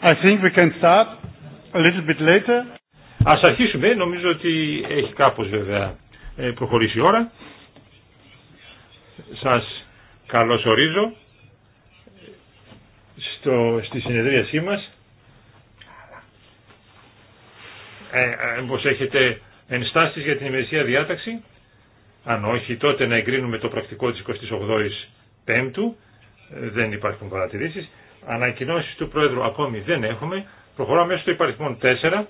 I think we can start a little bit later. Ας αρχίσουμε, νομίζω ότι έχει κάπως βέβαια ε, προχωρήσει η ώρα. Σας καλωσορίζω στο, στη συνεδρίασή μας. Ε, ε πως έχετε ενστάσεις για την ημερησία διάταξη. Αν όχι, τότε να εγκρίνουμε το πρακτικό της 28ης Πέμπτου δεν υπάρχουν παρατηρήσεις. Ανακοινώσεις του Πρόεδρου ακόμη δεν έχουμε. Προχωράμε στο υπαριθμό 4.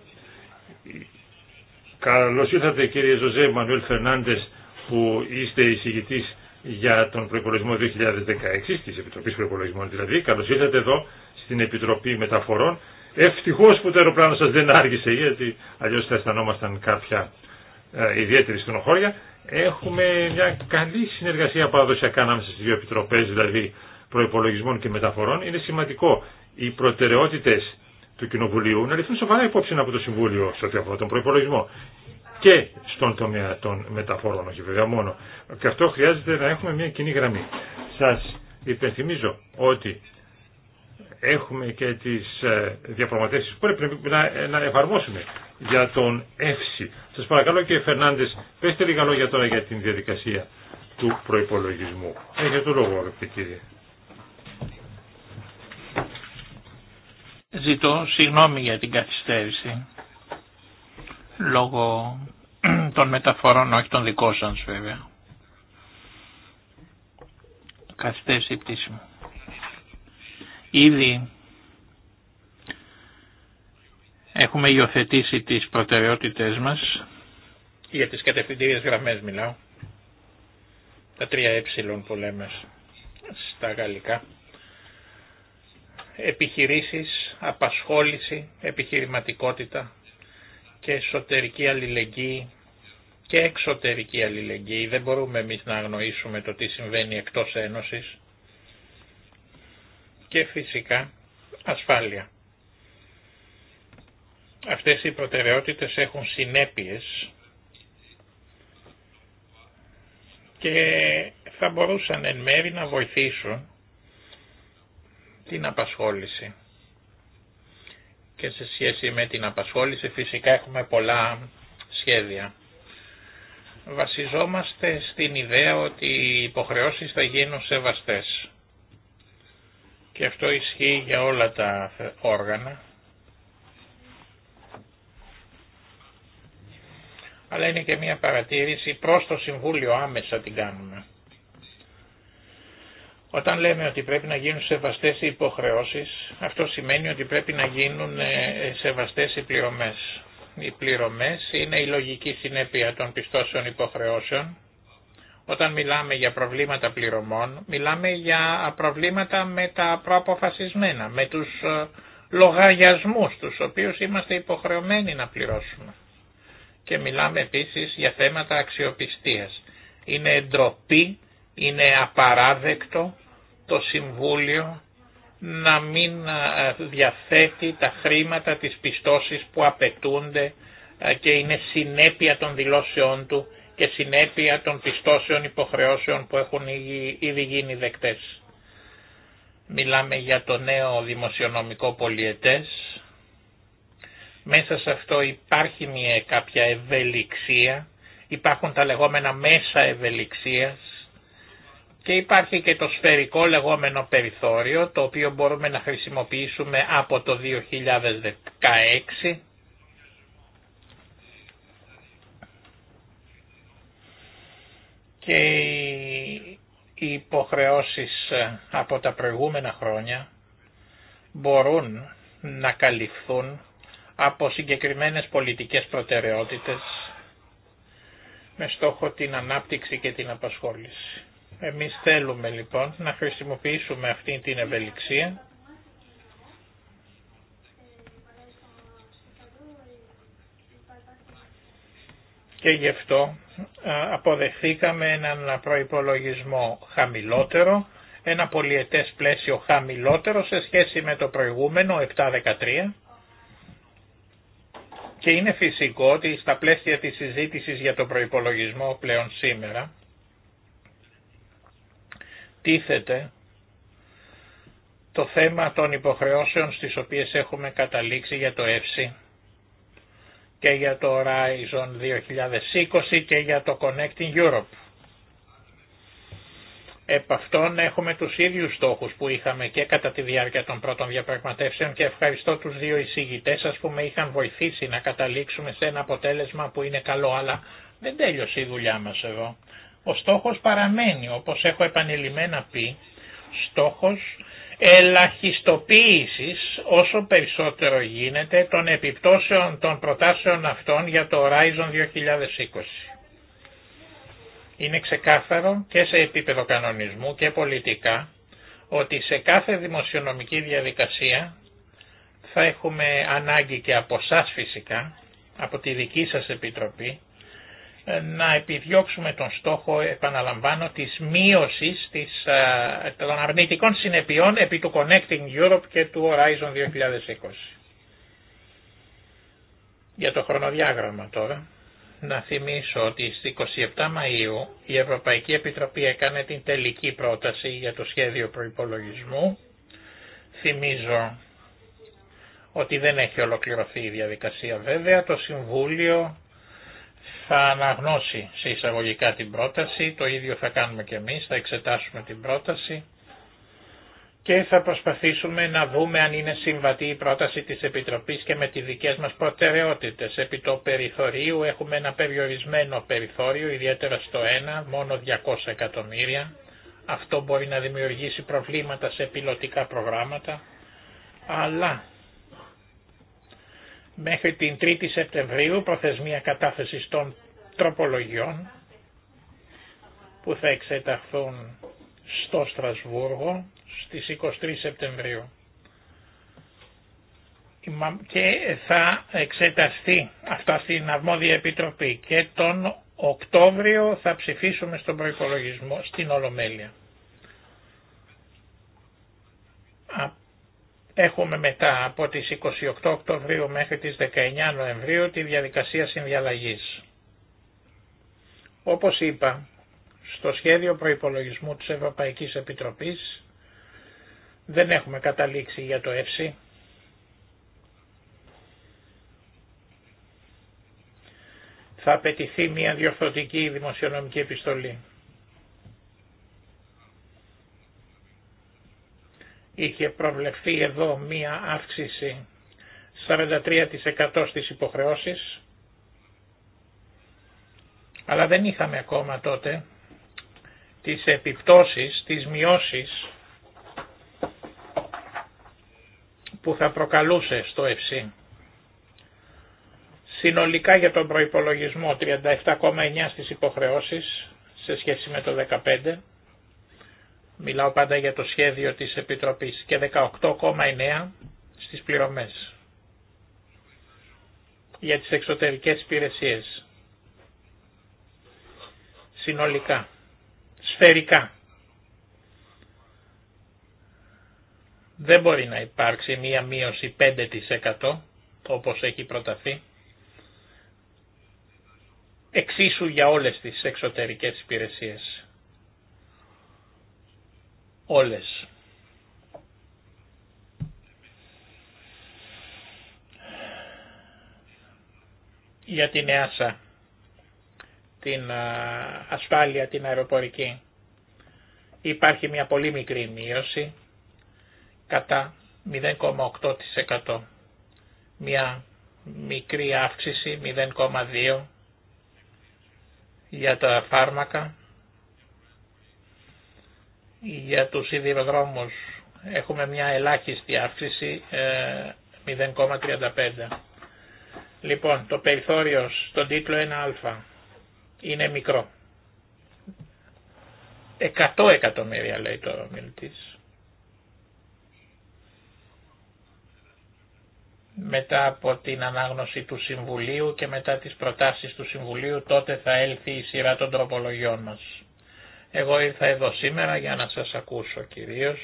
Καλώς ήρθατε κύριε Ζωζέ Μανουέλ Φερνάντες που είστε εισηγητής για τον προπολογισμό 2016, της Επιτροπής Προπολογισμών δηλαδή. Καλώς ήρθατε εδώ στην Επιτροπή Μεταφορών. Ευτυχώς που το αεροπλάνο σας δεν άργησε γιατί αλλιώς θα αισθανόμασταν κάποια ε, ιδιαίτερη στενοχώρια. Έχουμε μια καλή συνεργασία παραδοσιακά ανάμεσα στις δύο επιτροπές, δηλαδή Προπολογισμών και Μεταφορών, είναι σημαντικό οι προτεραιότητε του Κοινοβουλίου να ληφθούν σοβαρά υπόψη από το Συμβούλιο σε ό,τι αφορά τον προπολογισμό και στον τομέα των μεταφορών, όχι βέβαια μόνο. Και αυτό χρειάζεται να έχουμε μια κοινή γραμμή. Σα υπενθυμίζω ότι έχουμε και τι ε, διαπραγματεύσει που πρέπει να εφαρμόσουμε για τον ΕΦΣΥ. Σα παρακαλώ κύριε Φερνάντε, πέστε λίγα λόγια τώρα για την διαδικασία του προπολογισμού. Έχετε το λόγο, αγαπητοί Ζητώ συγγνώμη για την καθυστέρηση. Λόγω των μεταφορών, όχι των δικών σας βέβαια. Καθυστέρηση πτήση μου. Ήδη έχουμε υιοθετήσει τις προτεραιότητες μας, για τις κατευθυντήριες γραμμές μιλάω, τα τρία ε που λέμε στα γαλλικά, επιχειρήσεις απασχόληση, επιχειρηματικότητα και εσωτερική αλληλεγγύη και εξωτερική αλληλεγγύη. Δεν μπορούμε εμείς να αγνοήσουμε το τι συμβαίνει εκτός Ένωσης και φυσικά ασφάλεια. Αυτές οι προτεραιότητες έχουν συνέπειες και θα μπορούσαν εν μέρη να βοηθήσουν την απασχόληση και σε σχέση με την απασχόληση φυσικά έχουμε πολλά σχέδια. Βασιζόμαστε στην ιδέα ότι οι υποχρεώσεις θα γίνουν σεβαστές. Και αυτό ισχύει για όλα τα όργανα. Αλλά είναι και μια παρατήρηση προς το Συμβούλιο άμεσα την κάνουμε. Όταν λέμε ότι πρέπει να γίνουν σεβαστές οι υποχρεώσεις, αυτό σημαίνει ότι πρέπει να γίνουν ε, σεβαστές οι πληρωμές. Οι πληρωμές είναι η λογική συνέπεια των πιστώσεων υποχρεώσεων. Όταν μιλάμε για προβλήματα πληρωμών, μιλάμε για προβλήματα με τα προαποφασισμένα, με τους ε, λογαριασμούς τους οποίους είμαστε υποχρεωμένοι να πληρώσουμε. Και μιλάμε επίσης για θέματα αξιοπιστίας. Είναι ντροπή είναι απαράδεκτο το Συμβούλιο να μην ε, διαθέτει τα χρήματα της πιστώσης που απαιτούνται ε, και είναι συνέπεια των δηλώσεών του και συνέπεια των πιστώσεων υποχρεώσεων που έχουν ήδη γίνει δεκτές. Μιλάμε για το νέο δημοσιονομικό πολιετές. Μέσα σε αυτό υπάρχει μια κάποια ευελιξία. Υπάρχουν τα λεγόμενα μέσα ευελιξίας και υπάρχει και το σφαιρικό λεγόμενο περιθώριο, το οποίο μπορούμε να χρησιμοποιήσουμε από το 2016. Και οι υποχρεώσεις από τα προηγούμενα χρόνια μπορούν να καλυφθούν από συγκεκριμένες πολιτικές προτεραιότητες με στόχο την ανάπτυξη και την απασχόληση. Εμείς θέλουμε λοιπόν να χρησιμοποιήσουμε αυτή την ευελιξία και γι' αυτό αποδεχθήκαμε έναν προϋπολογισμό χαμηλότερο, ένα πολυετές πλαίσιο χαμηλότερο σε σχέση με το προηγούμενο 7-13 και είναι φυσικό ότι στα πλαίσια της συζήτησης για το προϋπολογισμό πλέον σήμερα τίθεται το θέμα των υποχρεώσεων στις οποίες έχουμε καταλήξει για το ΕΦΣΥ και για το Horizon 2020 και για το Connecting Europe. Επ' αυτών έχουμε τους ίδιους στόχους που είχαμε και κατά τη διάρκεια των πρώτων διαπραγματεύσεων και ευχαριστώ τους δύο εισηγητές σας που με είχαν βοηθήσει να καταλήξουμε σε ένα αποτέλεσμα που είναι καλό αλλά δεν τέλειωσε η δουλειά μας εδώ. Ο στόχος παραμένει, όπως έχω επανειλημμένα πει, στόχος ελαχιστοποίησης όσο περισσότερο γίνεται των επιπτώσεων των προτάσεων αυτών για το Horizon 2020. Είναι ξεκάθαρο και σε επίπεδο κανονισμού και πολιτικά ότι σε κάθε δημοσιονομική διαδικασία θα έχουμε ανάγκη και από εσά φυσικά, από τη δική σας επιτροπή, ε, να επιδιώξουμε τον στόχο, επαναλαμβάνω, της μείωσης της, ε, των αρνητικών συνεπειών επί του Connecting Europe και του Horizon 2020. Για το χρονοδιάγραμμα τώρα, να θυμίσω ότι στις 27 Μαΐου η Ευρωπαϊκή Επιτροπή έκανε την τελική πρόταση για το σχέδιο προϋπολογισμού. Θυμίζω ότι δεν έχει ολοκληρωθεί η διαδικασία βέβαια, το Συμβούλιο θα αναγνώσει σε εισαγωγικά την πρόταση, το ίδιο θα κάνουμε και εμείς, θα εξετάσουμε την πρόταση και θα προσπαθήσουμε να δούμε αν είναι συμβατή η πρόταση της Επιτροπής και με τις δικές μας προτεραιότητες. Επί το περιθωρίου έχουμε ένα περιορισμένο περιθώριο, ιδιαίτερα στο 1, μόνο 200 εκατομμύρια. Αυτό μπορεί να δημιουργήσει προβλήματα σε πιλωτικά προγράμματα, αλλά Μέχρι την 3η Σεπτεμβρίου προθεσμία κατάθεσης των τροπολογιών που θα εξεταχθούν στο Στρασβούργο στις 23 Σεπτεμβρίου και θα εξεταστεί αυτά στην Αρμόδια Επιτροπή και τον Οκτώβριο θα ψηφίσουμε στον προϋπολογισμό στην Ολομέλεια. Έχουμε μετά από τις 28 Οκτωβρίου μέχρι τις 19 Νοεμβρίου τη διαδικασία συνδιαλλαγής. Όπως είπα, στο σχέδιο προϋπολογισμού της Ευρωπαϊκής Επιτροπής δεν έχουμε καταλήξει για το ΕΦΣΥ. Θα απαιτηθεί μια διορθωτική δημοσιονομική επιστολή. είχε προβλεφθεί εδώ μία αύξηση 43% στις υποχρεώσεις, αλλά δεν είχαμε ακόμα τότε τις επιπτώσεις, τις μειώσεις που θα προκαλούσε στο ΕΦΣΥ. Συνολικά για τον προϋπολογισμό 37,9 στις υποχρεώσεις σε σχέση με το 15 Μιλάω πάντα για το σχέδιο της Επιτροπής και 18,9 στις πληρωμές για τις εξωτερικές υπηρεσίε. Συνολικά. Σφαιρικά. Δεν μπορεί να υπάρξει μία μείωση 5% όπως έχει προταθεί. Εξίσου για όλες τις εξωτερικές υπηρεσίες όλες. Για την ΕΑΣΑ, την ασφάλεια την αεροπορική, υπάρχει μια πολύ μικρή μείωση κατά 0,8%. Μια μικρή αύξηση 0,2% για τα φάρμακα για τους σιδηροδρόμους έχουμε μια ελάχιστη αύξηση 0,35. Ε, λοιπόν, το περιθώριο στον τίτλο 1α είναι μικρό. 100 εκατομμύρια λέει το ο Μετά από την ανάγνωση του Συμβουλίου και μετά τις προτάσεις του Συμβουλίου τότε θα έλθει η σειρά των τροπολογιών μας. Εγώ ήρθα εδώ σήμερα για να σας ακούσω κυρίως.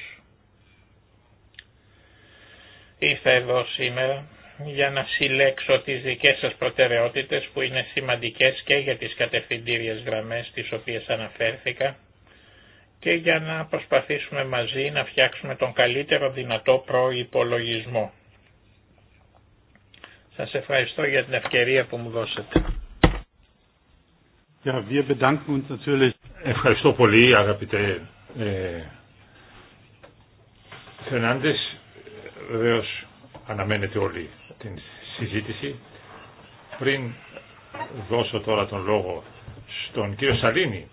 Ήρθα εδώ σήμερα για να συλλέξω τις δικές σας προτεραιότητες που είναι σημαντικές και για τις κατευθυντήριες γραμμές τις οποίες αναφέρθηκα και για να προσπαθήσουμε μαζί να φτιάξουμε τον καλύτερο δυνατό προϋπολογισμό. Σας ευχαριστώ για την ευκαιρία που μου δώσετε. Ευχαριστώ πολύ αγαπητέ ε, Φερνάντες. αναμένεται όλη την συζήτηση. Πριν δώσω τώρα τον λόγο στον κύριο Σαλίνη,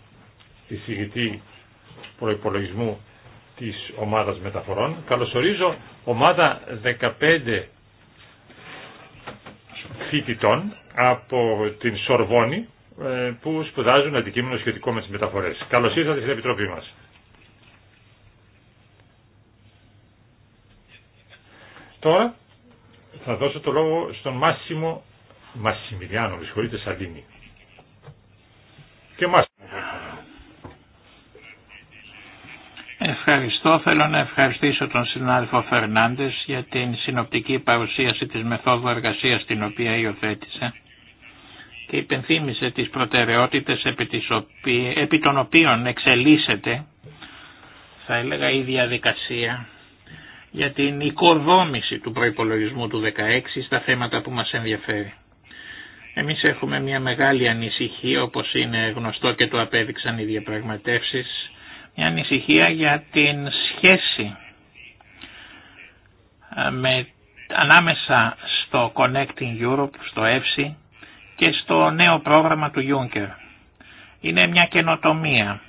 εισηγητή προϋπολογισμού της ομάδας μεταφορών. Καλωσορίζω ομάδα 15 φοιτητών από την Σορβόνη ε, που σπουδάζουν αντικείμενο σχετικό με τι μεταφορές. Καλώς ήρθατε στην Επιτροπή μας. Τώρα θα δώσω το λόγο στον Μάσιμο Μασιμιλιάνο, με συγχωρείτε Σαντίνη. Και μας. Ευχαριστώ. Θέλω να ευχαριστήσω τον συνάδελφο Φερνάντες για την συνοπτική παρουσίαση της μεθόδου εργασίας την οποία υιοθέτησε και υπενθύμησε τις προτεραιότητες επί, των οποίων εξελίσσεται θα έλεγα η διαδικασία για την οικοδόμηση του προϋπολογισμού του 16 στα θέματα που μας ενδιαφέρει. Εμείς έχουμε μια μεγάλη ανησυχία όπως είναι γνωστό και το απέδειξαν οι διαπραγματεύσεις μια ανησυχία για την σχέση ε, με, ανάμεσα στο Connecting Europe, στο ΕΦΣΥ, και στο νέο πρόγραμμα του Juncker. Είναι μια καινοτομία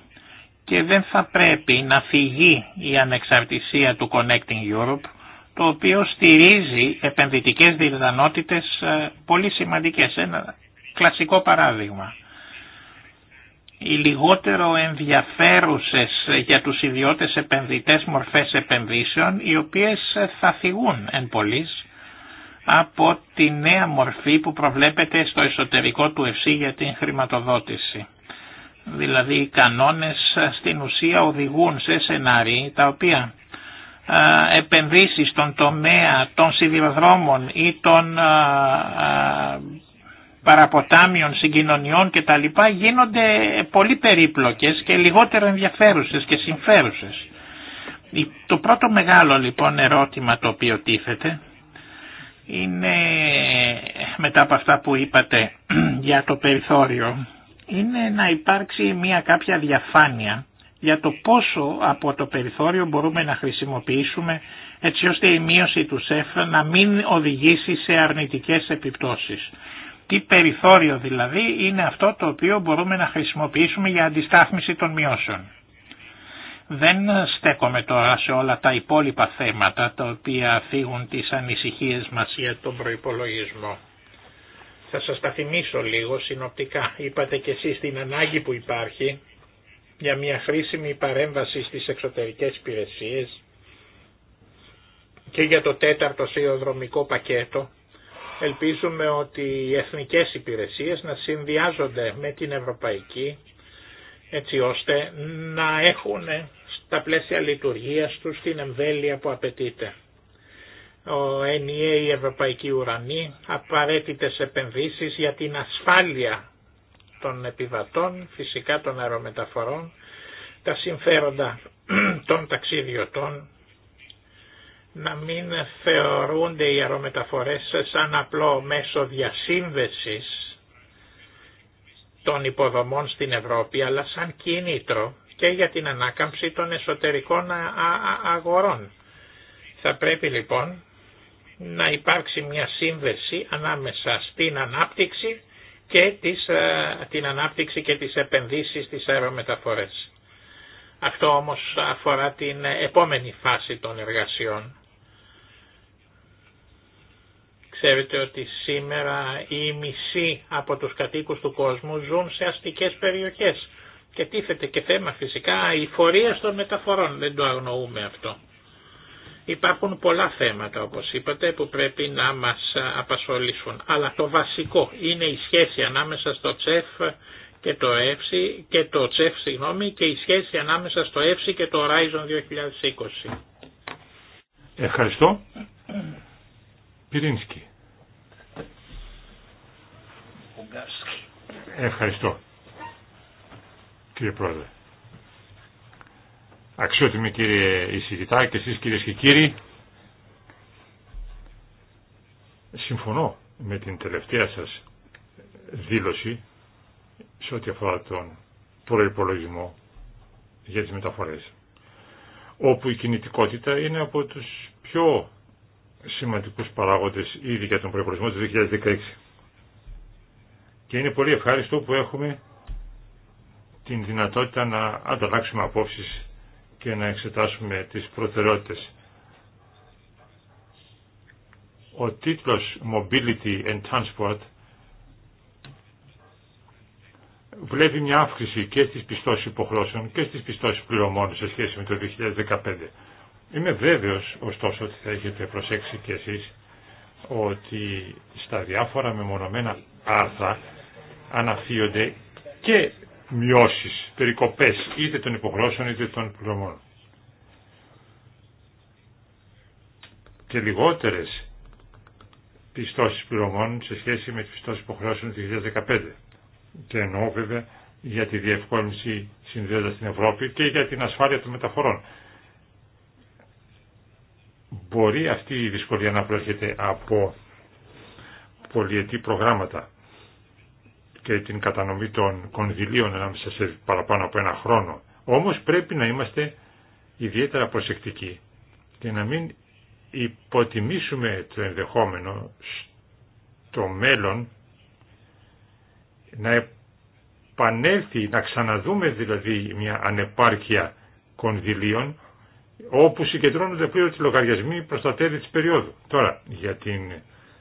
και δεν θα πρέπει να φυγεί η ανεξαρτησία του Connecting Europe το οποίο στηρίζει επενδυτικές διδανότητες ε, πολύ σημαντικές. Ένα κλασικό παράδειγμα. Οι λιγότερο ενδιαφέρουσες για τους ιδιώτες επενδυτές μορφές επενδύσεων οι οποίες θα φυγούν εν πολλής από τη νέα μορφή που προβλέπεται στο εσωτερικό του ΕΣΥ για την χρηματοδότηση. Δηλαδή οι κανόνες στην ουσία οδηγούν σε σενάρια τα οποία επενδύσεις στον τομέα των σιδηροδρόμων ή των παραποτάμιων συγκοινωνιών κτλ. γίνονται πολύ περίπλοκες και λιγότερο ενδιαφέρουσες και συμφέρουσες. Το πρώτο μεγάλο λοιπόν ερώτημα το οποίο τίθεται είναι μετά από αυτά που είπατε για το περιθώριο είναι να υπάρξει μια κάποια διαφάνεια για το πόσο από το περιθώριο μπορούμε να χρησιμοποιήσουμε έτσι ώστε η μείωση του ΣΕΦ να μην οδηγήσει σε αρνητικές επιπτώσεις. Τι περιθώριο δηλαδή είναι αυτό το οποίο μπορούμε να χρησιμοποιήσουμε για αντιστάθμιση των μειώσεων. Δεν στέκομαι τώρα σε όλα τα υπόλοιπα θέματα τα οποία φύγουν τις ανησυχίες μας για τον προϋπολογισμό. Θα σας τα θυμίσω λίγο συνοπτικά. Είπατε και εσείς την ανάγκη που υπάρχει για μια χρήσιμη παρέμβαση στις εξωτερικές υπηρεσίες και για το τέταρτο σιδηροδρομικό πακέτο. Ελπίζουμε ότι οι εθνικές υπηρεσίες να συνδυάζονται με την ευρωπαϊκή έτσι ώστε να έχουν τα πλαίσια λειτουργίας του στην εμβέλεια που απαιτείται. Ο ΕΝΙΕ, e η Ευρωπαϊκή Ουρανή, απαραίτητες επενδύσεις για την ασφάλεια των επιβατών, φυσικά των αερομεταφορών, τα συμφέροντα των ταξιδιωτών, να μην θεωρούνται οι αερομεταφορές σαν απλό μέσο διασύνδεσης των υποδομών στην Ευρώπη, αλλά σαν κίνητρο και για την ανάκαμψη των εσωτερικών αγορών. Θα πρέπει λοιπόν να υπάρξει μια σύνδεση ανάμεσα στην ανάπτυξη και τις, την ανάπτυξη και τις επενδύσεις στις αερομεταφορές. Αυτό όμως αφορά την επόμενη φάση των εργασιών. Ξέρετε ότι σήμερα η μισή από τους κατοίκους του κόσμου ζουν σε αστικές περιοχές και τίθεται και θέμα φυσικά η φορεία των μεταφορών, δεν το αγνοούμε αυτό. Υπάρχουν πολλά θέματα όπως είπατε που πρέπει να μας απασχολήσουν. Αλλά το βασικό είναι η σχέση ανάμεσα στο τσεφ και το ΕΦΣΙ και το τσεφ συγγνώμη και η σχέση ανάμεσα στο ΕΦΣΙ και το Horizon 2020. Ευχαριστώ. Πυρίνσκι. Ευχαριστώ κύριε Πρόεδρε. Αξιότιμη κύριε Ισηγητά και εσείς κυρίες και κύριοι, συμφωνώ με την τελευταία σας δήλωση σε ό,τι αφορά τον προϋπολογισμό για τις μεταφορές όπου η κινητικότητα είναι από τους πιο σημαντικούς παράγοντες ήδη για τον προϋπολογισμό του 2016 και είναι πολύ ευχάριστο που έχουμε την δυνατότητα να ανταλλάξουμε απόψεις και να εξετάσουμε τις προτεραιότητες. Ο τίτλος Mobility and Transport βλέπει μια αύξηση και στις πιστώσεις υποχρώσεων και στις πιστώσεις πληρωμών σε σχέση με το 2015. Είμαι βέβαιος ωστόσο ότι θα έχετε προσέξει κι εσείς ότι στα διάφορα μεμονωμένα άρθρα αναφύονται και μειώσεις, περικοπές είτε των υποχρώσεων είτε των πληρωμών. Και λιγότερες πιστώσεις πληρωμών σε σχέση με τις πιστώσεις υποχρεώσεων του 2015. Και εννοώ βέβαια για τη διευκόλυνση συνδέοντας την Ευρώπη και για την ασφάλεια των μεταφορών. Μπορεί αυτή η δυσκολία να προέρχεται από πολιετή προγράμματα και την κατανομή των κονδυλίων ανάμεσα σε παραπάνω από ένα χρόνο. Όμως πρέπει να είμαστε ιδιαίτερα προσεκτικοί και να μην υποτιμήσουμε το ενδεχόμενο στο μέλλον να επανέλθει, να ξαναδούμε δηλαδή μια ανεπάρκεια κονδυλίων όπου συγκεντρώνονται πλήρω οι λογαριασμοί προ τα τέλη τη περίοδου. Τώρα, για την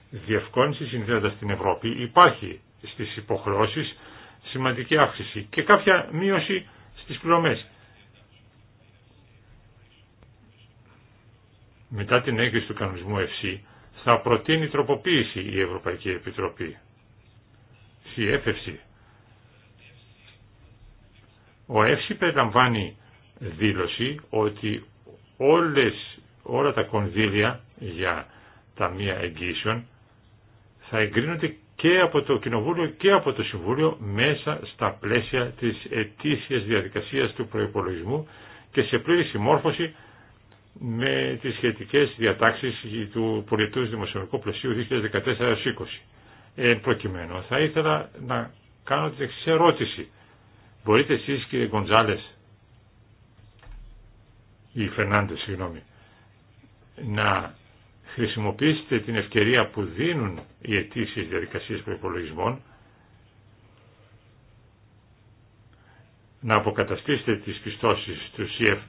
διευκόνηση συνδέοντα την Ευρώπη υπάρχει στις υποχρώσεις σημαντική αύξηση και κάποια μείωση στις πληρωμές. Μετά την έγκριση του κανονισμού ΕΦΣΥ θα προτείνει τροποποίηση η Ευρωπαϊκή Επιτροπή. στη έφευση. Ο ΕΦΣΥ περιλαμβάνει δήλωση ότι όλες, όλα τα κονδύλια για τα ταμεία εγγύσεων θα εγκρίνονται και από το Κοινοβούλιο και από το Συμβούλιο μέσα στα πλαίσια της ετήσιας διαδικασίας του προϋπολογισμού και σε πλήρη συμμόρφωση με τις σχετικές διατάξεις του πολιτού δημοσιονομικού πλαισίου 2014-2020. Εν προκειμένου, θα ήθελα να κάνω την εξής ερώτηση. Μπορείτε εσείς κύριε Γκοντζάλες ή Φερνάντες, συγγνώμη, να Χρησιμοποιήστε την ευκαιρία που δίνουν οι αιτήσεις διαδικασίες προπολογισμών να αποκαταστήσετε τις πιστώσεις του ΣΥΕΦ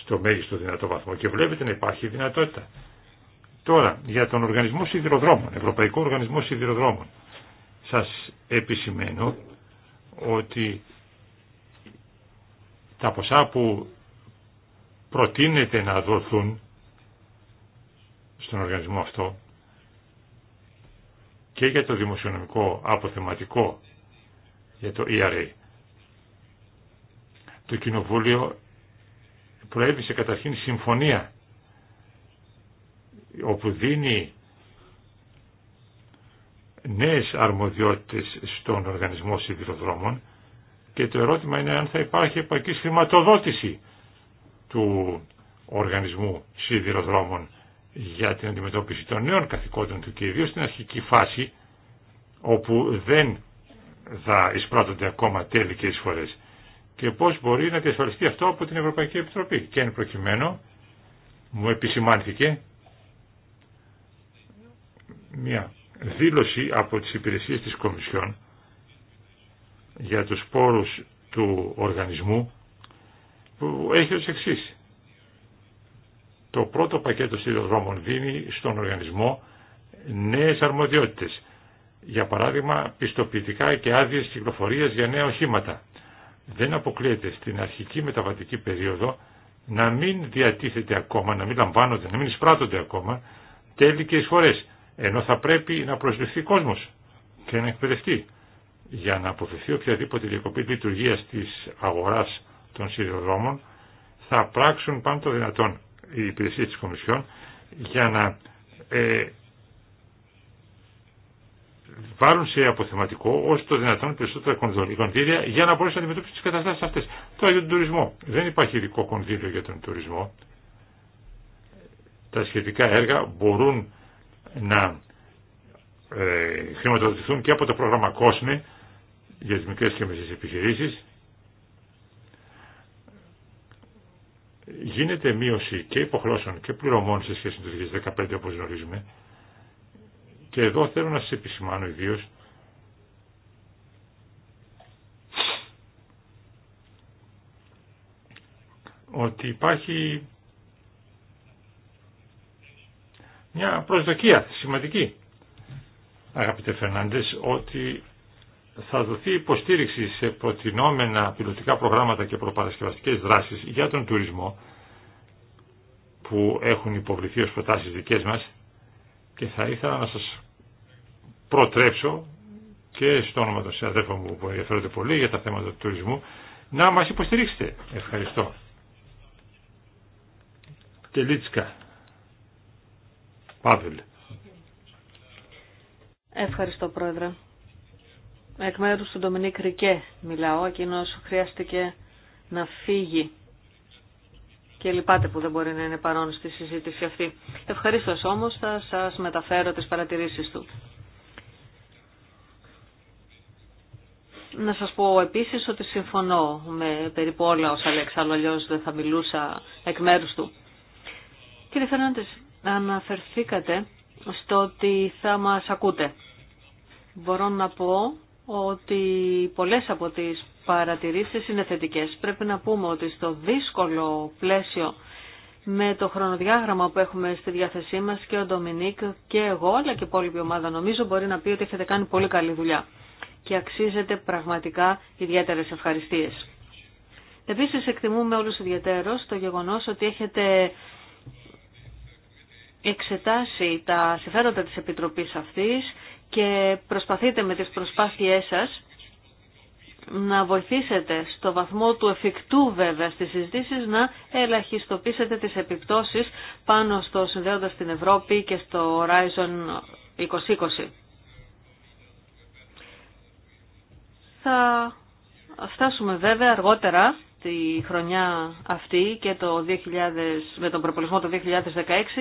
στο μέγιστο δυνατό βαθμό και βλέπετε να υπάρχει δυνατότητα. Τώρα, για τον Οργανισμό Σιδηροδρόμων, Ευρωπαϊκό Οργανισμό Σιδηροδρόμων, σας επισημαίνω ότι τα ποσά που προτείνεται να δοθούν στον οργανισμό αυτό και για το δημοσιονομικό αποθεματικό για το ERA. Το Κοινοβούλιο προέβησε καταρχήν συμφωνία όπου δίνει νέες αρμοδιότητες στον οργανισμό σιδηροδρόμων και το ερώτημα είναι αν θα υπάρχει επαρκής χρηματοδότηση του οργανισμού σιδηροδρόμων για την αντιμετώπιση των νέων καθηκόντων του και στην αρχική φάση όπου δεν θα εισπράττονται ακόμα τέλη και εισφορές και πώς μπορεί να διασφαλιστεί αυτό από την Ευρωπαϊκή Επιτροπή. Και εν προκειμένου μου επισημάνθηκε μια δήλωση από τις υπηρεσίες της Κομισιόν για τους πόρους του οργανισμού που έχει ως εξής. Το πρώτο πακέτο σιδηροδρόμων δίνει στον οργανισμό νέες αρμοδιότητες. Για παράδειγμα, πιστοποιητικά και άδειες κυκλοφορίας για νέα οχήματα. Δεν αποκλείεται στην αρχική μεταβατική περίοδο να μην διατίθεται ακόμα, να μην λαμβάνονται, να μην εισπράττονται ακόμα τέλη και εισφορές, ενώ θα πρέπει να προσληφθεί κόσμος και να εκπαιδευτεί για να αποφευθεί οποιαδήποτε διακοπή λειτουργία της αγοράς των σιδηροδρόμων θα πράξουν πάνω δυνατόν η υπηρεσία της Κομισιόν για να ε, βάλουν σε αποθεματικό όσο το δυνατόν περισσότερα κονδύλια για να μπορέσουν να αντιμετωπίσουν τις καταστάσεις αυτές. Τώρα για τον τουρισμό. Δεν υπάρχει ειδικό κονδύλιο για τον τουρισμό. Τα σχετικά έργα μπορούν να ε, χρηματοδοτηθούν και από το πρόγραμμα COSME για τις μικρές και μεσές επιχειρήσεις γίνεται μείωση και υποχρώσεων και πληρωμών σε σχέση με το 2015 όπως γνωρίζουμε και εδώ θέλω να σας επισημάνω ιδίω. ότι υπάρχει μια προσδοκία σημαντική αγαπητέ Φερνάντες ότι θα δοθεί υποστήριξη σε προτινόμενα πιλωτικά προγράμματα και προπαρασκευαστικές δράσεις για τον τουρισμό που έχουν υποβληθεί ως προτάσεις δικές μας και θα ήθελα να σας προτρέψω και στο όνομα των συναδέλφων μου που ενδιαφέρονται πολύ για τα θέματα του τουρισμού να μας υποστηρίξετε. Ευχαριστώ. Τελίτσκα. Πάβελ. Ευχαριστώ Πρόεδρε. Εκ μέρους του Ντομινίκ Ρικέ μιλάω, εκείνος χρειάστηκε να φύγει και λυπάται που δεν μπορεί να είναι παρόν στη συζήτηση αυτή. Ευχαρίστω όμως θα σας μεταφέρω τις παρατηρήσεις του. Να σας πω επίσης ότι συμφωνώ με περίπου όλα όσα λέξα, αλλά αλλιώς δεν θα μιλούσα εκ μέρους του. Κύριε Φερνάντες, αναφερθήκατε στο ότι θα μας ακούτε. Μπορώ να πω ότι πολλές από τις παρατηρήσεις είναι θετικές. Πρέπει να πούμε ότι στο δύσκολο πλαίσιο με το χρονοδιάγραμμα που έχουμε στη διάθεσή μας και ο Ντομινίκ και εγώ αλλά και η υπόλοιπη ομάδα νομίζω μπορεί να πει ότι έχετε κάνει πολύ καλή δουλειά και αξίζεται πραγματικά ιδιαίτερες ευχαριστίες. Επίσης εκτιμούμε όλους ιδιαίτερος το γεγονός ότι έχετε εξετάσει τα συμφέροντα της Επιτροπής αυτής και προσπαθείτε με τις προσπάθειές σας να βοηθήσετε στο βαθμό του εφικτού βέβαια στις συζητήσεις να ελαχιστοποιήσετε τις επιπτώσεις πάνω στο συνδέοντα στην Ευρώπη και στο Horizon 2020. Θα φτάσουμε βέβαια αργότερα τη χρονιά αυτή και το 2000, με τον προπολισμό το 2016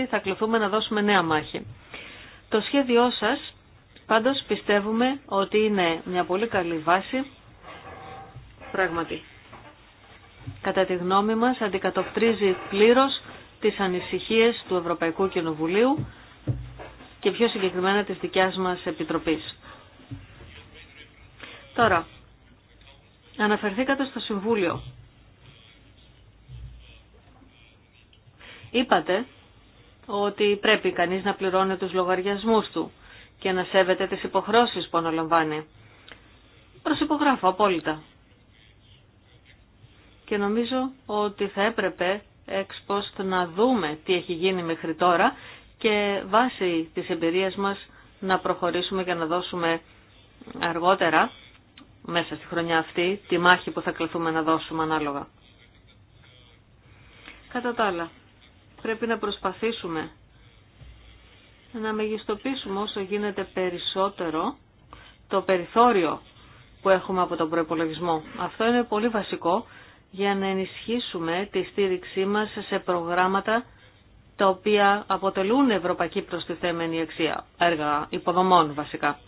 θα κληθούμε να δώσουμε νέα μάχη. Το σχέδιό σας Πάντως πιστεύουμε ότι είναι μια πολύ καλή βάση πράγματι. Κατά τη γνώμη μας αντικατοπτρίζει πλήρως τις ανησυχίες του Ευρωπαϊκού Κοινοβουλίου και πιο συγκεκριμένα της δικιάς μας Επιτροπής. Τώρα, αναφερθήκατε στο Συμβούλιο. Είπατε ότι πρέπει κανείς να πληρώνει τους λογαριασμούς του και να σέβεται τις υποχρώσεις που αναλαμβάνει. Προσυπογράφω απόλυτα. Και νομίζω ότι θα έπρεπε εξ να δούμε τι έχει γίνει μέχρι τώρα και βάσει της εμπειρίας μας να προχωρήσουμε και να δώσουμε αργότερα μέσα στη χρονιά αυτή τη μάχη που θα κληθούμε να δώσουμε ανάλογα. Κατά τα άλλα, πρέπει να προσπαθήσουμε να μεγιστοποιήσουμε όσο γίνεται περισσότερο το περιθώριο που έχουμε από τον προπολογισμό. Αυτό είναι πολύ βασικό για να ενισχύσουμε τη στήριξή μας σε προγράμματα τα οποία αποτελούν ευρωπαϊκή προστιθέμενη αξία, έργα υποδομών βασικά.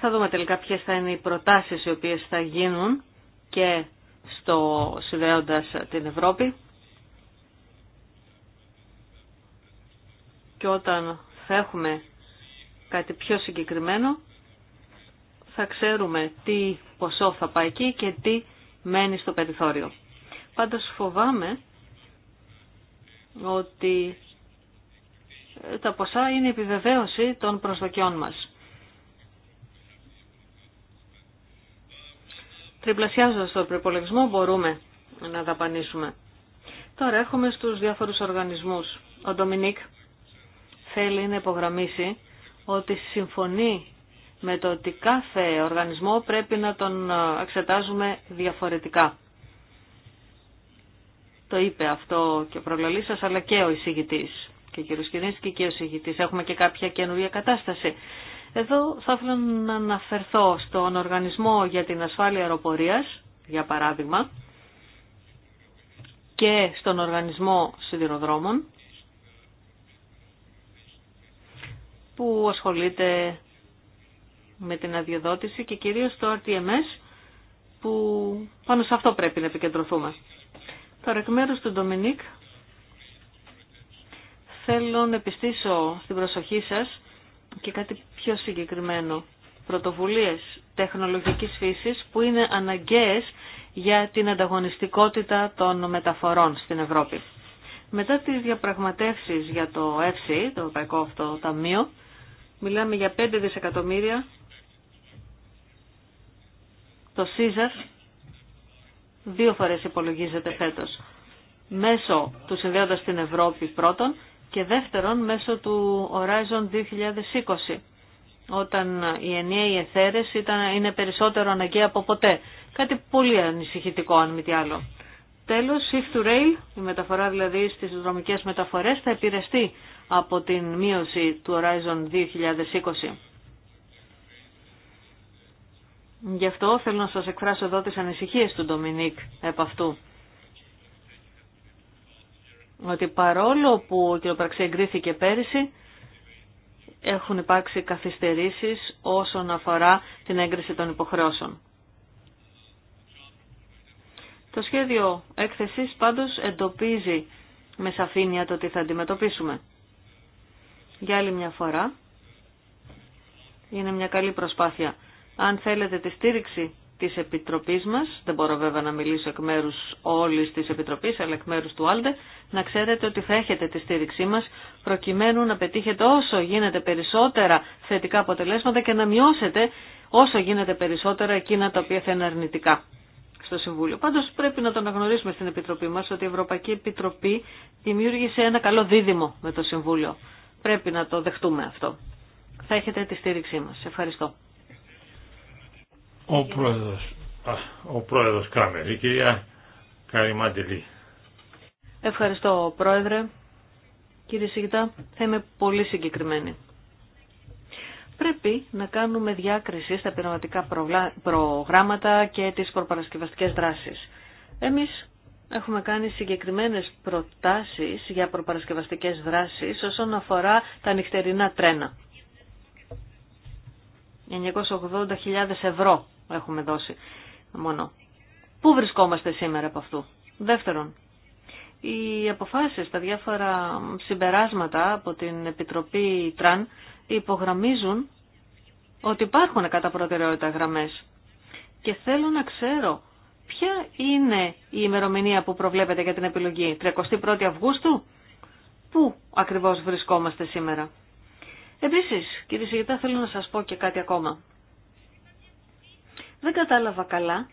Θα δούμε τελικά ποιες θα είναι οι προτάσεις οι οποίες θα γίνουν και στο συνδέοντας την Ευρώπη. Και όταν θα έχουμε κάτι πιο συγκεκριμένο, θα ξέρουμε τι ποσό θα πάει εκεί και τι μένει στο περιθώριο. Πάντως φοβάμαι ότι τα ποσά είναι επιβεβαίωση των προσδοκιών μας. τριπλασιάζοντας τον προπολογισμό μπορούμε να δαπανίσουμε. Τώρα έρχομαι στους διάφορους οργανισμούς. Ο Ντομινίκ θέλει να υπογραμμίσει ότι συμφωνεί με το ότι κάθε οργανισμό πρέπει να τον εξετάζουμε διαφορετικά. Το είπε αυτό και ο προλαλή αλλά και ο εισηγητής. Και ο και ο Έχουμε και κάποια καινούργια κατάσταση. Εδώ θα ήθελα να αναφερθώ στον Οργανισμό για την Ασφάλεια Αεροπορίας, για παράδειγμα, και στον Οργανισμό Σιδηροδρόμων, που ασχολείται με την αδειοδότηση και κυρίως το RTMS, που πάνω σε αυτό πρέπει να επικεντρωθούμε. Τώρα, εκ μέρους του Ντομινίκ, θέλω να επιστήσω στην προσοχή σας και κάτι πιο συγκεκριμένο. Πρωτοβουλίες τεχνολογικής φύσης που είναι αναγκαίες για την ανταγωνιστικότητα των μεταφορών στην Ευρώπη. Μετά τις διαπραγματεύσεις για το ΕΦΣΥ, το Ευρωπαϊκό Αυτό Ταμείο, μιλάμε για 5 δισεκατομμύρια. Το ΣΥΖΑΣ δύο φορές υπολογίζεται φέτος. Μέσω του συνδέοντας την Ευρώπη πρώτον και δεύτερον μέσω του Horizon 2020 όταν η ενιαία εθέρεση ήταν, είναι περισσότερο αναγκαία από ποτέ. Κάτι πολύ ανησυχητικό αν μη τι άλλο. Τέλος, shift to rail, η μεταφορά δηλαδή στις δρομικές μεταφορές θα επηρεστεί από την μείωση του Horizon 2020. Γι' αυτό θέλω να σας εκφράσω εδώ τις ανησυχίες του Ντομινίκ επ' αυτού ότι παρόλο που η κοινοπραξία εγκρίθηκε πέρυσι, έχουν υπάρξει καθυστερήσεις όσον αφορά την έγκριση των υποχρεώσεων. Το σχέδιο έκθεσης πάντως εντοπίζει με σαφήνεια το τι θα αντιμετωπίσουμε. Για άλλη μια φορά, είναι μια καλή προσπάθεια. Αν θέλετε τη στήριξη της Επιτροπής μας, δεν μπορώ βέβαια να μιλήσω εκ μέρους όλης της Επιτροπής, αλλά εκ μέρους του Άλντε, να ξέρετε ότι θα έχετε τη στήριξή μας, προκειμένου να πετύχετε όσο γίνεται περισσότερα θετικά αποτελέσματα και να μειώσετε όσο γίνεται περισσότερα εκείνα τα οποία θα είναι αρνητικά στο Συμβούλιο. Πάντως πρέπει να το αναγνωρίσουμε στην Επιτροπή μας ότι η Ευρωπαϊκή Επιτροπή δημιούργησε ένα καλό δίδυμο με το Συμβούλιο. Πρέπει να το δεχτούμε αυτό. Θα έχετε τη στήριξή μας. Ευχαριστώ. Ο πρόεδρος, ο πρόεδρος Κράμερ, η κυρία Καρυμάντελη. Ευχαριστώ πρόεδρε. Κύριε Σιγητά, θα είμαι πολύ συγκεκριμένη. Πρέπει να κάνουμε διάκριση στα πειραματικά προγράμματα και τις προπαρασκευαστικές δράσεις. Εμείς έχουμε κάνει συγκεκριμένες προτάσεις για προπαρασκευαστικές δράσεις όσον αφορά τα νυχτερινά τρένα. 980.000 ευρώ έχουμε δώσει μόνο. Πού βρισκόμαστε σήμερα από αυτού. Δεύτερον, οι αποφάσεις, τα διάφορα συμπεράσματα από την Επιτροπή Τραν υπογραμμίζουν ότι υπάρχουν κατά προτεραιότητα γραμμές. Και θέλω να ξέρω ποια είναι η ημερομηνία που προβλέπετε για την επιλογή. 31η Αυγούστου. Πού ακριβώς βρισκόμαστε σήμερα. Επίσης, κύριε Σιγητά, θέλω να σας πω και κάτι ακόμα. Δεν κατάλαβα καλά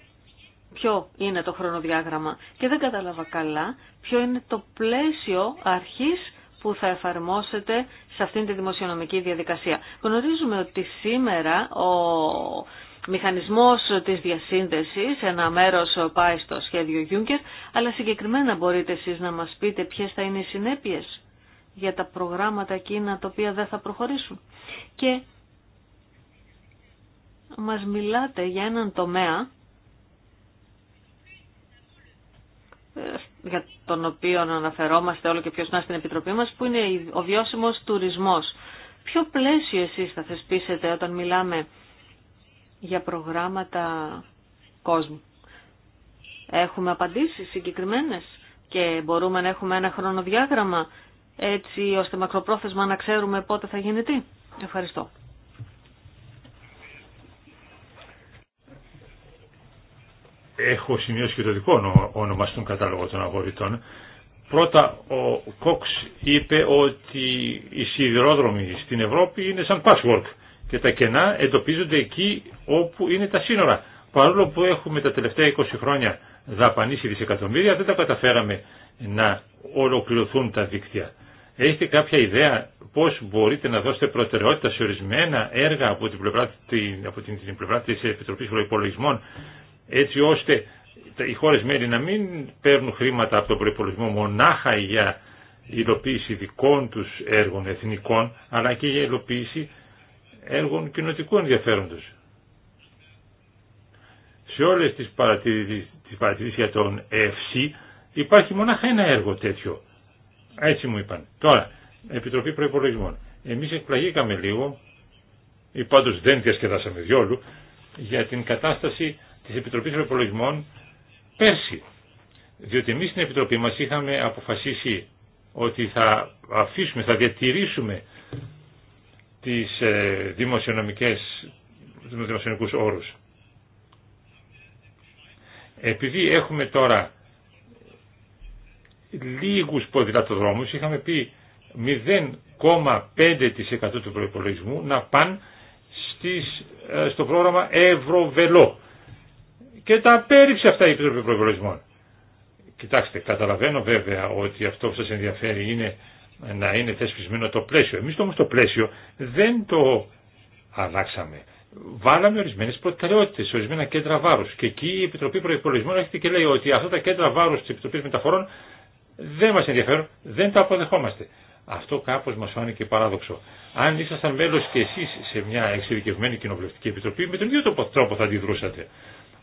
ποιο είναι το χρονοδιάγραμμα και δεν κατάλαβα καλά ποιο είναι το πλαίσιο αρχής που θα εφαρμόσετε σε αυτήν τη δημοσιονομική διαδικασία. Γνωρίζουμε ότι σήμερα ο μηχανισμός της διασύνδεσης, ένα μέρος πάει στο σχέδιο Juncker, αλλά συγκεκριμένα μπορείτε εσείς να μας πείτε ποιες θα είναι οι συνέπειες για τα προγράμματα εκείνα τα οποία δεν θα προχωρήσουν μας μιλάτε για έναν τομέα ε, για τον οποίο αναφερόμαστε όλο και πιο στην Επιτροπή μας, που είναι ο βιώσιμος τουρισμός. Ποιο πλαίσιο εσείς θα θεσπίσετε όταν μιλάμε για προγράμματα κόσμου. Έχουμε απαντήσεις συγκεκριμένες και μπορούμε να έχουμε ένα χρονοδιάγραμμα έτσι ώστε μακροπρόθεσμα να ξέρουμε πότε θα γίνει τι. Ευχαριστώ. έχω σημειώσει και το δικό όνομα στον κατάλογο των αγορητών. Πρώτα ο Κόξ είπε ότι οι σιδηρόδρομοι στην Ευρώπη είναι σαν password και τα κενά εντοπίζονται εκεί όπου είναι τα σύνορα. Παρόλο που έχουμε τα τελευταία 20 χρόνια δαπανίσει δισεκατομμύρια, δεν τα καταφέραμε να ολοκληρωθούν τα δίκτυα. Έχετε κάποια ιδέα πώς μπορείτε να δώσετε προτεραιότητα σε ορισμένα έργα από την πλευρά, από την, την της Επιτροπής έτσι ώστε οι χώρες μέλη να μην παίρνουν χρήματα από τον προϋπολογισμό μονάχα για υλοποίηση δικών τους έργων εθνικών, αλλά και για υλοποίηση έργων κοινοτικού ενδιαφέροντος. Σε όλες τις παρατηρήσεις, τις παρατηρήσεις για τον FC υπάρχει μονάχα ένα έργο τέτοιο. Έτσι μου είπαν. Τώρα, Επιτροπή Προϋπολογισμών. Εμείς εκπλαγήκαμε λίγο, ή πάντως δεν διασκεδάσαμε διόλου, για την κατάσταση Τη επιτροπή Προπολογισμών πέρσι. Διότι εμείς στην Επιτροπή μας είχαμε αποφασίσει ότι θα αφήσουμε, θα διατηρήσουμε τις ε, δημοσιονομικές, του δημοσιονομικούς όρους. Επειδή έχουμε τώρα λίγους ποδηλατοδρόμους, είχαμε πει 0,5% του προϋπολογισμού να πάνε στις, ε, στο πρόγραμμα Ευρωβελό και τα απέρριψε αυτά η Επιτροπή Προπολογισμών. Κοιτάξτε, καταλαβαίνω βέβαια ότι αυτό που σας ενδιαφέρει είναι να είναι θεσπισμένο το πλαίσιο. Εμείς όμως το πλαίσιο δεν το αλλάξαμε. Βάλαμε ορισμένε προτεραιότητε, ορισμένα κέντρα βάρου. Και εκεί η Επιτροπή Προπολογισμών έρχεται και λέει ότι αυτά τα κέντρα βάρου τη Επιτροπή Μεταφορών δεν μα ενδιαφέρουν, δεν τα αποδεχόμαστε. Αυτό κάπω μα φάνηκε παράδοξο. Αν ήσασταν μέλο και εσεί σε μια εξειδικευμένη κοινοβουλευτική επιτροπή, με τον ίδιο τρόπο θα αντιδρούσατε.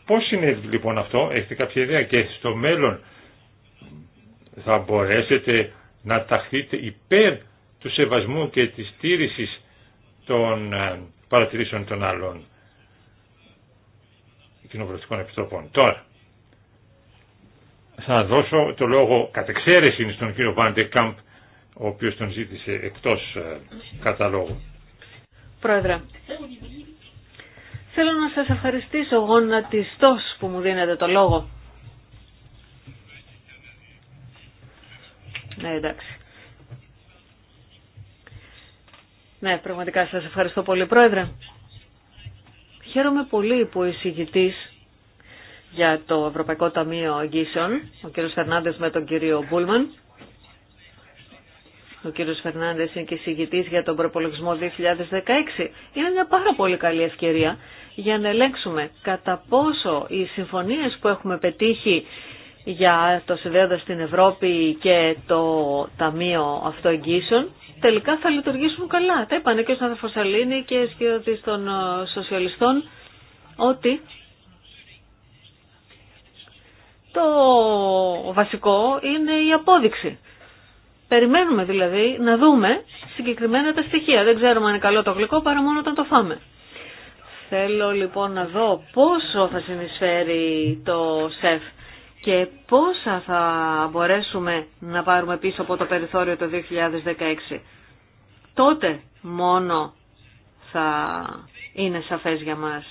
Πώς είναι λοιπόν αυτό, έχετε κάποια ιδέα και στο μέλλον θα μπορέσετε να ταχθείτε υπέρ του σεβασμού και της στήρησης των ε, παρατηρήσεων των άλλων κοινοβουλευτικών επιτροπών. Τώρα, θα δώσω το λόγο κατεξαίρεση στον κύριο Κάμπ, ο οποίος τον ζήτησε εκτός ε, καταλόγου. Πρόεδρε, Θέλω να σας ευχαριστήσω γονατιστός που μου δίνετε το λόγο. Ναι, εντάξει. Ναι, πραγματικά σας ευχαριστώ πολύ, Πρόεδρε. Χαίρομαι πολύ που ο εισηγητής για το Ευρωπαϊκό Ταμείο Αγγίσεων, ο κ. Φερνάντες με τον κ. Μπούλμαν, ο κ. Φερνάντες είναι και εισηγητής για τον προπολογισμό 2016. Είναι μια πάρα πολύ καλή ευκαιρία για να ελέγξουμε κατά πόσο οι συμφωνίες που έχουμε πετύχει για το συνδέοντα στην Ευρώπη και το Ταμείο Αυτοεγγύσεων τελικά θα λειτουργήσουν καλά. Τα είπανε και ο Σαλίνη και οι των ε, Σοσιαλιστών ότι το βασικό είναι η απόδειξη. Περιμένουμε δηλαδή να δούμε συγκεκριμένα τα στοιχεία. Δεν ξέρουμε αν είναι καλό το γλυκό παρά μόνο όταν το φάμε. Θέλω λοιπόν να δω πόσο θα συνεισφέρει το ΣΕΦ και πόσα θα μπορέσουμε να πάρουμε πίσω από το περιθώριο το 2016. Τότε μόνο θα είναι σαφές για μας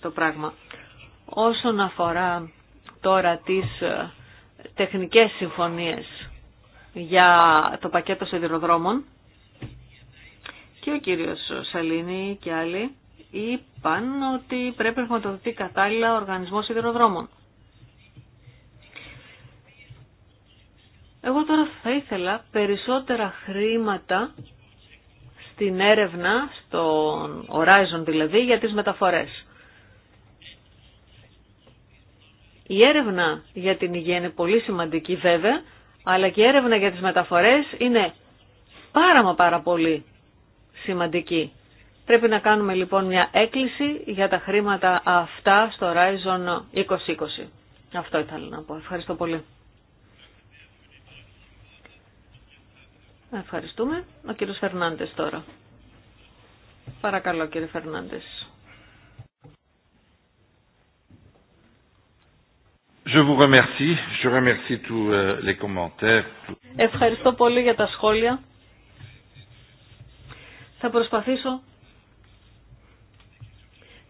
το πράγμα. Όσον αφορά τώρα τις ε, τεχνικές συμφωνίες για το πακέτο σιδηροδρόμων και ο κύριος Σαλίνη και άλλοι είπαν ότι πρέπει να χρηματοδοτεί κατάλληλα ο οργανισμός σιδηροδρόμων. Εγώ τώρα θα ήθελα περισσότερα χρήματα στην έρευνα, στον Horizon δηλαδή, για τις μεταφορές. Η έρευνα για την υγεία είναι πολύ σημαντική βέβαια, αλλά και η έρευνα για τις μεταφορές είναι πάρα μα πάρα πολύ σημαντική. Πρέπει να κάνουμε λοιπόν μια έκκληση για τα χρήματα αυτά στο Horizon 2020. Αυτό ήθελα να πω. Ευχαριστώ πολύ. Ευχαριστούμε. Ο κύριος Φερνάντες τώρα. Παρακαλώ κύριε Φερνάντες. Je vous remercie. Je remercie tous euh, les commentaires. Ευχαριστώ πολύ για τα σχόλια. Θα προσπαθήσω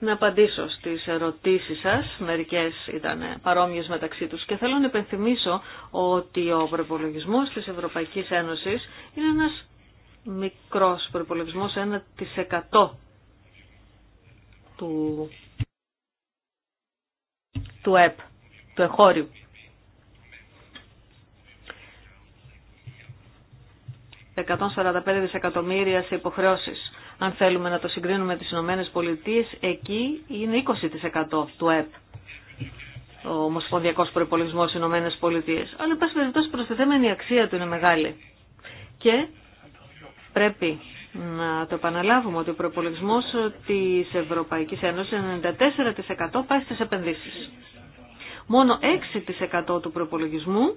να απαντήσω στις ερωτήσεις σας. Μερικές ήταν παρόμοιες μεταξύ τους. Και θέλω να υπενθυμίσω ότι ο προπολογισμό της Ευρωπαϊκής Ένωσης είναι ένας μικρός προπολογισμό 1% του, του ΕΠ, του εχώριου. ...145 δισεκατομμύρια σε υποχρεώσεις. Αν θέλουμε να το συγκρίνουμε με τις Ηνωμένε Πολιτείες, εκεί είναι 20% του ΕΠ ο Ομοσπονδιακό προπολογισμό στι Ηνωμένε Πολιτείε. Αλλά, εν πάση περιπτώσει, η αξία του είναι μεγάλη. Και πρέπει να το επαναλάβουμε ότι ο προπολογισμό τη Ευρωπαϊκή Ένωση 94% πάει στι επενδύσει. Μόνο 6% του προπολογισμού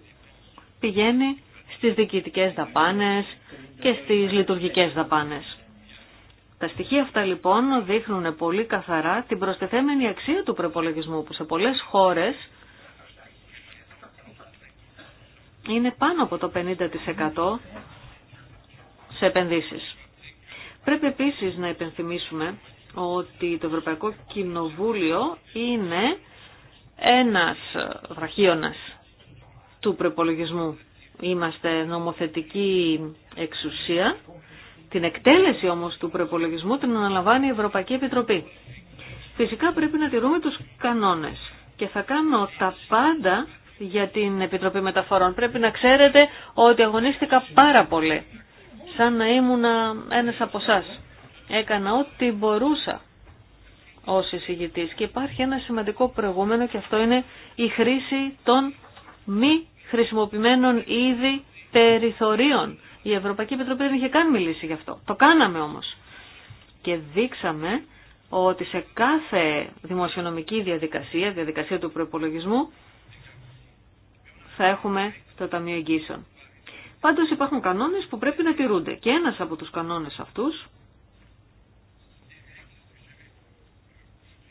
πηγαίνει στι διοικητικέ δαπάνε και στι λειτουργικέ δαπάνε. Τα στοιχεία αυτά λοιπόν δείχνουν πολύ καθαρά την προστεθέμενη αξία του προπολογισμού που σε πολλές χώρες είναι πάνω από το 50% σε επενδύσεις. Πρέπει επίσης να υπενθυμίσουμε ότι το Ευρωπαϊκό Κοινοβούλιο είναι ένας βραχίωνας του προπολογισμού. Είμαστε νομοθετική εξουσία την εκτέλεση όμως του προπολογισμού την αναλαμβάνει η Ευρωπαϊκή Επιτροπή. Φυσικά πρέπει να τηρούμε τους κανόνες και θα κάνω τα πάντα για την Επιτροπή Μεταφορών. Πρέπει να ξέρετε ότι αγωνίστηκα πάρα πολύ, σαν να ήμουν ένας από εσά. Έκανα ό,τι μπορούσα ως εισηγητής και υπάρχει ένα σημαντικό προηγούμενο και αυτό είναι η χρήση των μη χρησιμοποιημένων ήδη περιθωρίων η Ευρωπαϊκή Επιτροπή δεν είχε καν μιλήσει γι' αυτό. Το κάναμε όμως. Και δείξαμε ότι σε κάθε δημοσιονομική διαδικασία, διαδικασία του προπολογισμού, θα έχουμε το Ταμείο Εγγύσεων. Πάντως υπάρχουν κανόνες που πρέπει να τηρούνται και ένας από τους κανόνες αυτούς,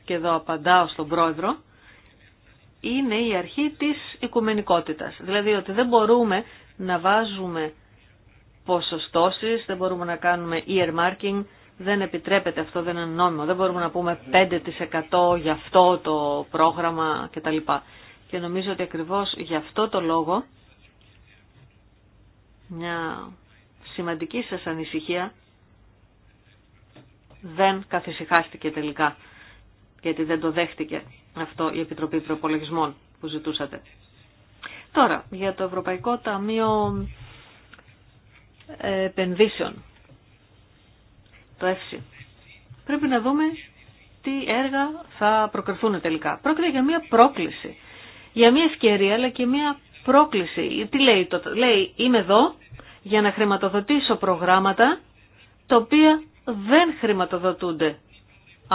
και εδώ απαντάω στον πρόεδρο, είναι η αρχή της οικουμενικότητας. Δηλαδή ότι δεν μπορούμε να βάζουμε ποσοστώσεις, δεν μπορούμε να κάνουμε earmarking, δεν επιτρέπεται αυτό, δεν είναι νόμιμο. Δεν μπορούμε να πούμε 5% για αυτό το πρόγραμμα κτλ. Και νομίζω ότι ακριβώς για αυτό το λόγο μια σημαντική σας ανησυχία δεν καθησυχάστηκε τελικά γιατί δεν το δέχτηκε αυτό η Επιτροπή Προπολογισμών που ζητούσατε. Τώρα, για το Ευρωπαϊκό Ταμείο επενδύσεων. Το έφυση. Πρέπει να δούμε τι έργα θα προκριθούν τελικά. Πρόκειται για μια πρόκληση. Για μια ευκαιρία αλλά και μια πρόκληση. Τι λέει το, λέει είμαι εδώ για να χρηματοδοτήσω προγράμματα τα οποία δεν χρηματοδοτούνται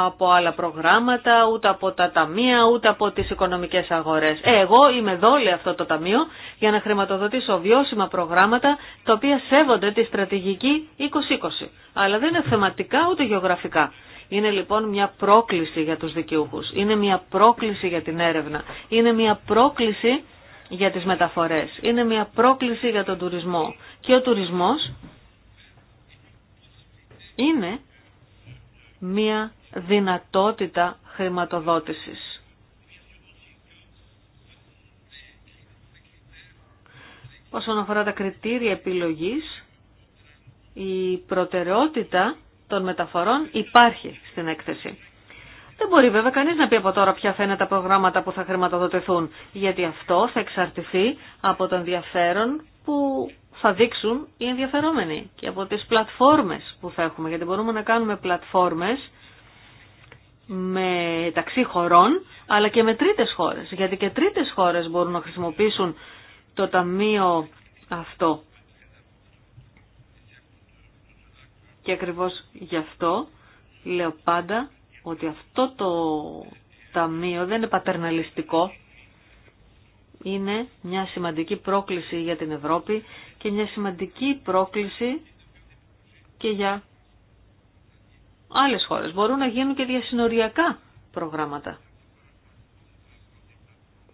από άλλα προγράμματα, ούτε από τα ταμεία, ούτε από τις οικονομικές αγορές. Ε, εγώ είμαι εδώ, αυτό το ταμείο, για να χρηματοδοτήσω βιώσιμα προγράμματα, τα οποία σέβονται τη στρατηγική 2020. Αλλά δεν είναι θεματικά ούτε γεωγραφικά. Είναι λοιπόν μια πρόκληση για τους δικαιούχους. Είναι μια πρόκληση για την έρευνα. Είναι μια πρόκληση για τις μεταφορές. Είναι μια πρόκληση για τον τουρισμό. Και ο τουρισμός είναι μία δυνατότητα χρηματοδότησης. Όσον αφορά τα κριτήρια επιλογής, η προτεραιότητα των μεταφορών υπάρχει στην έκθεση. Δεν μπορεί βέβαια κανείς να πει από τώρα ποια θα είναι τα προγράμματα που θα χρηματοδοτηθούν, γιατί αυτό θα εξαρτηθεί από τον ενδιαφέρον που θα δείξουν οι ενδιαφερόμενοι και από τις πλατφόρμες που θα έχουμε, γιατί μπορούμε να κάνουμε πλατφόρμες ταξί χωρών, αλλά και με τρίτες χώρες, γιατί και τρίτες χώρες μπορούν να χρησιμοποιήσουν το ταμείο αυτό. Και ακριβώς γι' αυτό λέω πάντα ότι αυτό το ταμείο δεν είναι πατερναλιστικό, είναι μια σημαντική πρόκληση για την Ευρώπη και μια σημαντική πρόκληση και για άλλες χώρες. Μπορούν να γίνουν και διασυνοριακά προγράμματα.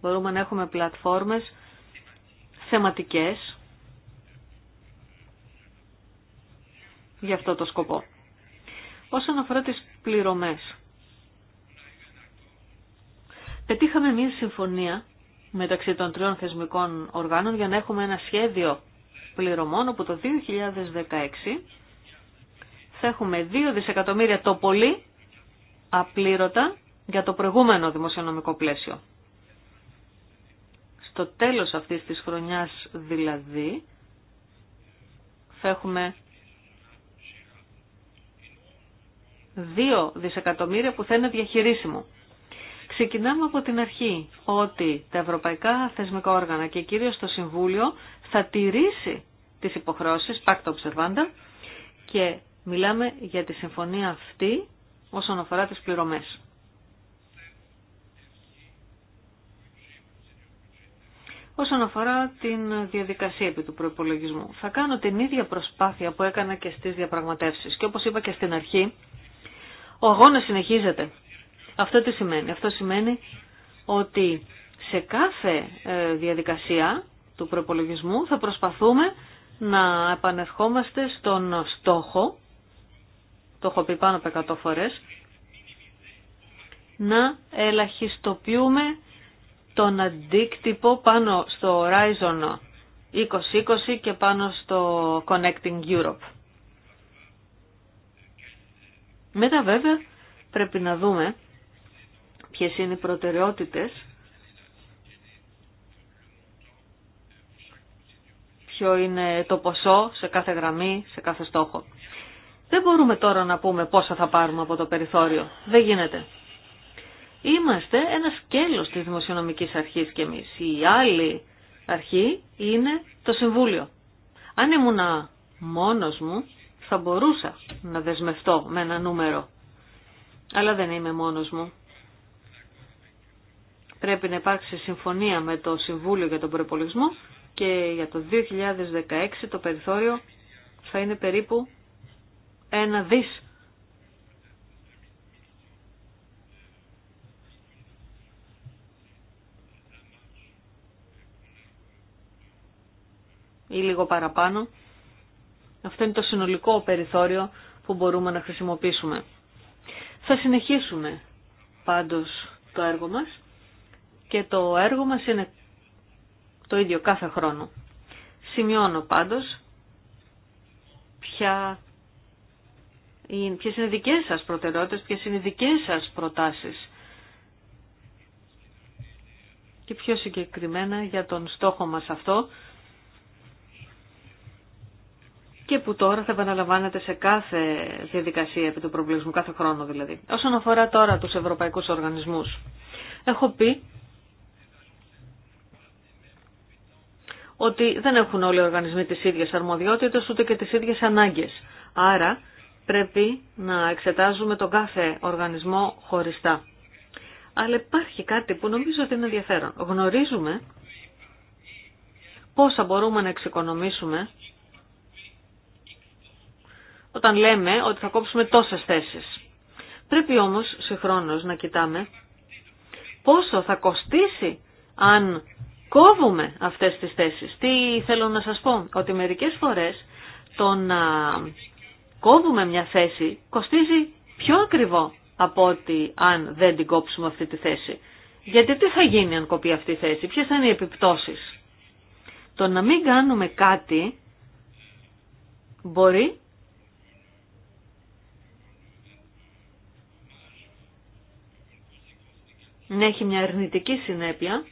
Μπορούμε να έχουμε πλατφόρμες θεματικές για αυτό το σκοπό. Όσον αφορά τις πληρωμές, πετύχαμε μια συμφωνία μεταξύ των τριών θεσμικών οργάνων για να έχουμε ένα σχέδιο πληρωμών, όπου το 2016 θα έχουμε 2 δισεκατομμύρια το πολύ απλήρωτα για το προηγούμενο δημοσιονομικό πλαίσιο. Στο τέλος αυτής της χρονιάς δηλαδή θα έχουμε 2 δισεκατομμύρια που θα είναι διαχειρίσιμο. Ξεκινάμε από την αρχή ότι τα ευρωπαϊκά θεσμικά όργανα και κυρίως το Συμβούλιο θα τηρήσει τις υποχρεώσεις, πάκτα observanda, και μιλάμε για τη συμφωνία αυτή όσον αφορά τις πληρωμές. Όσον αφορά την διαδικασία επί του προπολογισμού. θα κάνω την ίδια προσπάθεια που έκανα και στις διαπραγματεύσεις. Και όπως είπα και στην αρχή, ο αγώνας συνεχίζεται. Αυτό τι σημαίνει. Αυτό σημαίνει ότι σε κάθε ε, διαδικασία του προπολογισμού θα προσπαθούμε να επανερχόμαστε στον στόχο, το έχω πει πάνω από 100 φορές, να ελαχιστοποιούμε τον αντίκτυπο πάνω στο Horizon 2020 και πάνω στο Connecting Europe. Μετά βέβαια πρέπει να δούμε ποιες είναι οι προτεραιότητες ποιο είναι το ποσό σε κάθε γραμμή, σε κάθε στόχο. Δεν μπορούμε τώρα να πούμε πόσα θα πάρουμε από το περιθώριο. Δεν γίνεται. Είμαστε ένα σκέλος της δημοσιονομικής αρχής και εμείς. Η άλλη αρχή είναι το Συμβούλιο. Αν ήμουνα μόνος μου, θα μπορούσα να δεσμευτώ με ένα νούμερο. Αλλά δεν είμαι μόνος μου. Πρέπει να υπάρξει συμφωνία με το Συμβούλιο για τον Προπολογισμό και για το 2016 το περιθώριο θα είναι περίπου ένα δις. ή λίγο παραπάνω. Αυτό είναι το συνολικό περιθώριο που μπορούμε να χρησιμοποιήσουμε. Θα συνεχίσουμε πάντως το έργο μας και το έργο μας είναι το ίδιο κάθε χρόνο. Σημειώνω πάντως ποια ποιες είναι δικές σας προτεραιότητες, ποιες είναι δικές σας προτάσεις. Και πιο συγκεκριμένα για τον στόχο μας αυτό και που τώρα θα επαναλαμβάνεται σε κάθε διαδικασία επί του προβλήσμου, κάθε χρόνο δηλαδή. Όσον αφορά τώρα τους ευρωπαϊκούς οργανισμούς, έχω πει ότι δεν έχουν όλοι οι οργανισμοί τις ίδιες αρμοδιότητες ούτε και τις ίδιες ανάγκες. Άρα πρέπει να εξετάζουμε τον κάθε οργανισμό χωριστά. Αλλά υπάρχει κάτι που νομίζω ότι είναι ενδιαφέρον. Γνωρίζουμε πόσα μπορούμε να εξοικονομήσουμε όταν λέμε ότι θα κόψουμε τόσες θέσεις. Πρέπει όμως συγχρόνως να κοιτάμε πόσο θα κοστίσει αν κόβουμε αυτές τις θέσεις. Τι θέλω να σας πω, ότι μερικές φορές το να κόβουμε μια θέση κοστίζει πιο ακριβό από ότι αν δεν την κόψουμε αυτή τη θέση. Γιατί τι θα γίνει αν κοπεί αυτή η θέση, ποιες θα είναι οι επιπτώσεις. Το να μην κάνουμε κάτι μπορεί να έχει μια αρνητική συνέπεια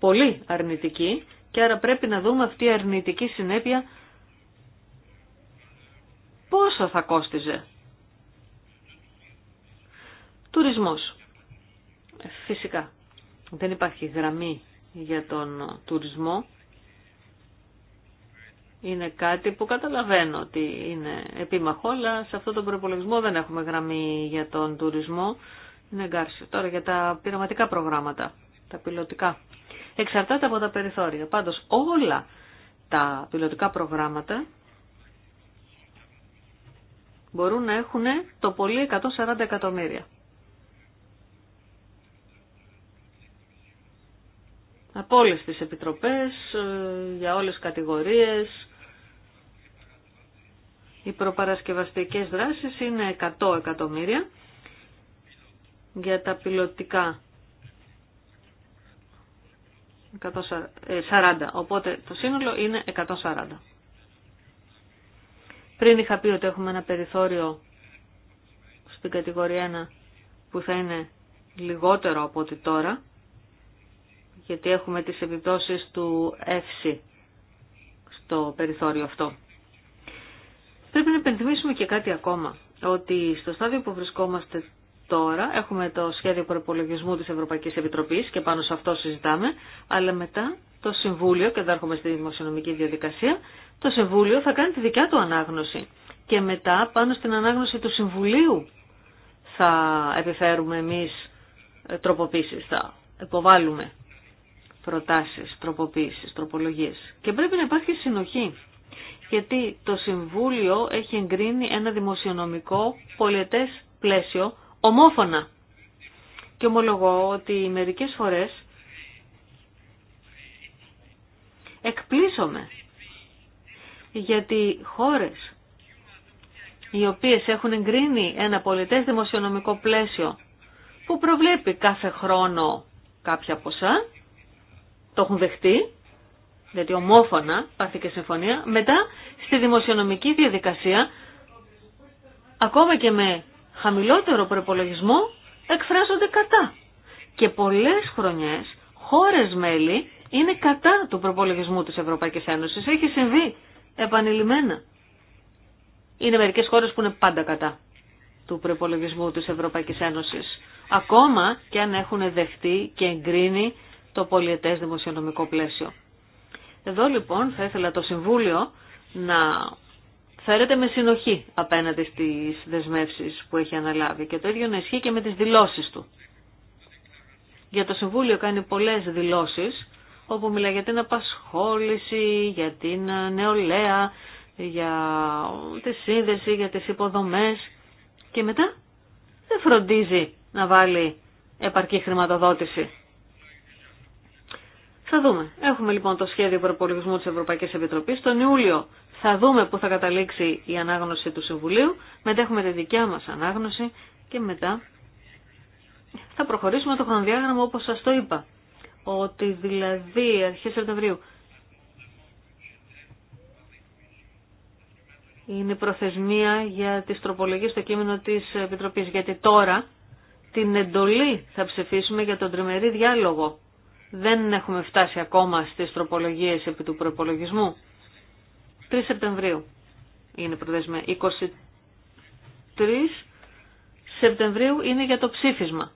πολύ αρνητική και άρα πρέπει να δούμε αυτή η αρνητική συνέπεια πόσο θα κόστιζε. Τουρισμός. Ε, φυσικά. Δεν υπάρχει γραμμή για τον τουρισμό. Είναι κάτι που καταλαβαίνω ότι είναι επίμαχο, αλλά σε αυτό τον προπολογισμό δεν έχουμε γραμμή για τον τουρισμό. Είναι εγκάρσιο. Τώρα για τα πειραματικά προγράμματα, τα πιλωτικά εξαρτάται από τα περιθώρια. Πάντως όλα τα πιλωτικά προγράμματα μπορούν να έχουν το πολύ 140 εκατομμύρια. Από όλες τις επιτροπές, ε, για όλες τις κατηγορίες, οι προπαρασκευαστικές δράσεις είναι 100 εκατομμύρια για τα πιλωτικά 140. Ε, Οπότε το σύνολο είναι 140. Πριν είχα πει ότι έχουμε ένα περιθώριο στην κατηγορία 1 που θα είναι λιγότερο από ό,τι τώρα, γιατί έχουμε τις επιπτώσεις του ΕΦΣΙ στο περιθώριο αυτό. Πρέπει να υπενθυμίσουμε και κάτι ακόμα, ότι στο στάδιο που βρισκόμαστε τώρα, έχουμε το σχέδιο προπολογισμού της Ευρωπαϊκής Επιτροπής και πάνω σε αυτό συζητάμε, αλλά μετά το Συμβούλιο, και εδώ έρχομαι στη δημοσιονομική διαδικασία, το Συμβούλιο θα κάνει τη δικιά του ανάγνωση. Και μετά πάνω στην ανάγνωση του Συμβουλίου θα επιφέρουμε εμείς ε, τροποποίησεις, θα υποβάλουμε προτάσεις, τροποποίησεις, τροπολογίες. Και πρέπει να υπάρχει συνοχή. Γιατί το Συμβούλιο έχει εγκρίνει ένα δημοσιονομικό πολιετές πλαίσιο ομόφωνα. Και ομολογώ ότι μερικές φορές εκπλήσωμε γιατί χώρες οι οποίες έχουν εγκρίνει ένα πολιτές δημοσιονομικό πλαίσιο που προβλέπει κάθε χρόνο κάποια ποσά, το έχουν δεχτεί, γιατί ομόφωνα πάθηκε συμφωνία, μετά στη δημοσιονομική διαδικασία, ακόμα και με χαμηλότερο προπολογισμό εκφράζονται κατά. Και πολλές χρονιές χώρες μέλη είναι κατά του προπολογισμού της Ευρωπαϊκής Ένωσης. Έχει συμβεί επανειλημμένα. Είναι μερικές χώρες που είναι πάντα κατά του προπολογισμού της Ευρωπαϊκής Ένωσης. Ακόμα και αν έχουν δεχτεί και εγκρίνει το πολιετές δημοσιονομικό πλαίσιο. Εδώ λοιπόν θα ήθελα το Συμβούλιο να φέρεται με συνοχή απέναντι στις δεσμεύσεις που έχει αναλάβει και το ίδιο να ισχύει και με τις δηλώσεις του. Για το Συμβούλιο κάνει πολλές δηλώσεις όπου μιλάει για την απασχόληση, για την νεολαία, για τη σύνδεση, για τις υποδομές και μετά δεν φροντίζει να βάλει επαρκή χρηματοδότηση. Θα δούμε. Έχουμε λοιπόν το σχέδιο προπολογισμού της Ευρωπαϊκής Επιτροπής. Τον Ιούλιο θα δούμε πού θα καταλήξει η ανάγνωση του Συμβουλίου, μετά έχουμε τη δικιά μας ανάγνωση και μετά θα προχωρήσουμε το χρονοδιάγραμμα όπως σας το είπα. Ότι δηλαδή αρχές Σεπτεμβρίου είναι προθεσμία για τις τροπολογίες στο κείμενο της Επιτροπής. Γιατί τώρα την εντολή θα ψηφίσουμε για τον τριμερή διάλογο. Δεν έχουμε φτάσει ακόμα στις τροπολογίες επί του προπολογισμού. 3 Σεπτεμβρίου είναι προθεσμία. 23 Σεπτεμβρίου είναι για το ψήφισμα.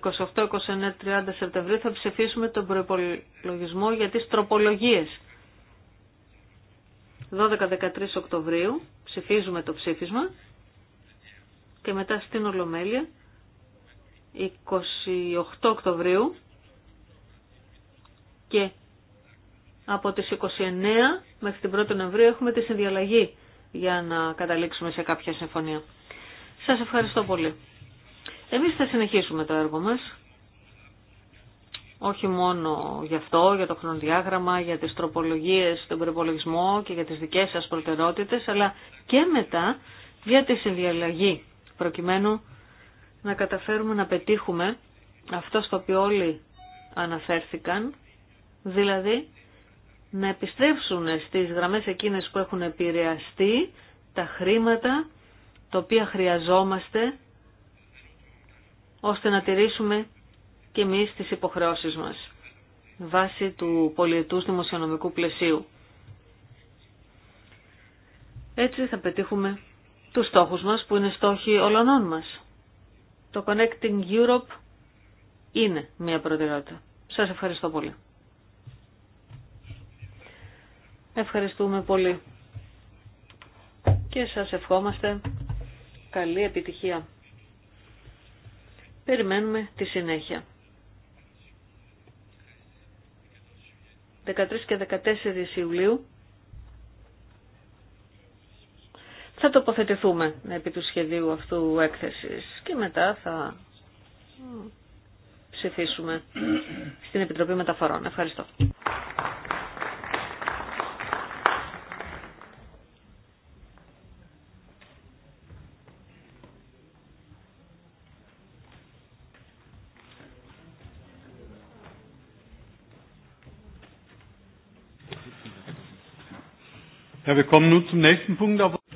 28, 29, 30 Σεπτεμβρίου θα ψηφίσουμε τον προπολογισμό για τις τροπολογίες. 12-13 Οκτωβρίου ψηφίζουμε το ψήφισμα και μετά στην Ολομέλεια 28 Οκτωβρίου και από τις 29 μέχρι την 1η Νοεμβρίου έχουμε τη συνδιαλλαγή για να καταλήξουμε σε κάποια συμφωνία. Σας ευχαριστώ πολύ. Εμείς θα συνεχίσουμε το έργο μας, όχι μόνο γι' αυτό, για το χρονοδιάγραμμα, για τις τροπολογίες, τον προπολογισμό και για τις δικές σας προτεραιότητες, αλλά και μετά για τη συνδιαλλαγή, προκειμένου να καταφέρουμε να πετύχουμε αυτό στο οποίο όλοι αναφέρθηκαν, δηλαδή να επιστρέψουν στις γραμμές εκείνες που έχουν επηρεαστεί τα χρήματα τα οποία χρειαζόμαστε ώστε να τηρήσουμε και εμείς τις υποχρεώσεις μας βάσει του πολιετούς δημοσιονομικού πλαισίου. Έτσι θα πετύχουμε τους στόχους μας που είναι στόχοι όλων μας. Το Connecting Europe είναι μια προτεραιότητα. Σας ευχαριστώ πολύ. Ευχαριστούμε πολύ. Και σας ευχόμαστε καλή επιτυχία. Περιμένουμε τη συνέχεια. 13 και 14 Ιουλίου θα τοποθετηθούμε επί του σχεδίου αυτού έκθεσης και μετά θα ψηφίσουμε στην Επιτροπή Μεταφορών. Ευχαριστώ.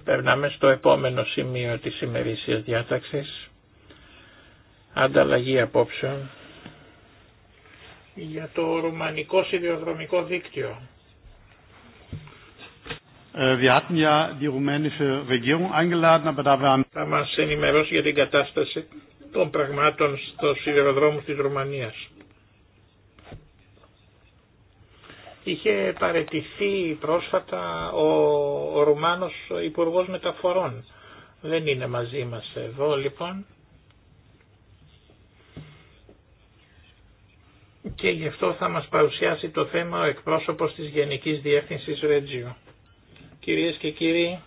Περνάμε στο επόμενο σημείο της ημερήσιας διάταξης. Ανταλλαγή απόψεων για το ρουμανικό σιδηροδρομικό δίκτυο. Äh, Θα μας ενημερώσει για την κατάσταση των πραγμάτων στο σιδηροδρόμου της Ρουμανίας. Είχε παρετηθεί πρόσφατα ο, ο Ρουμάνος υπουργό Μεταφορών. Δεν είναι μαζί μας εδώ λοιπόν. Και γι' αυτό θα μας παρουσιάσει το θέμα ο εκπρόσωπος της Γενικής Διεύθυνσης Ρέτζιο. Κυρίες και κύριοι,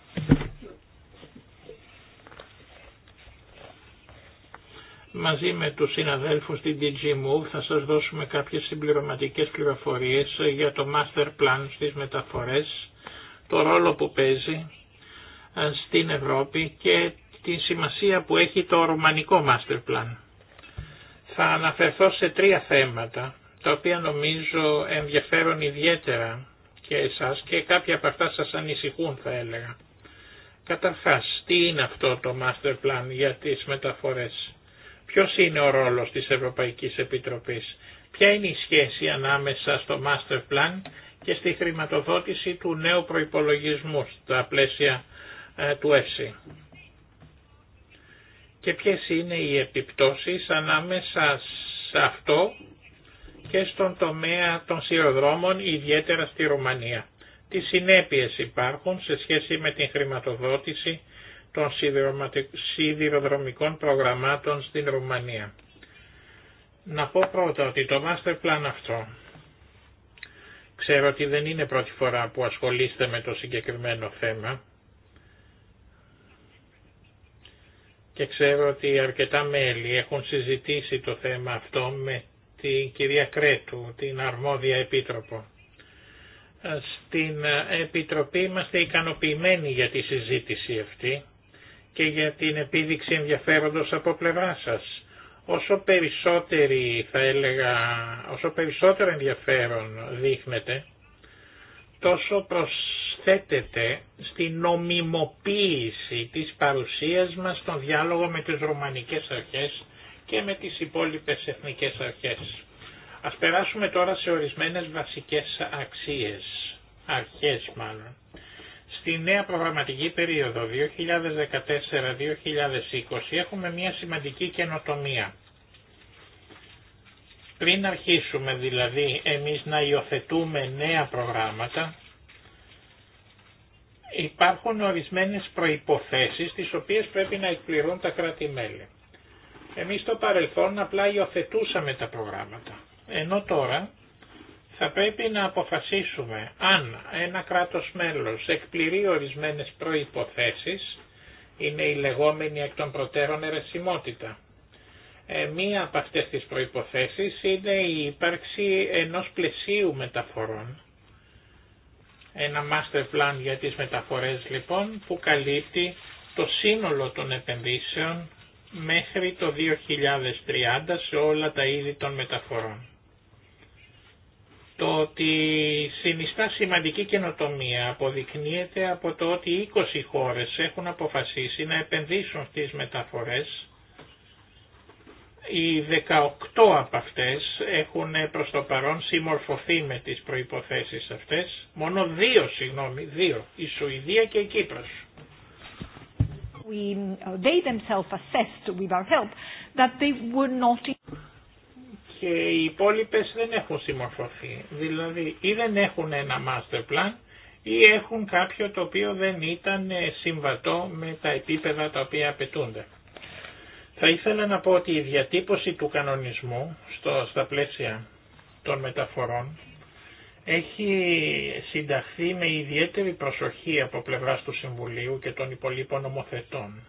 Μαζί με τους συναδέλφους στην DG Move θα σας δώσουμε κάποιες συμπληρωματικές πληροφορίες για το Master Plan στις μεταφορές, το ρόλο που παίζει ε, στην Ευρώπη και τη σημασία που έχει το ρουμανικό Master Plan. Θα αναφερθώ σε τρία θέματα, τα οποία νομίζω ενδιαφέρον ιδιαίτερα και εσάς και κάποια από αυτά σας ανησυχούν θα έλεγα. Καταρχάς, τι είναι αυτό το Master Plan για τις μεταφορές. Ποιος είναι ο ρόλος της Ευρωπαϊκής Επιτροπής, ποια είναι η σχέση ανάμεσα στο Master Plan και στη χρηματοδότηση του νέου προϋπολογισμού στα πλαίσια ε, του ΕΣΥ Και ποιες είναι οι επιπτώσεις ανάμεσα σε αυτό και στον τομέα των σειροδρόμων, ιδιαίτερα στη Ρουμανία. Τι συνέπειες υπάρχουν σε σχέση με την χρηματοδότηση των σιδηροδρομικών προγραμμάτων στην Ρουμανία. Να πω πρώτα ότι το master plan αυτό, ξέρω ότι δεν είναι πρώτη φορά που ασχολείστε με το συγκεκριμένο θέμα και ξέρω ότι αρκετά μέλη έχουν συζητήσει το θέμα αυτό με την κυρία Κρέτου, την αρμόδια επίτροπο. Στην Επιτροπή είμαστε ικανοποιημένοι για τη συζήτηση αυτή και για την επίδειξη ενδιαφέροντος από πλευρά σας. Όσο, περισσότερη, θα έλεγα, όσο περισσότερο ενδιαφέρον δείχνετε, τόσο προσθέτεται στην νομιμοποίηση της παρουσίας μας στον διάλογο με τις ρωμανικές αρχές και με τις υπόλοιπες εθνικές αρχές. Ας περάσουμε τώρα σε ορισμένες βασικές αξίες, αρχές μάλλον. Στη νέα προγραμματική περίοδο 2014-2020 έχουμε μια σημαντική καινοτομία. Πριν αρχίσουμε δηλαδή εμείς να υιοθετούμε νέα προγράμματα, υπάρχουν ορισμένες προϋποθέσεις τις οποίες πρέπει να εκπληρούν τα κράτη-μέλη. Εμείς στο παρελθόν απλά υιοθετούσαμε τα προγράμματα, ενώ τώρα θα πρέπει να αποφασίσουμε αν ένα κράτος μέλος εκπληρεί ορισμένες προϋποθέσεις, είναι η λεγόμενη εκ των προτέρων ερεσιμότητα. Ε, μία από αυτές τις προϋποθέσεις είναι η ύπαρξη ενός πλαισίου μεταφορών. Ένα master plan για τις μεταφορές λοιπόν που καλύπτει το σύνολο των επενδύσεων μέχρι το 2030 σε όλα τα είδη των μεταφορών. Το ότι συνιστά σημαντική καινοτομία αποδεικνύεται από το ότι 20 χώρες έχουν αποφασίσει να επενδύσουν στις μεταφορές. Οι 18 από αυτές έχουν προς το παρόν συμμορφωθεί με τις προϋποθέσεις αυτές. Μόνο δύο, συγγνώμη, δύο. Η Σουηδία και η Κύπρος. We, uh, they themselves assessed with our help that they were και οι υπόλοιπε δεν έχουν συμμορφωθεί. Δηλαδή ή δεν έχουν ένα master plan ή έχουν κάποιο το οποίο δεν ήταν ε, συμβατό με τα επίπεδα τα οποία απαιτούνται. Θα ήθελα να πω ότι η διατύπωση του κανονισμού στο, στα πλαίσια των μεταφορών έχει συνταχθεί με ιδιαίτερη προσοχή από πλευράς του Συμβουλίου και των υπολείπων νομοθετών,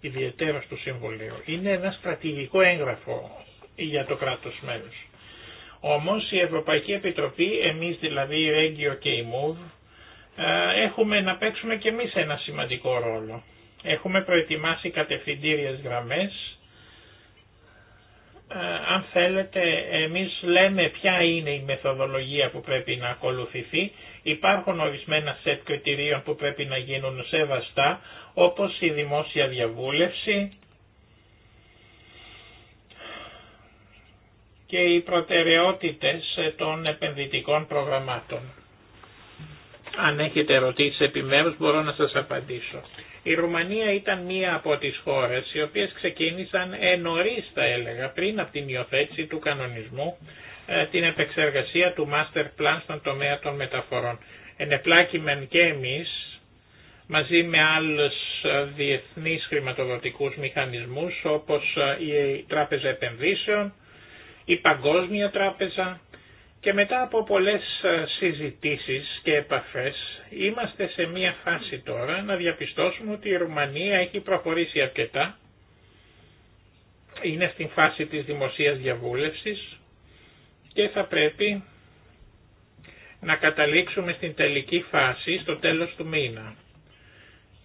ιδιαίτερα του Συμβουλίου. Είναι ένα στρατηγικό έγγραφο για το κράτος μέλος. Όμως η Ευρωπαϊκή Επιτροπή, εμείς δηλαδή η Regio και η MOVE ε, έχουμε να παίξουμε και εμείς ένα σημαντικό ρόλο. Έχουμε προετοιμάσει κατευθυντήριες γραμμές. Ε, αν θέλετε, εμείς λέμε ποια είναι η μεθοδολογία που πρέπει να ακολουθηθεί. Υπάρχουν ορισμένα σετ κριτηρίων που πρέπει να γίνουν σεβαστά, όπως η δημόσια διαβούλευση, και οι προτεραιότητες ε, των επενδυτικών προγραμμάτων. Αν έχετε ερωτήσεις επιμέρους μπορώ να σας απαντήσω. Η Ρουμανία ήταν μία από τις χώρες οι οποίες ξεκίνησαν ενωρίς θα έλεγα πριν από την υιοθέτηση του κανονισμού ε, την επεξεργασία του Master Plan στον τομέα των μεταφορών. Ενεπλάκημεν και εμείς μαζί με άλλους ε, διεθνείς χρηματοδοτικούς μηχανισμούς όπως η Τράπεζα Επενδύσεων η Παγκόσμια Τράπεζα και μετά από πολλές ε, συζητήσεις και επαφές είμαστε σε μία φάση τώρα να διαπιστώσουμε ότι η Ρουμανία έχει προχωρήσει αρκετά. Είναι στην φάση της δημοσίας διαβούλευσης και θα πρέπει να καταλήξουμε στην τελική φάση στο τέλος του μήνα.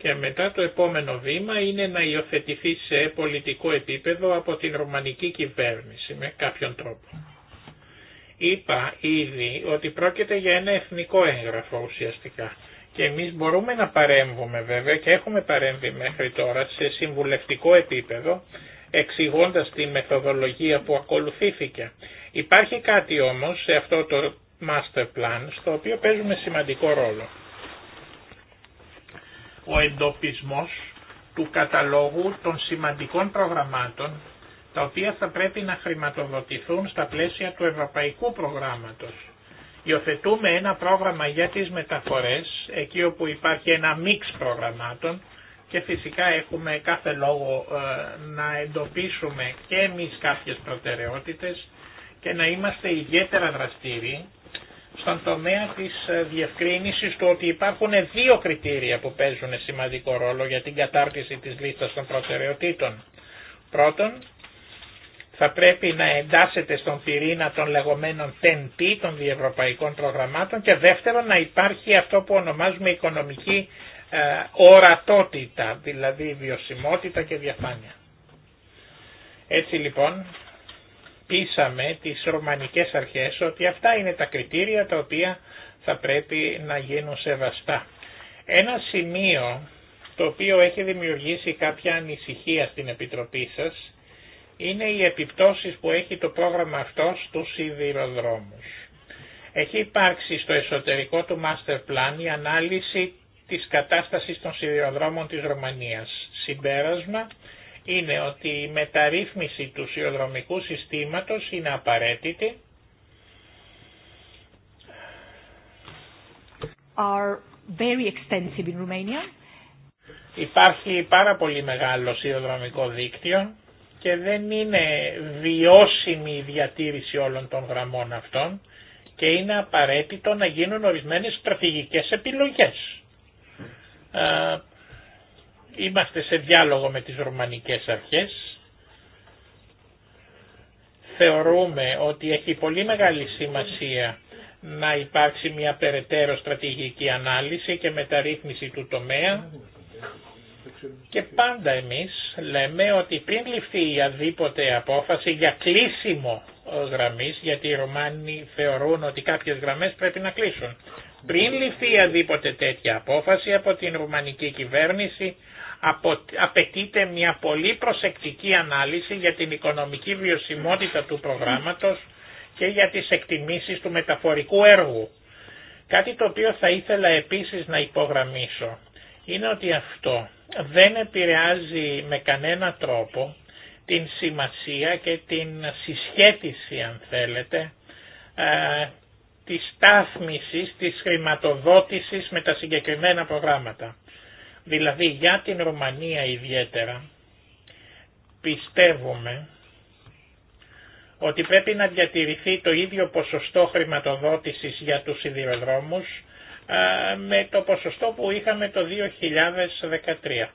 Και μετά το επόμενο βήμα είναι να υιοθετηθεί σε πολιτικό επίπεδο από την Ρουμανική κυβέρνηση με κάποιον τρόπο. Είπα ήδη ότι πρόκειται για ένα εθνικό έγγραφο ουσιαστικά και εμείς μπορούμε να παρέμβουμε βέβαια και έχουμε παρέμβει μέχρι τώρα σε συμβουλευτικό επίπεδο εξηγώντας τη μεθοδολογία που ακολουθήθηκε. Υπάρχει κάτι όμως σε αυτό το master plan στο οποίο παίζουμε σημαντικό ρόλο ο εντοπισμός του καταλόγου των σημαντικών προγραμμάτων τα οποία θα πρέπει να χρηματοδοτηθούν στα πλαίσια του ευρωπαϊκού προγράμματος. Υιοθετούμε ένα πρόγραμμα για τις μεταφορές, εκεί όπου υπάρχει ένα μίξ προγραμμάτων και φυσικά έχουμε κάθε λόγο ε, να εντοπίσουμε και εμείς κάποιες προτεραιότητες και να είμαστε ιδιαίτερα δραστήριοι στον τομέα της ε, διευκρίνησης του ότι υπάρχουν δύο κριτήρια που παίζουν σημαντικό ρόλο για την κατάρτιση της λίστας των προτεραιοτήτων. Πρώτον, θα πρέπει να εντάσσεται στον πυρήνα των λεγόμενων TEN-T, των διευρωπαϊκών προγραμμάτων και δεύτερον να υπάρχει αυτό που ονομάζουμε οικονομική ε, ορατότητα, δηλαδή βιωσιμότητα και διαφάνεια. Έτσι λοιπόν πείσαμε τις ρωμανικές αρχές ότι αυτά είναι τα κριτήρια τα οποία θα πρέπει να γίνουν σεβαστά. Ένα σημείο το οποίο έχει δημιουργήσει κάποια ανησυχία στην Επιτροπή σας είναι οι επιπτώσεις που έχει το πρόγραμμα αυτό στους σιδηροδρόμους. Έχει υπάρξει στο εσωτερικό του Master Plan η ανάλυση της κατάστασης των σιδηροδρόμων της Ρωμανίας. Συμπέρασμα είναι ότι η μεταρρύθμιση του σιοδρομικού συστήματος είναι απαραίτητη. Are very in Romania. Υπάρχει πάρα πολύ μεγάλο σιωδρομικό δίκτυο και δεν είναι βιώσιμη η διατήρηση όλων των γραμμών αυτών και είναι απαραίτητο να γίνουν ορισμένες στρατηγικές επιλογές Είμαστε σε διάλογο με τις ρωμανικές αρχές. Θεωρούμε ότι έχει πολύ μεγάλη σημασία να υπάρξει μια περαιτέρω στρατηγική ανάλυση και μεταρρύθμιση του τομέα και πάντα εμείς λέμε ότι πριν ληφθεί η αδίποτε απόφαση για κλείσιμο ε, γραμμής, γιατί οι Ρωμάνοι θεωρούν ότι κάποιες γραμμές πρέπει να κλείσουν. Πριν ληφθεί η αδίποτε τέτοια απόφαση από την Ρουμανική κυβέρνηση απαιτείται μια πολύ προσεκτική ανάλυση για την οικονομική βιωσιμότητα του προγράμματος και για τις εκτιμήσεις του μεταφορικού έργου. Κάτι το οποίο θα ήθελα επίσης να υπογραμμίσω είναι ότι αυτό δεν επηρεάζει με κανένα τρόπο την σημασία και την συσχέτιση αν θέλετε ε, της στάθμισης, της χρηματοδότησης με τα συγκεκριμένα προγράμματα. Δηλαδή για την Ρουμανία ιδιαίτερα πιστεύουμε ότι πρέπει να διατηρηθεί το ίδιο ποσοστό χρηματοδότησης για τους σιδηροδρόμους με το ποσοστό που είχαμε το 2013.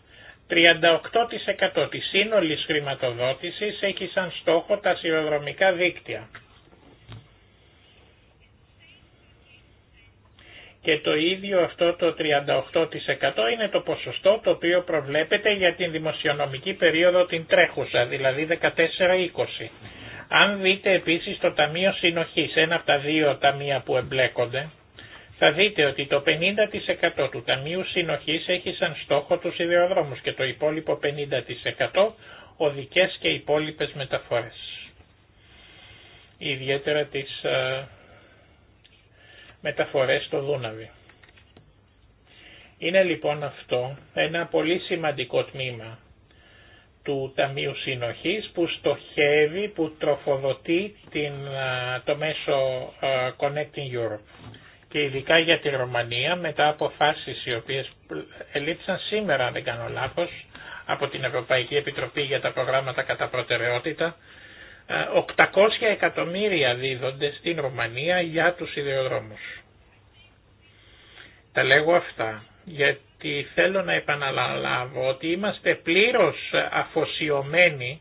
38% της σύνολης χρηματοδότησης έχει σαν στόχο τα σιδηροδρομικά δίκτυα. και το ίδιο αυτό το 38% είναι το ποσοστό το οποίο προβλέπεται για την δημοσιονομική περίοδο την τρέχουσα, δηλαδή 14-20. Αν δείτε επίσης το Ταμείο Συνοχής, ένα από τα δύο ταμεία που εμπλέκονται, θα δείτε ότι το 50% του Ταμείου Συνοχής έχει σαν στόχο τους ιδεοδρόμους και το υπόλοιπο 50% οδικές και υπόλοιπες μεταφορές. Ιδιαίτερα τις ε, μεταφορές στο Δούναβι. Είναι λοιπόν αυτό ένα πολύ σημαντικό τμήμα του Ταμείου Συνοχής που στοχεύει, που τροφοδοτεί την, το μέσο Connecting Europe και ειδικά για τη Ρωμανία μετά φάσεις οι οποίες ελήφθησαν σήμερα αν δεν κάνω λάθος από την Ευρωπαϊκή Επιτροπή για τα προγράμματα κατά προτεραιότητα 800 ε, εκατομμύρια δίδονται στην Ρουμανία για τους ιδεοδρόμους. Τα λέγω αυτά γιατί θέλω να επαναλάβω ότι είμαστε πλήρως αφοσιωμένοι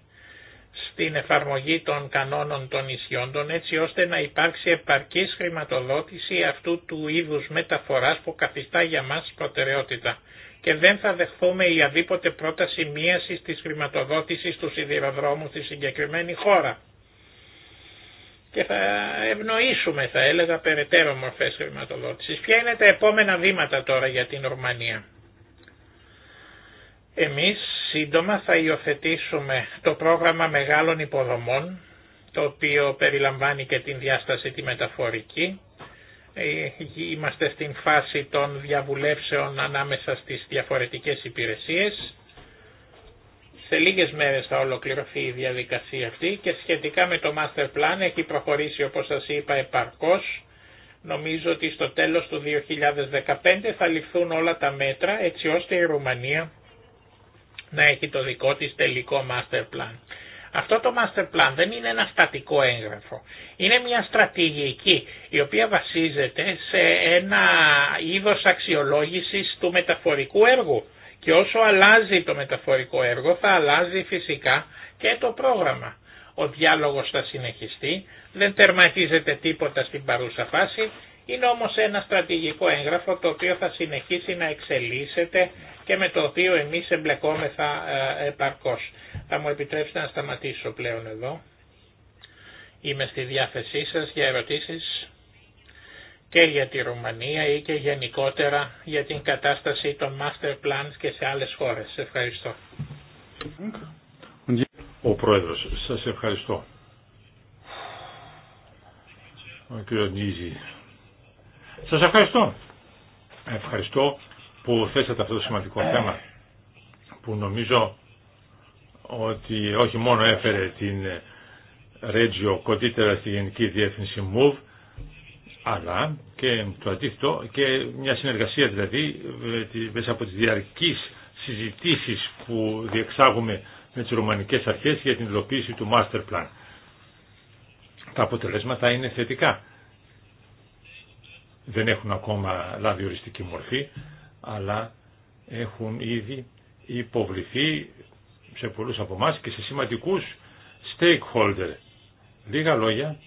στην εφαρμογή των κανόνων των ισιόντων έτσι ώστε να υπάρξει επαρκής χρηματοδότηση αυτού του είδους μεταφοράς που καθιστά για μας προτεραιότητα και δεν θα δεχθούμε η αδίποτε πρόταση μίασης της χρηματοδότηση του σιδηροδρόμου στη συγκεκριμένη χώρα. Και θα ευνοήσουμε, θα έλεγα, περαιτέρω μορφέ χρηματοδότηση. Ποια είναι τα επόμενα βήματα τώρα για την Ορμανία. Εμεί σύντομα θα υιοθετήσουμε το πρόγραμμα μεγάλων υποδομών, το οποίο περιλαμβάνει και την διάσταση τη μεταφορική, ε, είμαστε στην φάση των διαβουλεύσεων ανάμεσα στις διαφορετικές υπηρεσίες. Σε λίγες μέρες θα ολοκληρωθεί η διαδικασία αυτή και σχετικά με το Master Plan έχει προχωρήσει όπως σας είπα επαρκώς. Νομίζω ότι στο τέλος του 2015 θα ληφθούν όλα τα μέτρα έτσι ώστε η Ρουμανία να έχει το δικό της τελικό Master Plan. Αυτό το master plan δεν είναι ένα στατικό έγγραφο. Είναι μια στρατηγική η οποία βασίζεται σε ένα είδος αξιολόγησης του μεταφορικού έργου. Και όσο αλλάζει το μεταφορικό έργο θα αλλάζει φυσικά και το πρόγραμμα. Ο διάλογος θα συνεχιστεί, δεν τερματίζεται τίποτα στην παρούσα φάση είναι όμως ένα στρατηγικό έγγραφο το οποίο θα συνεχίσει να εξελίσσεται και με το οποίο εμείς εμπλεκόμεθα ε, επαρκώς. Θα μου επιτρέψετε να σταματήσω πλέον εδώ. Είμαι στη διάθεσή σας για ερωτήσεις και για τη Ρουμανία ή και γενικότερα για την κατάσταση των master plans και σε άλλες χώρες. Ευχαριστώ. Ο Πρόεδρος, σας ευχαριστώ. Ο σας ευχαριστώ. Ευχαριστώ που θέσατε αυτό το σημαντικό θέμα που νομίζω ότι όχι μόνο έφερε την Regio κοντύτερα στη Γενική Διεύθυνση MOVE αλλά και το αντίθετο και μια συνεργασία δηλαδή μέσα από τις διαρκείς συζητήσεις που διεξάγουμε με τις ρουμανικές αρχές για την υλοποίηση του master plan. Τα αποτελέσματα είναι θετικά δεν έχουν ακόμα λάβει οριστική μορφή, αλλά έχουν ήδη υποβληθεί σε πολλούς από εμά και σε σημαντικούς stakeholder. Λίγα λόγια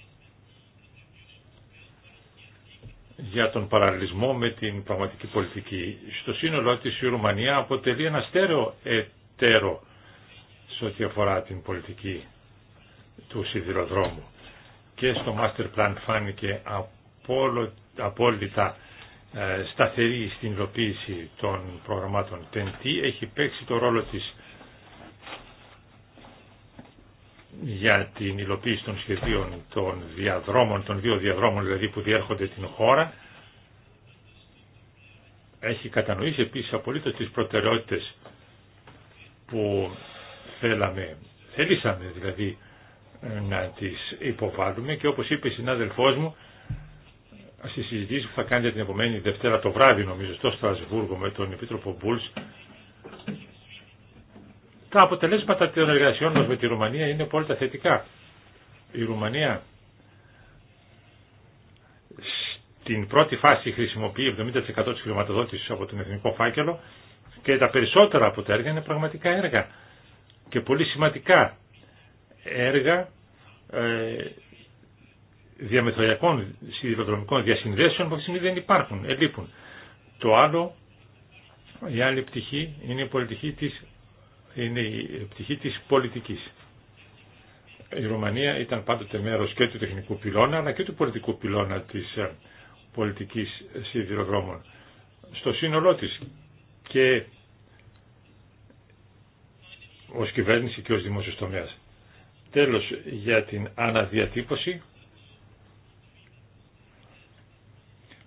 για τον παραλληλισμό με την πραγματική πολιτική. Στο σύνολό της η Ρουμανία αποτελεί ένα στέρεο εταίρο σε ό,τι αφορά την πολιτική του σιδηροδρόμου. Και στο Master Plan φάνηκε από απόλυτα ε, σταθερή στην υλοποίηση των προγραμμάτων TNT έχει παίξει το ρόλο της για την υλοποίηση των σχεδίων των διαδρόμων, των δύο διαδρόμων δηλαδή που διέρχονται την χώρα έχει κατανοήσει επίσης απολύτως τις προτεραιότητες που θέλαμε, θέλησαμε δηλαδή ε, να τις υποβάλουμε και όπως είπε η συνάδελφός μου στη συζήτηση που θα κάνετε την επομένη Δευτέρα το βράδυ νομίζω στο Στρασβούργο με τον Επίτροπο Μπούλς τα αποτελέσματα των εργασιών μας με τη Ρουμανία είναι πολύ τα θετικά. Η Ρουμανία στην πρώτη φάση χρησιμοποιεί 70% της χρηματοδότησης από τον εθνικό φάκελο και τα περισσότερα από τα έργα είναι πραγματικά έργα και πολύ σημαντικά έργα ε, διαμεθοριακών σιδηροδρομικών διασυνδέσεων που αυτή τη στιγμή δεν υπάρχουν, ελείπουν. Το άλλο, η άλλη πτυχή είναι η, πολιτική της, είναι η πτυχή της πολιτικής. Η Ρουμανία ήταν πάντοτε μέρος και του τεχνικού πυλώνα αλλά και του πολιτικού πυλώνα της ε, πολιτικής σιδηροδρόμων στο σύνολό της και ως κυβέρνηση και ως δημόσιος τομέας. Τέλος, για την αναδιατύπωση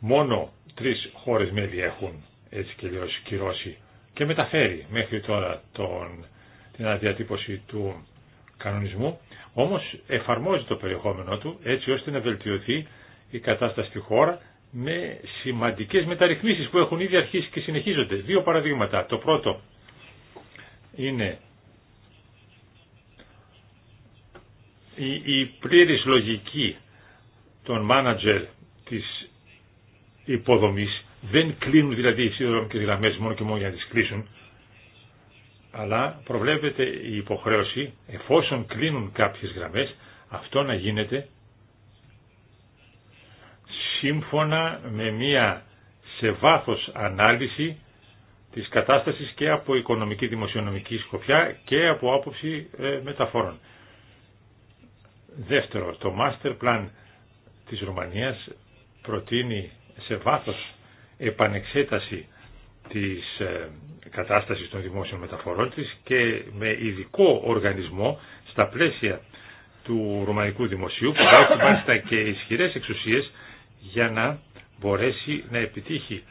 Μόνο τρεις χώρες μέλη έχουν έτσι και λίγο κυρώσει και μεταφέρει μέχρι τώρα τον, την αναδιατύπωση του κανονισμού, όμως εφαρμόζει το περιεχόμενό του έτσι ώστε να βελτιωθεί η κατάσταση στη χώρα με σημαντικές μεταρρυθμίσεις που έχουν ήδη αρχίσει και συνεχίζονται. Δύο παραδείγματα. Το πρώτο είναι η, η πλήρης λογική των μάνατζερ της υποδομής, δεν κλείνουν δηλαδή οι οι γραμμές μόνο και μόνο για να τις κλείσουν, αλλά προβλέπεται η υποχρέωση, εφόσον κλείνουν κάποιες γραμμές, αυτό να γίνεται σύμφωνα με μία σε βάθος ανάλυση της κατάστασης και από οικονομική δημοσιονομική σκοπιά και από άποψη ε, μεταφορών. Δεύτερο, το master plan της Ρουμανίας προτείνει σε βάθος επανεξέταση της ε, κατάστασης των δημόσιων μεταφορών της και με ειδικό οργανισμό στα πλαίσια του ρωμαϊκού Δημοσίου που θα έχει μάλιστα και ισχυρές εξουσίες για να μπορέσει να επιτύχει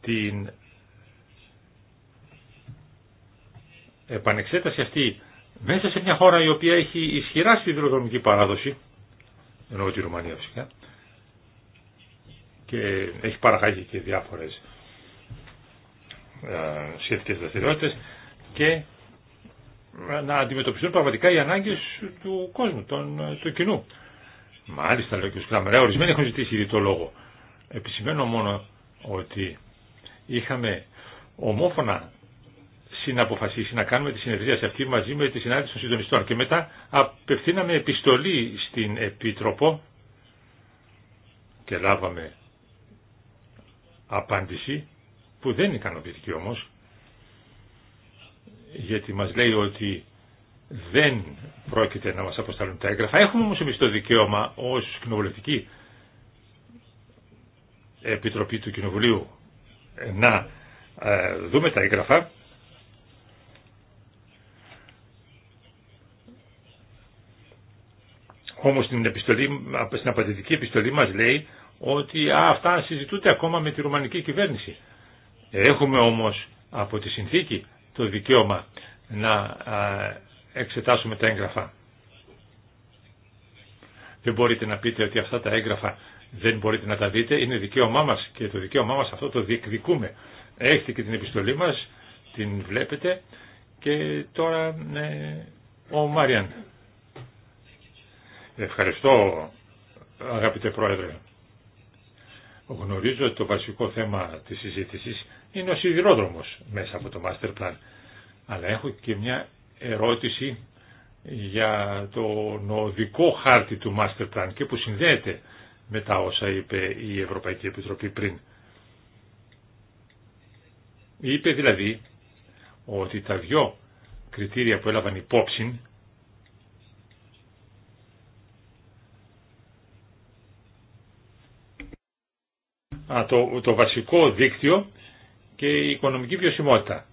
την επανεξέταση αυτή μέσα σε μια χώρα η οποία έχει ισχυρά σιδηροδρομική παράδοση, ενώ τη Ρουμανία φυσικά, και έχει παραγάγει και διάφορες ε, σχετικές δραστηριότητες και ε, να αντιμετωπιστούν πραγματικά οι ανάγκες του κόσμου, του κοινού. Μάλιστα, λέει ο κ. Κράμερ, ορισμένοι έχουν ζητήσει ήδη το λόγο. Επισημαίνω μόνο ότι είχαμε ομόφωνα συναποφασίσει να κάνουμε τη σε αυτή μαζί με τη συνάντηση των συντονιστών και μετά απευθύναμε επιστολή στην Επίτροπο και λάβαμε απάντηση που δεν είναι ικανοποιητική όμως γιατί μας λέει ότι δεν πρόκειται να μας αποσταλούν τα έγγραφα. Έχουμε όμως εμείς το δικαίωμα ως κοινοβουλευτική επιτροπή του Κοινοβουλίου να ε, δούμε τα έγγραφα Όμως στην, επιστολή, στην απαντητική επιστολή μας λέει ότι αυτά συζητούνται ακόμα με τη ρουμανική κυβέρνηση. Έχουμε όμως από τη συνθήκη το δικαίωμα να εξετάσουμε τα έγγραφα. Δεν μπορείτε να πείτε ότι αυτά τα έγγραφα δεν μπορείτε να τα δείτε, είναι δικαίωμά μας και το δικαίωμά μας αυτό το διεκδικούμε. Έχετε και την επιστολή μας, την βλέπετε και τώρα ναι, ο Μάριαν. Ευχαριστώ αγαπητέ Πρόεδρε. Γνωρίζω ότι το βασικό θέμα της συζήτησης είναι ο σιδηρόδρομος μέσα από το master plan. Αλλά έχω και μια ερώτηση για το νοοδικό χάρτη του master plan και που συνδέεται με τα όσα είπε η Ευρωπαϊκή Επιτροπή πριν. Είπε δηλαδή ότι τα δυο κριτήρια που έλαβαν υπόψη το, το βασικό δίκτυο και η οικονομική βιωσιμότητα.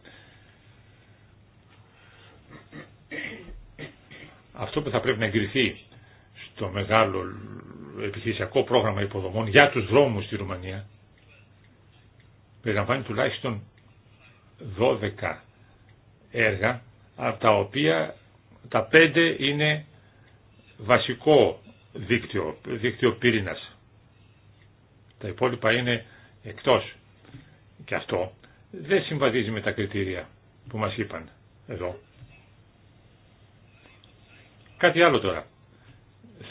Αυτό που θα πρέπει να εγκριθεί στο μεγάλο επιχειρησιακό πρόγραμμα υποδομών για τους δρόμους στη Ρουμανία περιλαμβάνει τουλάχιστον 12 έργα από τα οποία τα 5 είναι βασικό δίκτυο, δίκτυο πύρινας τα υπόλοιπα είναι εκτός. Και αυτό δεν συμβαδίζει με τα κριτήρια που μας είπαν εδώ. Κάτι άλλο τώρα.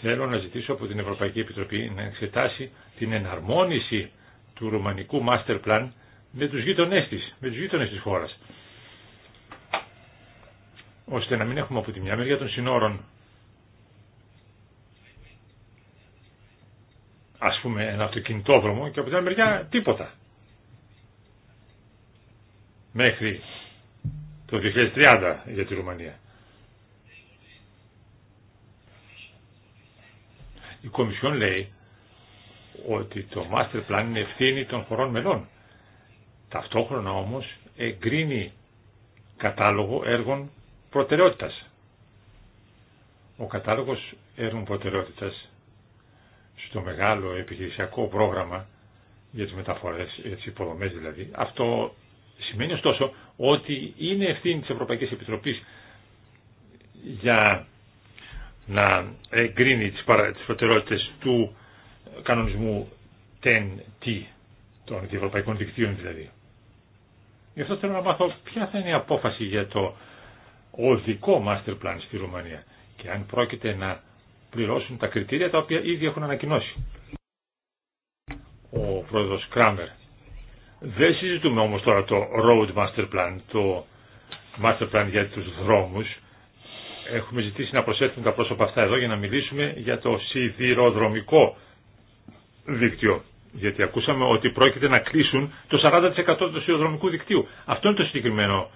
Θέλω να ζητήσω από την Ευρωπαϊκή Επιτροπή να εξετάσει την εναρμόνιση του ρουμανικού master plan με τους γείτονές της, με τους γείτονές της χώρας. Ώστε να μην έχουμε από τη μια μεριά των συνόρων ας πούμε ένα αυτοκινητόδρομο και από την άλλη μεριά τίποτα. Μέχρι το 2030 για τη Ρουμανία. Η Κομισιόν λέει ότι το master plan είναι ευθύνη των χωρών μελών. Ταυτόχρονα όμως εγκρίνει κατάλογο έργων προτεραιότητας. Ο κατάλογος έργων προτεραιότητας στο μεγάλο επιχειρησιακό πρόγραμμα για τις μεταφορές, για τις υποδομές δηλαδή. Αυτό σημαίνει ωστόσο ότι είναι ευθύνη της Ευρωπαϊκής Επιτροπής για να εγκρίνει τις, παρα... προτεραιότητες του κανονισμού TEN-T, των ευρωπαϊκών δικτύων δηλαδή. Γι' αυτό θέλω να μάθω ποια θα είναι η απόφαση για το οδικό master plan στη Ρουμανία και αν πρόκειται να πληρώσουν τα κριτήρια τα οποία ήδη έχουν ανακοινώσει. Ο πρόεδρος Κράμερ. Δεν συζητούμε όμως τώρα το Road Master Plan, το Master Plan για τους δρόμους. Έχουμε ζητήσει να προσέλθουν τα πρόσωπα αυτά εδώ για να μιλήσουμε για το σιδηροδρομικό δίκτυο. Γιατί ακούσαμε ότι πρόκειται να κλείσουν το 40% του σιδηροδρομικού δικτύου. Αυτό είναι το συγκεκριμένο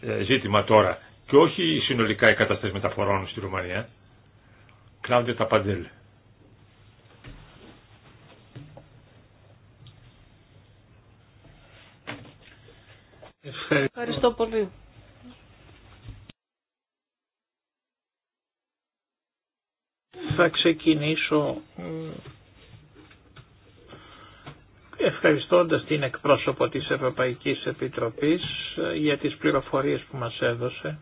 ε, ζήτημα τώρα και όχι συνολικά οι καταστάσεις μεταφορών στη Ρουμανία τα Ταπαντέλ. Ευχαριστώ πολύ. Θα ξεκινήσω ευχαριστώντας την εκπρόσωπο της Ευρωπαϊκής Επιτροπής ε, για τις πληροφορίες που μας έδωσε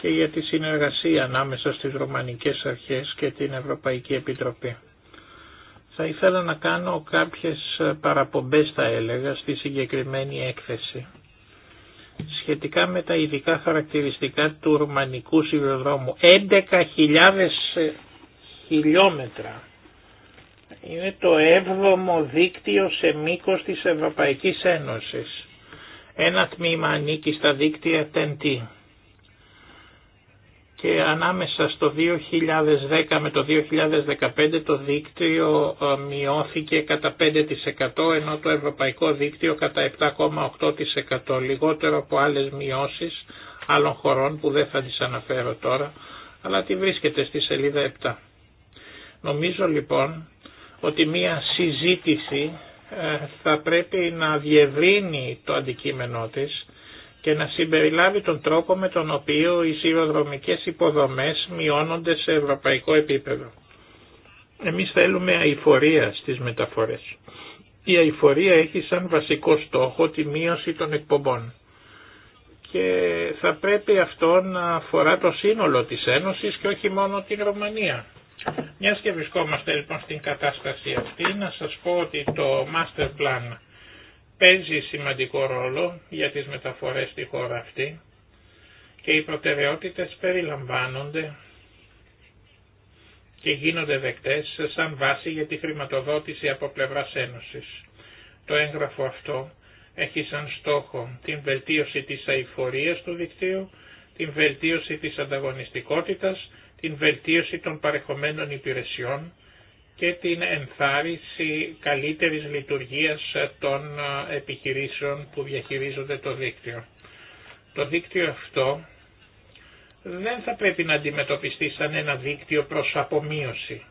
και για τη συνεργασία ανάμεσα στις Ρωμανικές Αρχές και την Ευρωπαϊκή Επιτροπή. Θα ήθελα να κάνω κάποιες παραπομπές θα έλεγα στη συγκεκριμένη έκθεση σχετικά με τα ειδικά χαρακτηριστικά του ρουμανικού σιδηροδρόμου. 11.000 ε, χιλιόμετρα. Είναι το 7ο δίκτυο σε μήκος της Ευρωπαϊκής Ένωσης. Ένα τμήμα ανήκει στα δίκτυα TEN-T και ανάμεσα στο 2010 με το 2015 το δίκτυο ε, μειώθηκε κατά 5% ενώ το ευρωπαϊκό δίκτυο κατά 7,8% λιγότερο από άλλες μειώσεις άλλων χωρών που δεν θα τις αναφέρω τώρα αλλά τη βρίσκεται στη σελίδα 7. Νομίζω λοιπόν ότι μία συζήτηση ε, θα πρέπει να διευρύνει το αντικείμενό της και να συμπεριλάβει τον τρόπο με τον οποίο οι σιδηροδρομικές υποδομές μειώνονται σε ευρωπαϊκό επίπεδο. Εμείς θέλουμε αηφορία στις μεταφορές. Η αηφορία έχει σαν βασικό στόχο τη μείωση των εκπομπών και θα πρέπει αυτό να αφορά το σύνολο της Ένωσης και όχι μόνο την Ρωμανία. Μιας και βρισκόμαστε λοιπόν στην κατάσταση αυτή, να σας πω ότι το Master Plan παίζει σημαντικό ρόλο για τις μεταφορές στη χώρα αυτή και οι προτεραιότητες περιλαμβάνονται και γίνονται δεκτές σαν βάση για τη χρηματοδότηση από πλευράς Ένωσης. Το έγγραφο αυτό έχει σαν στόχο την βελτίωση της αηφορίας του δικτύου, την βελτίωση της ανταγωνιστικότητας, την βελτίωση των παρεχομένων υπηρεσιών, και την ενθάρρυνση καλύτερης λειτουργίας των ε, επιχειρήσεων που διαχειρίζονται το δίκτυο. Το δίκτυο αυτό δεν θα πρέπει να αντιμετωπιστεί σαν ένα δίκτυο προς απομείωση,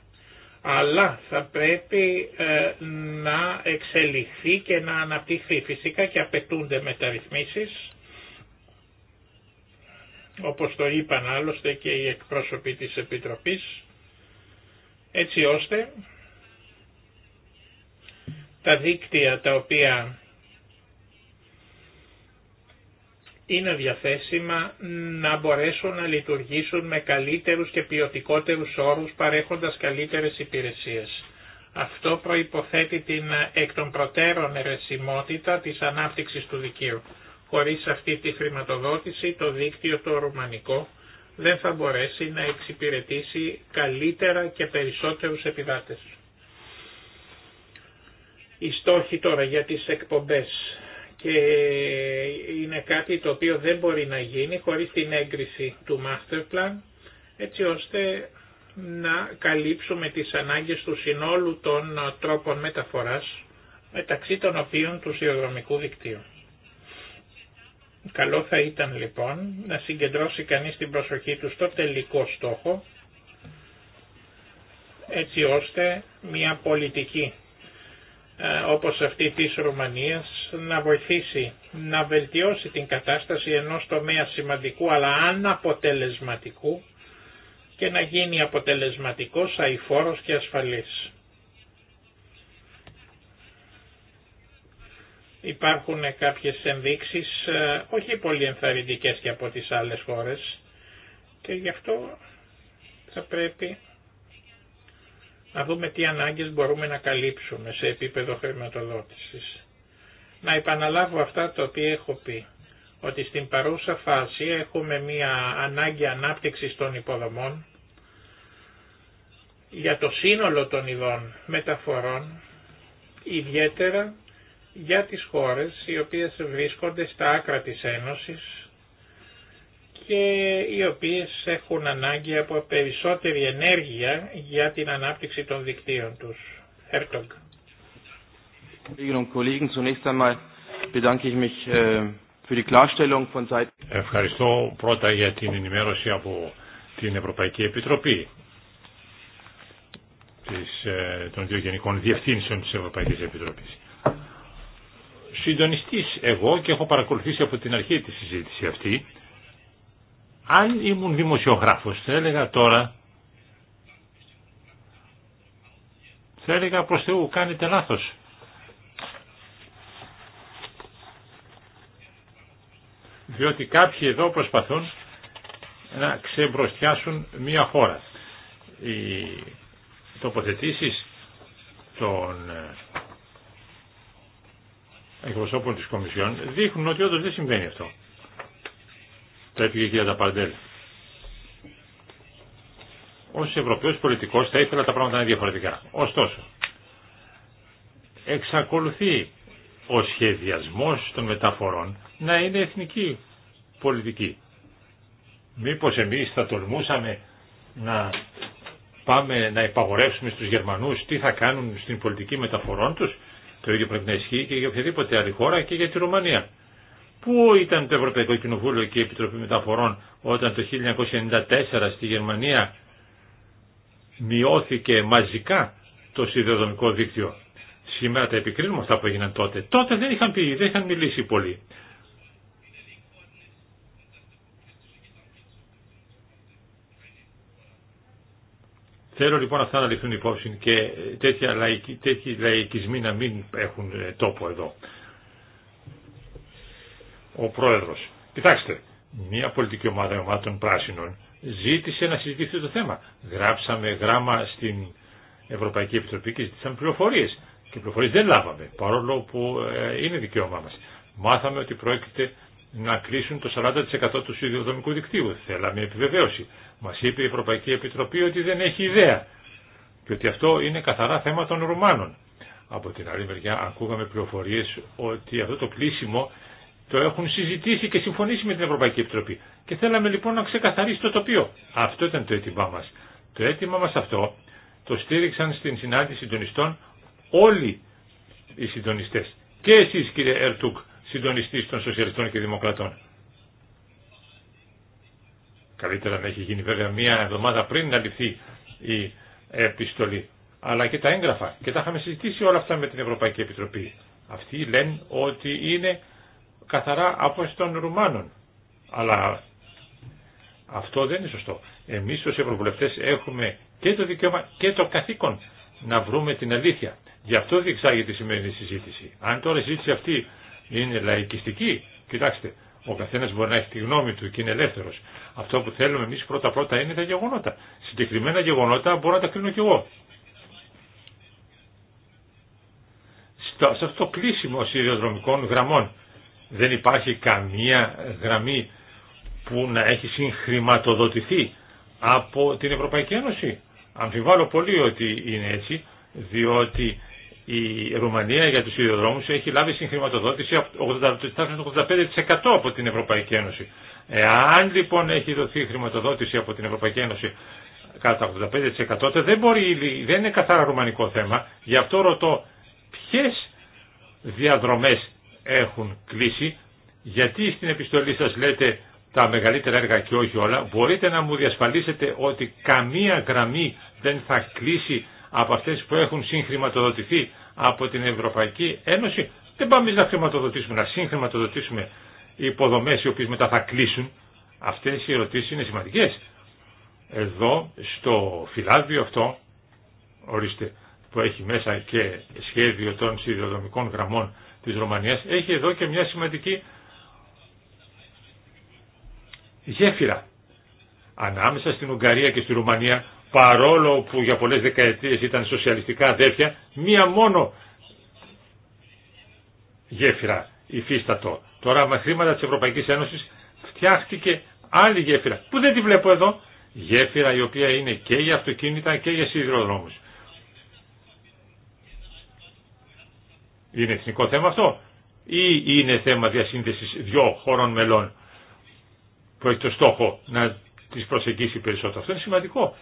αλλά θα πρέπει ε, να εξελιχθεί και να αναπτυχθεί. Φυσικά και απαιτούνται μεταρρυθμίσεις, όπως το είπαν άλλωστε και οι εκπρόσωποι της Επιτροπής, έτσι ώστε τα δίκτυα τα οποία είναι διαθέσιμα να μπορέσουν να λειτουργήσουν με καλύτερους και ποιοτικότερους όρους παρέχοντας καλύτερες υπηρεσίες. Αυτό προϋποθέτει την εκ των προτέρων ερεσιμότητα της ανάπτυξης του δικείου. Χωρίς αυτή τη χρηματοδότηση το δίκτυο το ρουμανικό δεν θα μπορέσει να εξυπηρετήσει καλύτερα και περισσότερους επιβάτες. Οι στόχοι τώρα για τις εκπομπές και είναι κάτι το οποίο δεν μπορεί να γίνει χωρίς την έγκριση του Master Plan έτσι ώστε να καλύψουμε τις ανάγκες του συνόλου των τρόπων μεταφοράς μεταξύ των οποίων του σιδηροδρομικού δικτύου. Καλό θα ήταν λοιπόν να συγκεντρώσει κανείς την προσοχή του στο τελικό στόχο έτσι ώστε μια πολιτική ε, όπως αυτή της Ρουμανίας να βοηθήσει να βελτιώσει την κατάσταση ενός τομέα σημαντικού αλλά αναποτελεσματικού και να γίνει αποτελεσματικός, αηφόρος και ασφαλής. Υπάρχουν κάποιες ενδείξεις, ε, όχι πολύ ενθαρρυντικές και από τις άλλες χώρες και γι' αυτό θα πρέπει να δούμε τι ανάγκες μπορούμε να καλύψουμε σε επίπεδο χρηματοδότησης. Να επαναλάβω αυτά τα οποία έχω πει, ότι στην παρούσα φάση έχουμε μία ανάγκη ανάπτυξης των υποδομών για το σύνολο των ειδών μεταφορών, ιδιαίτερα για τις χώρες οι οποίες βρίσκονται στα άκρα της Ένωσης και οι οποίες έχουν ανάγκη από περισσότερη ενέργεια για την ανάπτυξη των δικτύων τους. Ερτογκ. Äh, Ευχαριστώ πρώτα για την ενημέρωση από την Ευρωπαϊκή Επιτροπή ε, των δύο Γενικών Διευθύνσεων της Ευρωπαϊκής Επιτροπής συντονιστής εγώ και έχω παρακολουθήσει από την αρχή τη συζήτηση αυτή. Αν ήμουν δημοσιογράφος θα έλεγα τώρα θα έλεγα προς Θεού κάνετε λάθος. Διότι κάποιοι εδώ προσπαθούν να ξεμπροστιάσουν μια χώρα. Οι τοποθετήσεις των εκπροσώπων της Κομισιόν δείχνουν ότι όντως δεν συμβαίνει αυτό. Τα έφυγε η κυρία Ταπαντέλ. Ως Ευρωπαίος πολιτικός θα ήθελα τα πράγματα να είναι διαφορετικά. Ωστόσο, εξακολουθεί ο σχεδιασμός των μεταφορών να είναι εθνική πολιτική. Μήπως εμείς θα τολμούσαμε να πάμε να υπαγορεύσουμε στους Γερμανούς τι θα κάνουν στην πολιτική μεταφορών τους το ίδιο πρέπει να ισχύει και για οποιαδήποτε άλλη χώρα και για τη Ρουμανία. Πού ήταν το Ευρωπαϊκό Κοινοβούλιο και η Επιτροπή Μεταφορών όταν το 1994 στη Γερμανία μειώθηκε μαζικά το σιδεοδομικό δίκτυο. Σήμερα τα επικρίνουμε αυτά που έγιναν τότε. Τότε δεν είχαν πει, δεν είχαν μιλήσει πολύ. Θέλω λοιπόν αυτά να ληφθούν υπόψη και τέτοια λαϊκι, τέτοιοι λαϊκισμοί να μην έχουν ε, τόπο εδώ. Ο πρόεδρος. Κοιτάξτε, μια πολιτική ομάδα ομάδων πράσινων ζήτησε να συζητηθεί το θέμα. Γράψαμε γράμμα στην Ευρωπαϊκή Επιτροπή και ζητήσαμε πληροφορίες. Και πληροφορίες δεν λάβαμε, παρόλο που ε, είναι δικαίωμά μας. Μάθαμε ότι πρόκειται να κλείσουν το 40% του σιδηροδομικού δικτύου. Θέλαμε επιβεβαίωση μα είπε η Ευρωπαϊκή Επιτροπή ότι δεν έχει ιδέα και ότι αυτό είναι καθαρά θέμα των Ρουμάνων. Από την άλλη μεριά ακούγαμε πληροφορίες ότι αυτό το κλείσιμο το έχουν συζητήσει και συμφωνήσει με την Ευρωπαϊκή Επιτροπή. Και θέλαμε λοιπόν να ξεκαθαρίσει το τοπίο. Αυτό ήταν το αίτημά μας. Το αίτημά μα αυτό το στήριξαν στην συνάντηση συντονιστών όλοι οι συντονιστέ. Και εσείς κύριε Ερτούκ, συντονιστή των Σοσιαλιστών και Δημοκρατών. Καλύτερα να έχει γίνει βέβαια μία εβδομάδα πριν να ληφθεί η επιστολή. Αλλά και τα έγγραφα. Και τα είχαμε συζητήσει όλα αυτά με την Ευρωπαϊκή Επιτροπή. Αυτοί λένε ότι είναι καθαρά από των Ρουμάνων. Αλλά αυτό δεν είναι σωστό. Εμείς ως Ευρωβουλευτές έχουμε και το δικαίωμα και το καθήκον να βρούμε την αλήθεια. Γι' αυτό διεξάγεται η σημερινή συζήτηση. Αν τώρα η συζήτηση αυτή είναι λαϊκιστική, κοιτάξτε, ο καθένα μπορεί να έχει τη γνώμη του και είναι ελεύθερο. Αυτό που θέλουμε εμεί πρώτα-πρώτα είναι τα γεγονότα. Συγκεκριμένα γεγονότα μπορώ να τα κρίνω κι εγώ. σε αυτό το κλείσιμο σιδηροδρομικών γραμμών δεν υπάρχει καμία γραμμή που να έχει συγχρηματοδοτηθεί από την Ευρωπαϊκή Ένωση. Αμφιβάλλω πολύ ότι είναι έτσι, διότι η Ρουμανία για τους ιδιοδρόμους έχει λάβει συγχρηματοδότηση 85% από την Ευρωπαϊκή Ένωση. Εάν λοιπόν έχει δοθεί χρηματοδότηση από την Ευρωπαϊκή Ένωση κατά 85% δεν, μπορεί, δεν είναι καθαρά ρουμανικό θέμα. Γι' αυτό ρωτώ ποιες διαδρομές έχουν κλείσει, γιατί στην επιστολή σας λέτε τα μεγαλύτερα έργα και όχι όλα, μπορείτε να μου διασφαλίσετε ότι καμία γραμμή δεν θα κλείσει από αυτές που έχουν συγχρηματοδοτηθεί από την Ευρωπαϊκή Ένωση. Δεν πάμε να χρηματοδοτήσουμε, να συγχρηματοδοτήσουμε υποδομές οι οποίε μετά θα κλείσουν. Αυτές οι ερωτήσει είναι σημαντικές. Εδώ στο φυλάδιο αυτό, ορίστε, που έχει μέσα και σχέδιο των σιδηροδρομικών γραμμών της Ρωμανίας, έχει εδώ και μια σημαντική γέφυρα ανάμεσα στην Ουγγαρία και στη Ρουμανία παρόλο που για πολλές δεκαετίες ήταν σοσιαλιστικά αδέρφια, μία μόνο γέφυρα υφίστατο. Τώρα με χρήματα της Ευρωπαϊκής Ένωσης φτιάχτηκε άλλη γέφυρα, που δεν τη βλέπω εδώ, γέφυρα η οποία είναι και για αυτοκίνητα και για σιδηροδρόμους. Είναι εθνικό θέμα αυτό ή είναι θέμα διασύνδεσης δυο χωρών μελών που έχει το στόχο να τις προσεγγίσει περισσότερο. Αυτό είναι σημαντικό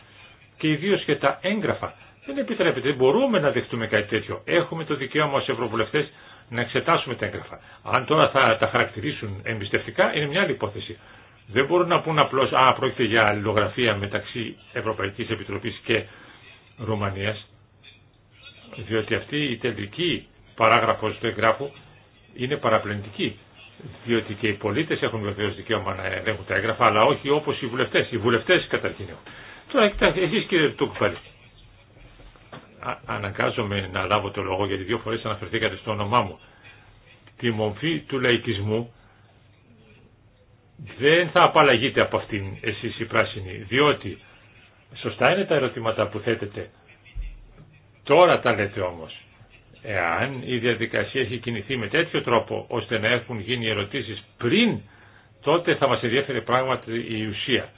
και ιδίω για τα έγγραφα. Δεν επιτρέπεται, δεν μπορούμε να δεχτούμε κάτι τέτοιο. Έχουμε το δικαίωμα ως ευρωβουλευτέ να εξετάσουμε τα έγγραφα. Αν τώρα θα τα χαρακτηρίσουν εμπιστευτικά είναι μια άλλη υπόθεση. Δεν μπορούν να πούν απλώ α, πρόκειται για αλληλογραφία μεταξύ Ευρωπαϊκή Επιτροπή και Ρουμανία, διότι αυτή η τελική παράγραφο του εγγράφου είναι παραπλανητική. Διότι και οι πολίτε έχουν βεβαίω δικαίωμα να ελέγχουν τα έγγραφα, αλλά όχι όπω οι βουλευτέ. Οι βουλευτέ καταρχήν Τώρα κοιτάξτε, εσείς κύριε Τούκπαλη, αναγκάζομαι να λάβω το λόγο γιατί δύο φορές αναφερθήκατε στο όνομά μου. Τη μορφή του λαϊκισμού δεν θα απαλλαγείτε από αυτήν εσείς οι πράσινοι, διότι σωστά είναι τα ερωτήματα που θέτετε. Τώρα τα λέτε όμως. Εάν η διαδικασία έχει κινηθεί με τέτοιο τρόπο ώστε να έχουν γίνει ερωτήσεις πριν, τότε θα μας ενδιαφέρει πράγματι η ουσία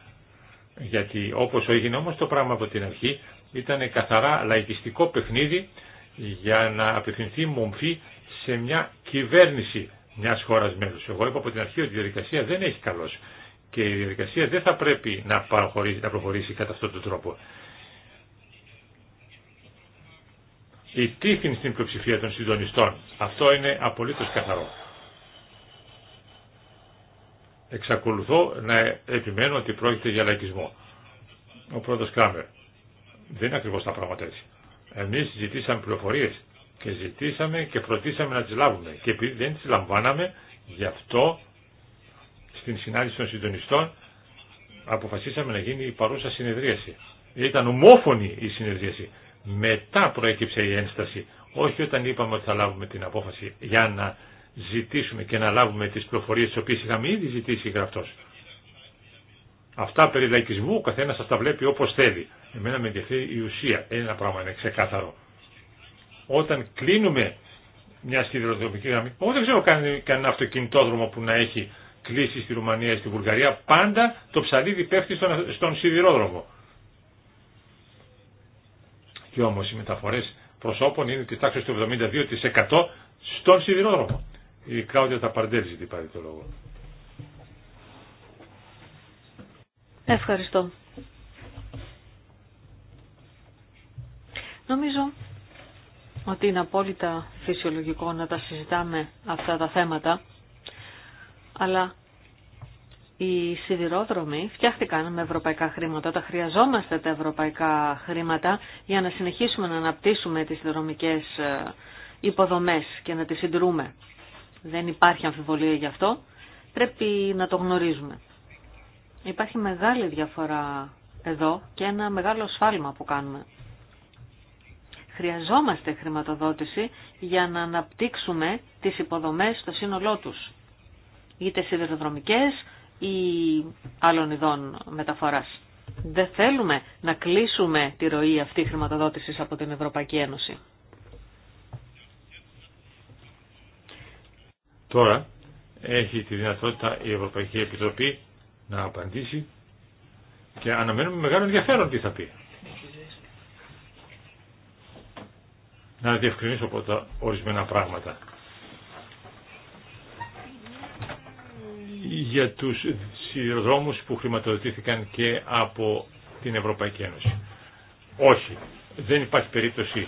γιατί όπως έγινε όμως το πράγμα από την αρχή ήταν καθαρά λαϊκιστικό παιχνίδι για να απευθυνθεί μομφή σε μια κυβέρνηση μιας χώρας μέλους. Εγώ είπα από την αρχή ότι η διαδικασία δεν έχει καλώς και η διαδικασία δεν θα πρέπει να προχωρήσει, κατά αυτόν τον τρόπο. Η τύχη στην πλειοψηφία των συντονιστών. Αυτό είναι απολύτως καθαρό εξακολουθώ να επιμένω ότι πρόκειται για λαϊκισμό. Ο πρώτο Κράμερ. Δεν είναι ακριβώς τα πράγματα έτσι. Εμείς ζητήσαμε πληροφορίες και ζητήσαμε και προτίσαμε να τι λάβουμε. Και επειδή δεν τις λαμβάναμε, γι' αυτό στην συνάντηση των συντονιστών αποφασίσαμε να γίνει η παρούσα συνεδρίαση. Ήταν ομόφωνη η συνεδρίαση. Μετά προέκυψε η ένσταση. Όχι όταν είπαμε ότι θα λάβουμε την απόφαση για να ζητήσουμε και να λάβουμε τις πληροφορίες τις οποίες είχαμε ήδη ζητήσει γραφτός. Αυτά περί λαϊκισμού ο καθένας σας τα βλέπει όπως θέλει. Εμένα με ενδιαφέρει η ουσία. Ένα πράγμα είναι ξεκάθαρο. Όταν κλείνουμε μια σιδηροδρομική γραμμή, εγώ δεν ξέρω κανένα αυτοκινητόδρομο που να έχει κλείσει στη Ρουμανία ή στη Βουλγαρία, πάντα το ψαλίδι πέφτει στον, στον σιδηρόδρομο. Και όμως οι μεταφορές προσώπων είναι τη τάξη του 72% στον σιδηρόδρομο. Η Κλάουδια τα τι πάρει το λόγο. Ευχαριστώ. Νομίζω ότι είναι απόλυτα φυσιολογικό να τα συζητάμε αυτά τα θέματα, αλλά οι σιδηρόδρομοι φτιάχτηκαν με ευρωπαϊκά χρήματα. Τα χρειαζόμαστε τα ευρωπαϊκά χρήματα για να συνεχίσουμε να αναπτύσσουμε τις δρομικές ε, υποδομές και να τις συντηρούμε δεν υπάρχει αμφιβολία γι' αυτό, πρέπει να το γνωρίζουμε. Υπάρχει μεγάλη διαφορά εδώ και ένα μεγάλο σφάλμα που κάνουμε. Χρειαζόμαστε χρηματοδότηση για να αναπτύξουμε τις υποδομές στο σύνολό τους, είτε σιδηροδρομικές ή άλλων ειδών μεταφοράς. Δεν θέλουμε να κλείσουμε τη ροή αυτή χρηματοδότησης από την Ευρωπαϊκή Ένωση. Τώρα έχει τη δυνατότητα η Ευρωπαϊκή Επιτροπή να απαντήσει και αναμένουμε μεγάλο ενδιαφέρον τι θα πει. Να διευκρινίσω τα ορισμένα πράγματα. για τους σιδηροδρόμους που χρηματοδοτήθηκαν και από την Ευρωπαϊκή Ένωση. Όχι, δεν υπάρχει περίπτωση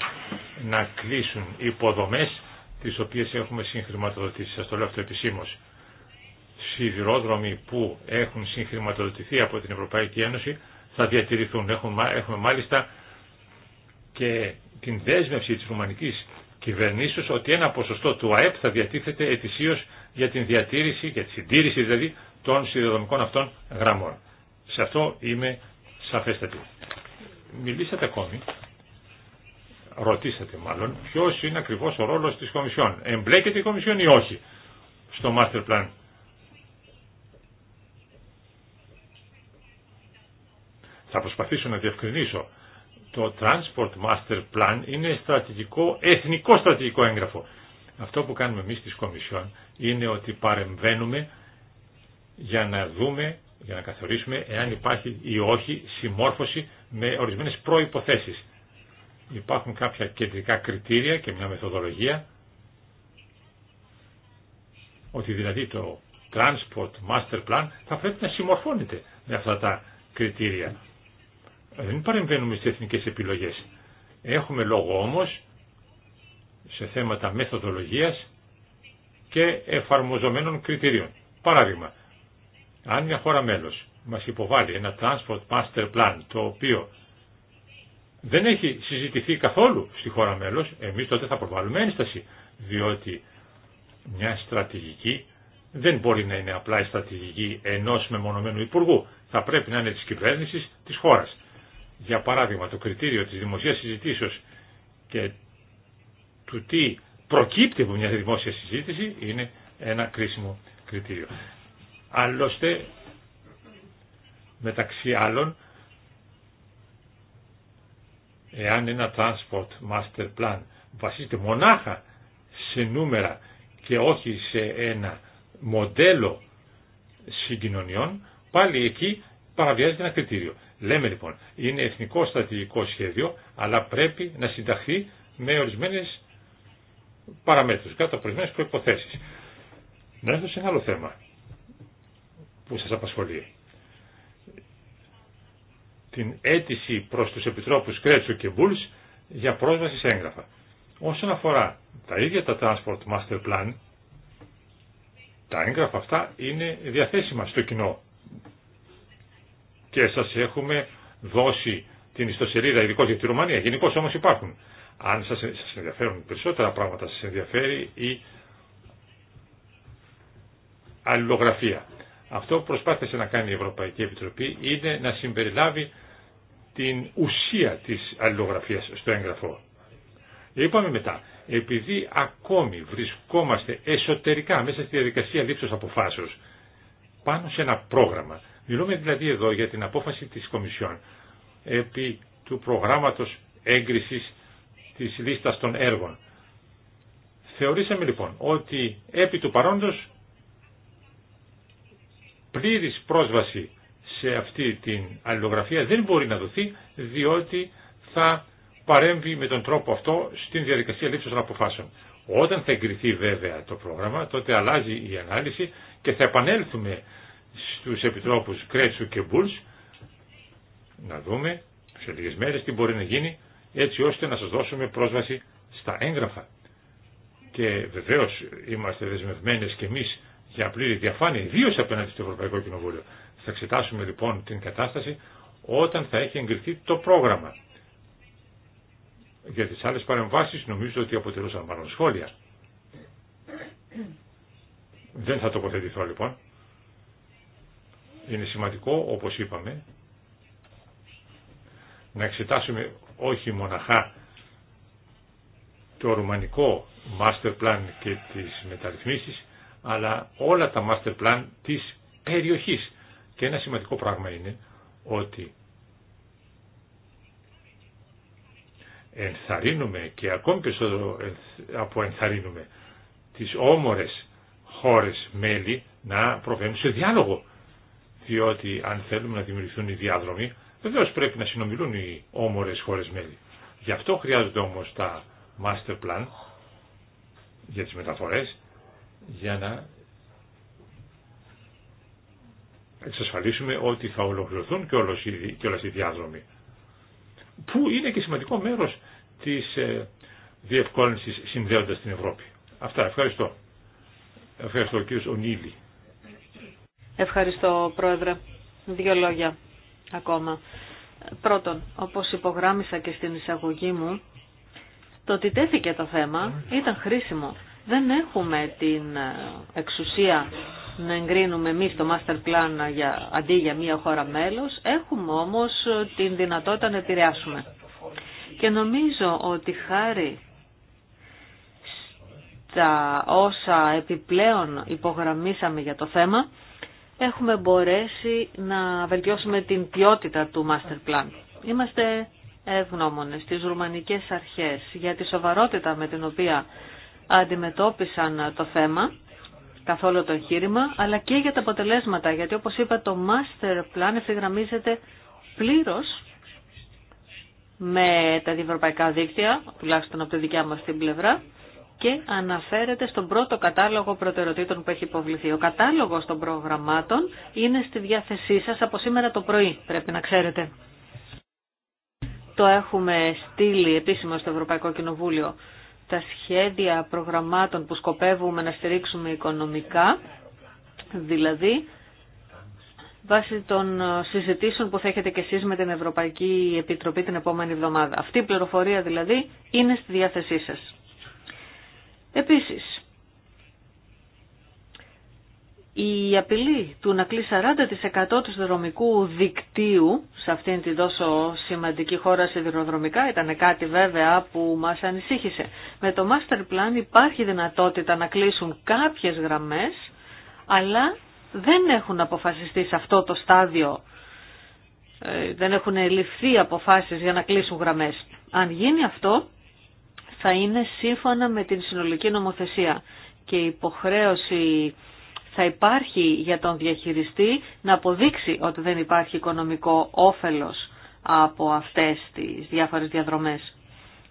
να κλείσουν υποδομές τις οποίες έχουμε συγχρηματοδοτήσει, σας το λέω αυτό επισήμως. Σιδηρόδρομοι που έχουν συγχρηματοδοτηθεί από την Ευρωπαϊκή Ένωση θα διατηρηθούν. Έχουμε μάλιστα και την δέσμευση της Ρουμανικής κυβερνήσεως ότι ένα ποσοστό του ΑΕΠ θα διατίθεται ετησίως για την διατήρηση, για τη συντήρηση δηλαδή των σιδηροδρομικών αυτών γραμμών. Σε αυτό είμαι σαφέστατη. Μιλήσατε ακόμη ρωτήσατε μάλλον, ποιος είναι ακριβώς ο ρόλος της Κομισιόν. Εμπλέκεται η Κομισιόν ή όχι στο Master Plan. Θα προσπαθήσω να διευκρινίσω. Το Transport Master Plan είναι στρατηγικό, εθνικό στρατηγικό έγγραφο. Αυτό που κάνουμε εμείς της Κομισιόν είναι ότι παρεμβαίνουμε για να δούμε, για να καθορίσουμε εάν υπάρχει ή όχι συμμόρφωση με ορισμένες προϋποθέσεις. Υπάρχουν κάποια κεντρικά κριτήρια και μια μεθοδολογία ότι δηλαδή το Transport Master Plan θα πρέπει να συμμορφώνεται με αυτά τα κριτήρια. Δεν παρεμβαίνουμε στις εθνικές επιλογές. Έχουμε λόγο όμως σε θέματα μεθοδολογίας και εφαρμοζομένων κριτηρίων. Παράδειγμα, αν μια χώρα μέλος μας υποβάλλει ένα Transport Master Plan το οποίο δεν έχει συζητηθεί καθόλου στη χώρα μέλος, εμείς τότε θα προβάλλουμε ένσταση, διότι μια στρατηγική δεν μπορεί να είναι απλά η στρατηγική ενός μεμονωμένου υπουργού, θα πρέπει να είναι της κυβέρνησης της χώρας. Για παράδειγμα, το κριτήριο της δημοσίας συζητήσεως και του τι προκύπτει από μια δημόσια συζήτηση είναι ένα κρίσιμο κριτήριο. Άλλωστε, μεταξύ άλλων, Εάν ένα transport master plan βασίζεται μονάχα σε νούμερα και όχι σε ένα μοντέλο συγκοινωνιών, πάλι εκεί παραβιάζεται ένα κριτήριο. Λέμε λοιπόν, είναι εθνικό στρατηγικό σχέδιο, αλλά πρέπει να συνταχθεί με ορισμένε παραμέτρους, κάτω από ορισμένε προποθέσει. Να έρθω σε ένα άλλο θέμα που σας απασχολεί την αίτηση προς τους επιτρόπους Κρέτσο και Μπούλς για πρόσβαση σε έγγραφα. Όσον αφορά τα ίδια τα Transport Master Plan, τα έγγραφα αυτά είναι διαθέσιμα στο κοινό. Και σας έχουμε δώσει την ιστοσελίδα ειδικώς για τη Ρουμανία. Γενικώ όμως υπάρχουν. Αν σας, ενδιαφέρουν περισσότερα πράγματα, σας ενδιαφέρει η αλληλογραφία. Αυτό που προσπάθησε να κάνει η Ευρωπαϊκή Επιτροπή είναι να συμπεριλάβει την ουσία της αλληλογραφίας στο έγγραφο. Είπαμε μετά, επειδή ακόμη βρισκόμαστε εσωτερικά μέσα στη διαδικασία λήψης αποφάσεως πάνω σε ένα πρόγραμμα, μιλούμε δηλαδή εδώ για την απόφαση της Κομισιόν επί του προγράμματος έγκρισης της λίστας των έργων. Θεωρήσαμε λοιπόν ότι επί του παρόντος πλήρης πρόσβαση σε αυτή την αλληλογραφία δεν μπορεί να δοθεί διότι θα παρέμβει με τον τρόπο αυτό στην διαδικασία λήψης των αποφάσεων. Όταν θα εγκριθεί βέβαια το πρόγραμμα τότε αλλάζει η ανάλυση και θα επανέλθουμε στους επιτρόπους Κρέτσου και Μπούλς να δούμε σε λίγες μέρες τι μπορεί να γίνει έτσι ώστε να σας δώσουμε πρόσβαση στα έγγραφα. Και βεβαίως είμαστε δεσμευμένες και εμείς για πλήρη διαφάνεια, ιδίω απέναντι στο Ευρωπαϊκό Κοινοβούλιο. Θα εξετάσουμε λοιπόν την κατάσταση όταν θα έχει εγκριθεί το πρόγραμμα. Για τις άλλες παρεμβάσεις νομίζω ότι αποτελούσαν μάλλον σχόλια. Δεν θα τοποθετηθώ λοιπόν. Είναι σημαντικό, όπως είπαμε, να εξετάσουμε όχι μοναχά το ρουμανικό master plan και τις μεταρρυθμίσεις, αλλά όλα τα master plan της περιοχής. Και ένα σημαντικό πράγμα είναι ότι ενθαρρύνουμε και ακόμη περισσότερο από ενθαρρύνουμε τις όμορες χώρες μέλη να προβαίνουν σε διάλογο. Διότι αν θέλουμε να δημιουργηθούν οι διάδρομοι, βεβαίω πρέπει να συνομιλούν οι όμορες χώρες μέλη. Γι' αυτό χρειάζονται όμως τα master plan για τις μεταφορές για να εξασφαλίσουμε ότι θα ολοκληρωθούν και όλες οι διάδρομοι. Που είναι και σημαντικό μέρος της ε, διευκόλυνσης συνδέοντας την Ευρώπη. Αυτά. Ευχαριστώ. Ευχαριστώ ο κύριος Ονίλη. Ευχαριστώ Πρόεδρε. Δύο λόγια ακόμα. Πρώτον, όπως υπογράμμισα και στην εισαγωγή μου, το ότι τέθηκε το θέμα ήταν χρήσιμο. Δεν έχουμε την ε, εξουσία να εγκρίνουμε εμεί το master plan για, αντί για μία χώρα μέλος, έχουμε όμως ε, την δυνατότητα να επηρεάσουμε. Και νομίζω ότι χάρη στα όσα επιπλέον υπογραμμίσαμε για το θέμα, έχουμε μπορέσει να βελτιώσουμε την ποιότητα του master plan. Είμαστε ευγνώμονες στις ρουμανικές αρχές για τη σοβαρότητα με την οποία αντιμετώπισαν το θέμα καθόλου το εγχείρημα, αλλά και για τα αποτελέσματα, γιατί όπως είπα το master plan ευθυγραμμίζεται πλήρως με τα διευρωπαϊκά δίκτυα, τουλάχιστον από τη δικιά μας την πλευρά, και αναφέρεται στον πρώτο κατάλογο προτεραιοτήτων που έχει υποβληθεί. Ο κατάλογος των προγραμμάτων είναι στη διάθεσή σας από σήμερα το πρωί, πρέπει να ξέρετε. Το έχουμε στείλει επίσημα στο Ευρωπαϊκό Κοινοβούλιο τα σχέδια προγραμμάτων που σκοπεύουμε να στηρίξουμε οικονομικά, δηλαδή βάσει των συζητήσεων που θα έχετε και εσείς με την Ευρωπαϊκή Επιτροπή την επόμενη εβδομάδα. Αυτή η πληροφορία δηλαδή είναι στη διάθεσή σας. Επίσης, η απειλή του να κλείσει 40% του δρομικού δικτύου σε αυτήν την τόσο σημαντική χώρα σιδηροδρομικά ήταν κάτι βέβαια που μας ανησύχησε. Με το Master Plan υπάρχει δυνατότητα να κλείσουν κάποιες γραμμές, αλλά δεν έχουν αποφασιστεί σε αυτό το στάδιο, ε, δεν έχουν ληφθεί αποφάσεις για να κλείσουν γραμμές. Αν γίνει αυτό, θα είναι σύμφωνα με την συνολική νομοθεσία και η υποχρέωση θα υπάρχει για τον διαχειριστή να αποδείξει ότι δεν υπάρχει οικονομικό όφελος από αυτές τις διάφορες διαδρομές.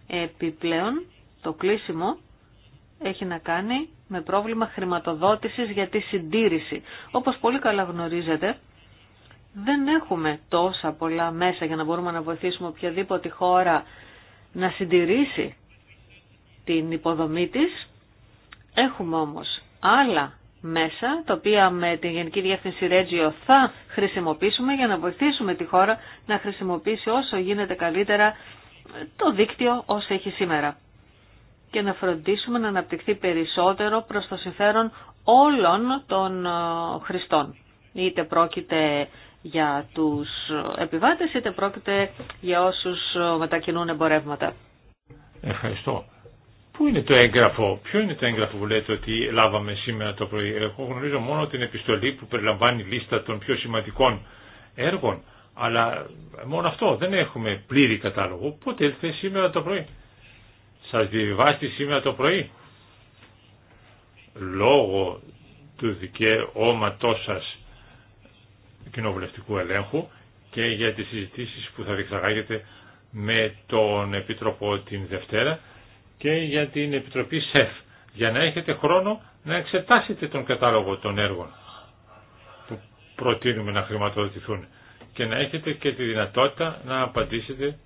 Επιπλέον, το κλείσιμο έχει να κάνει με πρόβλημα χρηματοδότησης για τη συντήρηση. Όπως πολύ καλά γνωρίζετε, δεν έχουμε τόσα πολλά μέσα για να μπορούμε να βοηθήσουμε οποιαδήποτε χώρα να συντηρήσει την υποδομή της. Έχουμε όμως άλλα μέσα, τα οποία με τη Γενική Διεύθυνση Ρέτζιο θα χρησιμοποιήσουμε για να βοηθήσουμε τη χώρα να χρησιμοποιήσει όσο γίνεται καλύτερα το δίκτυο όσο έχει σήμερα και να φροντίσουμε να αναπτυχθεί περισσότερο προς το συμφέρον όλων των ε, χρηστών. Είτε πρόκειται για τους επιβάτες, είτε πρόκειται για όσους ε, μετακινούν εμπορεύματα. Ευχαριστώ. Πού είναι το έγγραφο, ποιο είναι το έγγραφο που λέτε ότι λάβαμε σήμερα το πρωί. Εγώ γνωρίζω μόνο την επιστολή που περιλαμβάνει λίστα των πιο σημαντικών έργων. Αλλά μόνο αυτό, δεν έχουμε πλήρη κατάλογο. Πότε έλθε σήμερα το πρωί. Σας διαβάστη σήμερα το πρωί. Λόγω του δικαίωματός σας κοινοβουλευτικού ελέγχου και για τις συζητήσεις που θα διεξαγάγετε με τον Επίτροπο την Δευτέρα και για την Επιτροπή ΣΕΦ για να έχετε χρόνο να εξετάσετε τον κατάλογο των έργων που προτείνουμε να χρηματοδοτηθούν και να έχετε και τη δυνατότητα να απαντήσετε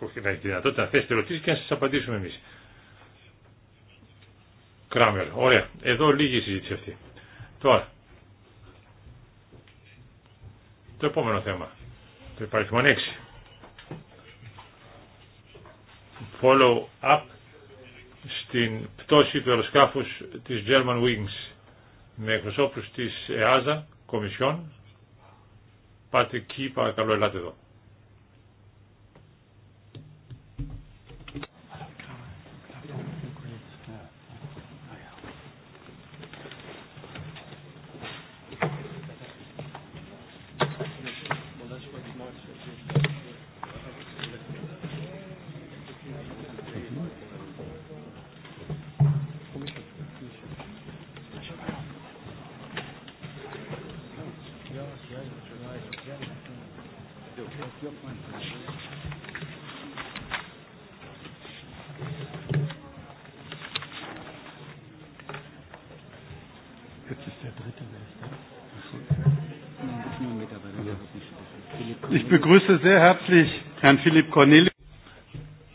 να έχετε τη δυνατότητα να θέσετε ερωτήσεις και να σας απαντήσουμε εμείς. Κράμερ. Ωραία. Εδώ λίγη συζήτηση αυτή. Τώρα. Το επόμενο θέμα. Το υπαριθμό 6 follow-up στην πτώση του αεροσκάφους της German Wings με εκπροσώπους της ΕΑΖΑ, Κομισιόν. Πάτε εκεί, παρακαλώ ελάτε εδώ. Ich begrüße sehr herzlich Herrn Philipp Cornelius.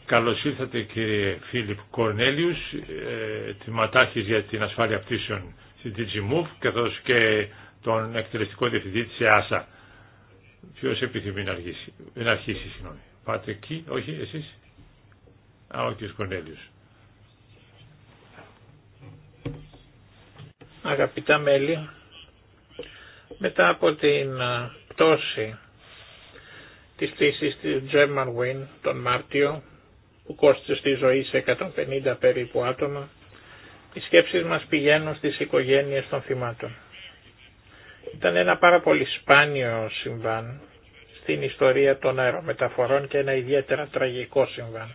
Καλώς ήρθατε κύριε Φίλιπ Κορνέλιους, τη για την ασφάλεια πτήσεων στη DigiMove, καθώς και τον εκτελεστικό διευθυντή της ΕΑΣΑ. Ποιος επιθυμεί να, να αρχίσει, συγγνώμη. Πάτε εκεί, όχι εσείς. Α, ο κύριος Κορνέλιους. Αγαπητά μέλη, μετά από την πτώση της πτήσης της German Wing τον Μάρτιο που κόστησε στη ζωή σε 150 περίπου άτομα, οι σκέψεις μας πηγαίνουν στις οικογένειες των θυμάτων. Ήταν ένα πάρα πολύ σπάνιο συμβάν στην ιστορία των αερομεταφορών και ένα ιδιαίτερα τραγικό συμβάν.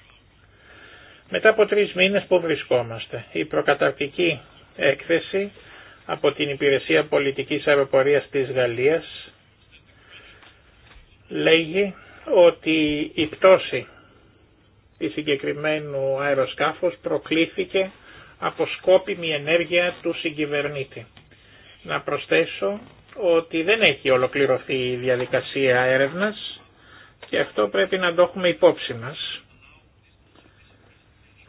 Μετά από τρεις μήνες που βρισκόμαστε, η προκαταρκτική έκθεση από την Υπηρεσία Πολιτικής Αεροπορίας της Γαλλίας λέγει ότι η πτώση τη συγκεκριμένου αεροσκάφους προκλήθηκε από σκόπιμη ενέργεια του συγκυβερνήτη. Να προσθέσω ότι δεν έχει ολοκληρωθεί η διαδικασία έρευνας και αυτό πρέπει να το έχουμε υπόψη μας.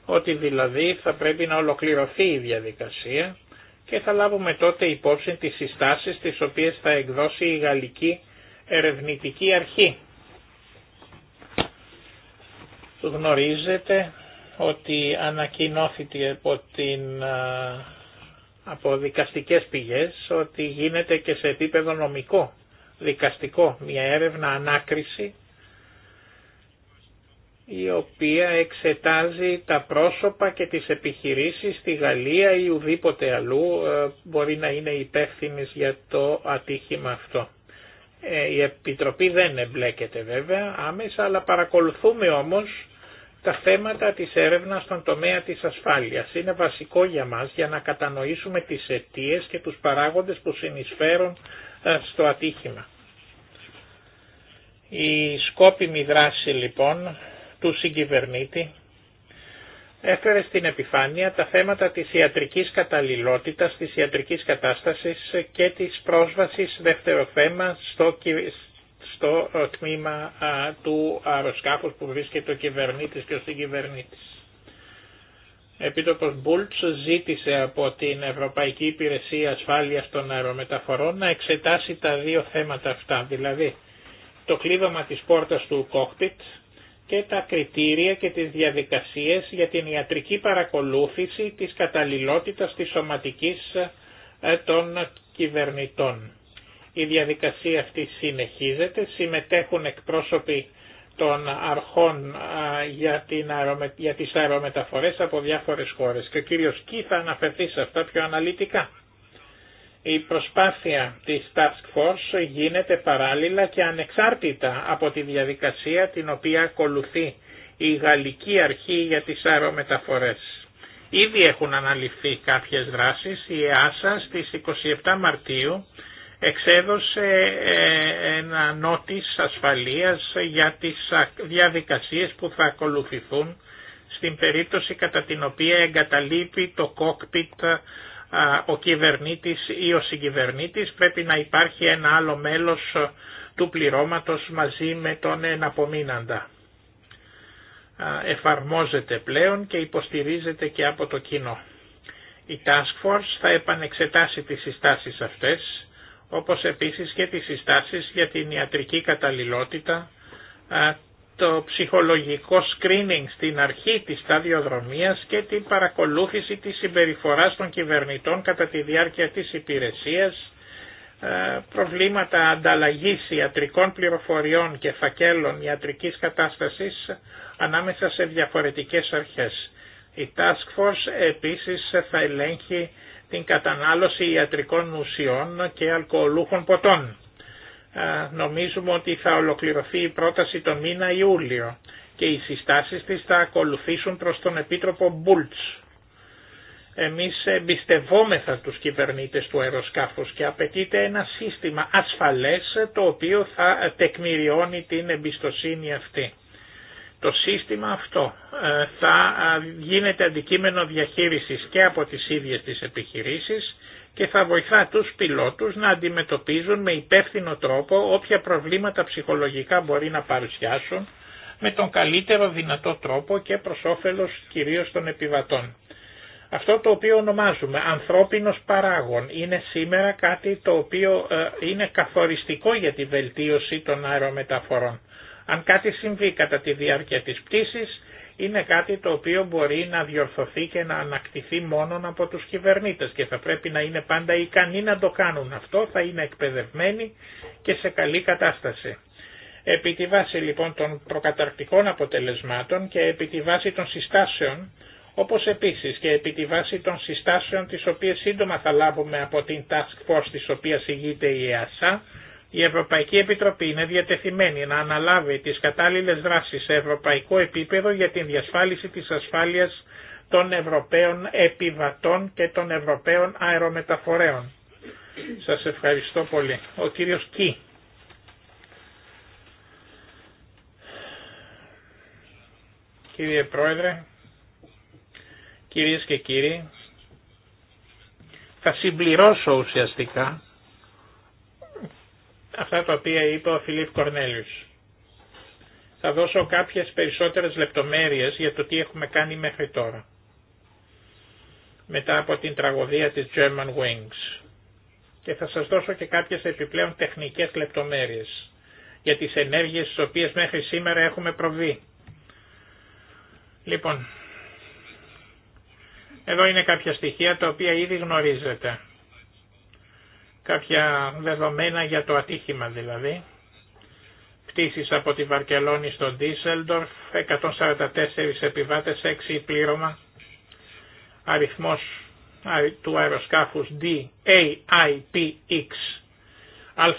Ότι δηλαδή θα πρέπει να ολοκληρωθεί η διαδικασία και θα λάβουμε τότε υπόψη τις συστάσεις τις οποίες θα εκδώσει η Γαλλική ερευνητική αρχή. Γνωρίζετε ότι ανακοινώθηκε από, την, από δικαστικές πηγές ότι γίνεται και σε επίπεδο νομικό, δικαστικό, μια έρευνα ανάκριση η οποία εξετάζει τα πρόσωπα και τις επιχειρήσεις στη Γαλλία ή ουδήποτε αλλού ε, μπορεί να είναι υπεύθυνε για το ατύχημα αυτό. Ε, η Επιτροπή δεν εμπλέκεται βέβαια άμεσα, αλλά παρακολουθούμε όμως τα θέματα της έρευνας στον τομέα της ασφάλειας. Είναι βασικό για μας για να κατανοήσουμε τις αιτίε και τους παράγοντες που συνεισφέρουν ε, στο ατύχημα. Η σκόπιμη δράση λοιπόν του συγκυβερνήτη έφερε στην επιφάνεια τα θέματα της ιατρικής καταλληλότητας, της ιατρικής κατάστασης και της πρόσβασης δεύτερο θέμα στο, στο ε, τμήμα του αεροσκάφους που βρίσκεται ο κυβερνήτης και ο συγκυβερνήτης. Επίτροπος Μπούλτς ζήτησε από την Ευρωπαϊκή Υπηρεσία Ασφάλειας των Αερομεταφορών να εξετάσει τα δύο θέματα αυτά, δηλαδή το κλείδωμα της πόρτας του κόκπιτ και τα κριτήρια και τις διαδικασίες για την ιατρική παρακολούθηση της καταλληλότητας της σωματικής ε, των κυβερνητών. Η διαδικασία αυτή συνεχίζεται, συμμετέχουν εκπρόσωποι των αρχών ε, για, την αερομε... για τις αερομεταφορές από διάφορες χώρες και ο κύριος θα αναφερθεί σε αυτά πιο αναλυτικά. Η προσπάθεια της Task Force γίνεται παράλληλα και ανεξάρτητα από τη διαδικασία την οποία ακολουθεί η Γαλλική Αρχή για τις αερομεταφορές. Ήδη έχουν αναλυφθεί κάποιες δράσεις. Η ΕΑΣΑ στις 27 Μαρτίου εξέδωσε ε, ένα νότις ασφαλείας για τις διαδικασίες που θα ακολουθηθούν στην περίπτωση κατά την οποία εγκαταλείπει το κόκπιτ ο κυβερνήτης ή ο συγκυβερνήτης πρέπει να υπάρχει ένα άλλο μέλος ε, του πληρώματος μαζί με τον εναπομείναντα. Εφαρμόζεται πλέον και υποστηρίζεται και από το κοινό. Η Task Force θα επανεξετάσει τις συστάσεις αυτές, όπως επίσης και τις συστάσεις για την ιατρική καταλληλότητα, το ψυχολογικό screening στην αρχή της σταδιοδρομίας και την παρακολούθηση της συμπεριφοράς των κυβερνητών κατά τη διάρκεια της υπηρεσίας, ε, προβλήματα ανταλλαγής ιατρικών πληροφοριών και φακέλων ιατρικής κατάστασης ανάμεσα σε διαφορετικές αρχές. Η Task Force επίσης θα ελέγχει την κατανάλωση ιατρικών ουσιών και αλκοολούχων ποτών νομίζουμε ότι θα ολοκληρωθεί η πρόταση τον μήνα Ιούλιο και οι συστάσεις της θα ακολουθήσουν προς τον Επίτροπο Μπούλτς. Εμείς εμπιστευόμεθα τους κυβερνήτες του αεροσκάφους και απαιτείται ένα σύστημα ασφαλές το οποίο θα τεκμηριώνει την εμπιστοσύνη αυτή. Το σύστημα αυτό ε, θα γίνεται αντικείμενο διαχείρισης και από τις ίδιες τις επιχειρήσεις και θα βοηθά τους πιλότους να αντιμετωπίζουν με υπεύθυνο τρόπο όποια προβλήματα ψυχολογικά μπορεί να παρουσιάσουν με τον καλύτερο δυνατό τρόπο και προς όφελος κυρίως των επιβατών. Αυτό το οποίο ονομάζουμε ανθρώπινος παράγων είναι σήμερα κάτι το οποίο ε, είναι καθοριστικό για τη βελτίωση των αερομεταφορών. Αν κάτι συμβεί κατά τη διάρκεια της πτήσης, είναι κάτι το οποίο μπορεί να διορθωθεί και να ανακτηθεί μόνο από τους κυβερνήτες και θα πρέπει να είναι πάντα ικανοί να το κάνουν αυτό, θα είναι εκπαιδευμένοι και σε καλή κατάσταση. Επί τη βάση λοιπόν των προκαταρκτικών αποτελεσμάτων και επί τη βάση των συστάσεων, όπως επίσης και επί τη βάση των συστάσεων τις οποίες σύντομα θα λάβουμε από την Task Force της οποίας ηγείται η ΕΑΣΑ, η Ευρωπαϊκή Επιτροπή είναι διατεθειμένη να αναλάβει τις κατάλληλες δράσεις σε ευρωπαϊκό επίπεδο για την διασφάλιση της ασφάλειας των Ευρωπαίων επιβατών και των Ευρωπαίων αερομεταφορέων. Σας ευχαριστώ πολύ. Ο κύριος Κι. Κύριε Πρόεδρε, κυρίες και κύριοι, θα συμπληρώσω ουσιαστικά αυτά τα οποία είπε ο Φιλίπ Κορνέλιους. Θα δώσω κάποιες περισσότερες λεπτομέρειες για το τι έχουμε κάνει μέχρι τώρα. Μετά από την τραγωδία της German Wings. Και θα σας δώσω και κάποιες επιπλέον τεχνικές λεπτομέρειες για τις ενέργειες τις οποίες μέχρι σήμερα έχουμε προβεί. Λοιπόν, εδώ είναι κάποια στοιχεία τα οποία ήδη γνωρίζετε κάποια δεδομένα για το ατύχημα δηλαδή. Πτήσεις από τη Βαρκελόνη στο Ντίσελντορφ, 144 επιβάτες, 6 πλήρωμα. Αριθμός του αεροσκάφους DAIPX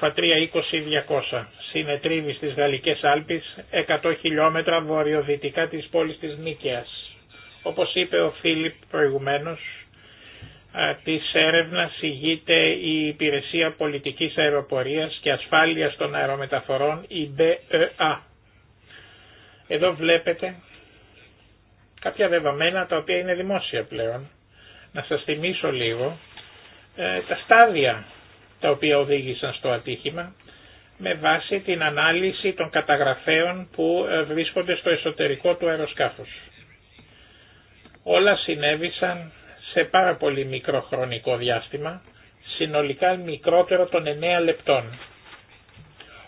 Α320-200 συνετρίβει στις Γαλλικές Άλπεις 100 χιλιόμετρα βορειοδυτικά της πόλης της Νίκαιας. Όπως είπε ο Φίλιπ προηγουμένως, ε, της έρευνας ηγείται η Υπηρεσία Πολιτικής Αεροπορίας και Ασφάλειας των Αερομεταφορών, η BEA. Ε Εδώ βλέπετε κάποια δεδομένα τα οποία είναι δημόσια πλέον. Να σας θυμίσω λίγο ε, τα στάδια τα οποία οδήγησαν στο ατύχημα με βάση την ανάλυση των καταγραφέων που βρίσκονται στο εσωτερικό του αεροσκάφους. Όλα συνέβησαν σε πάρα πολύ μικρό χρονικό διάστημα, συνολικά μικρότερο των 9 λεπτών.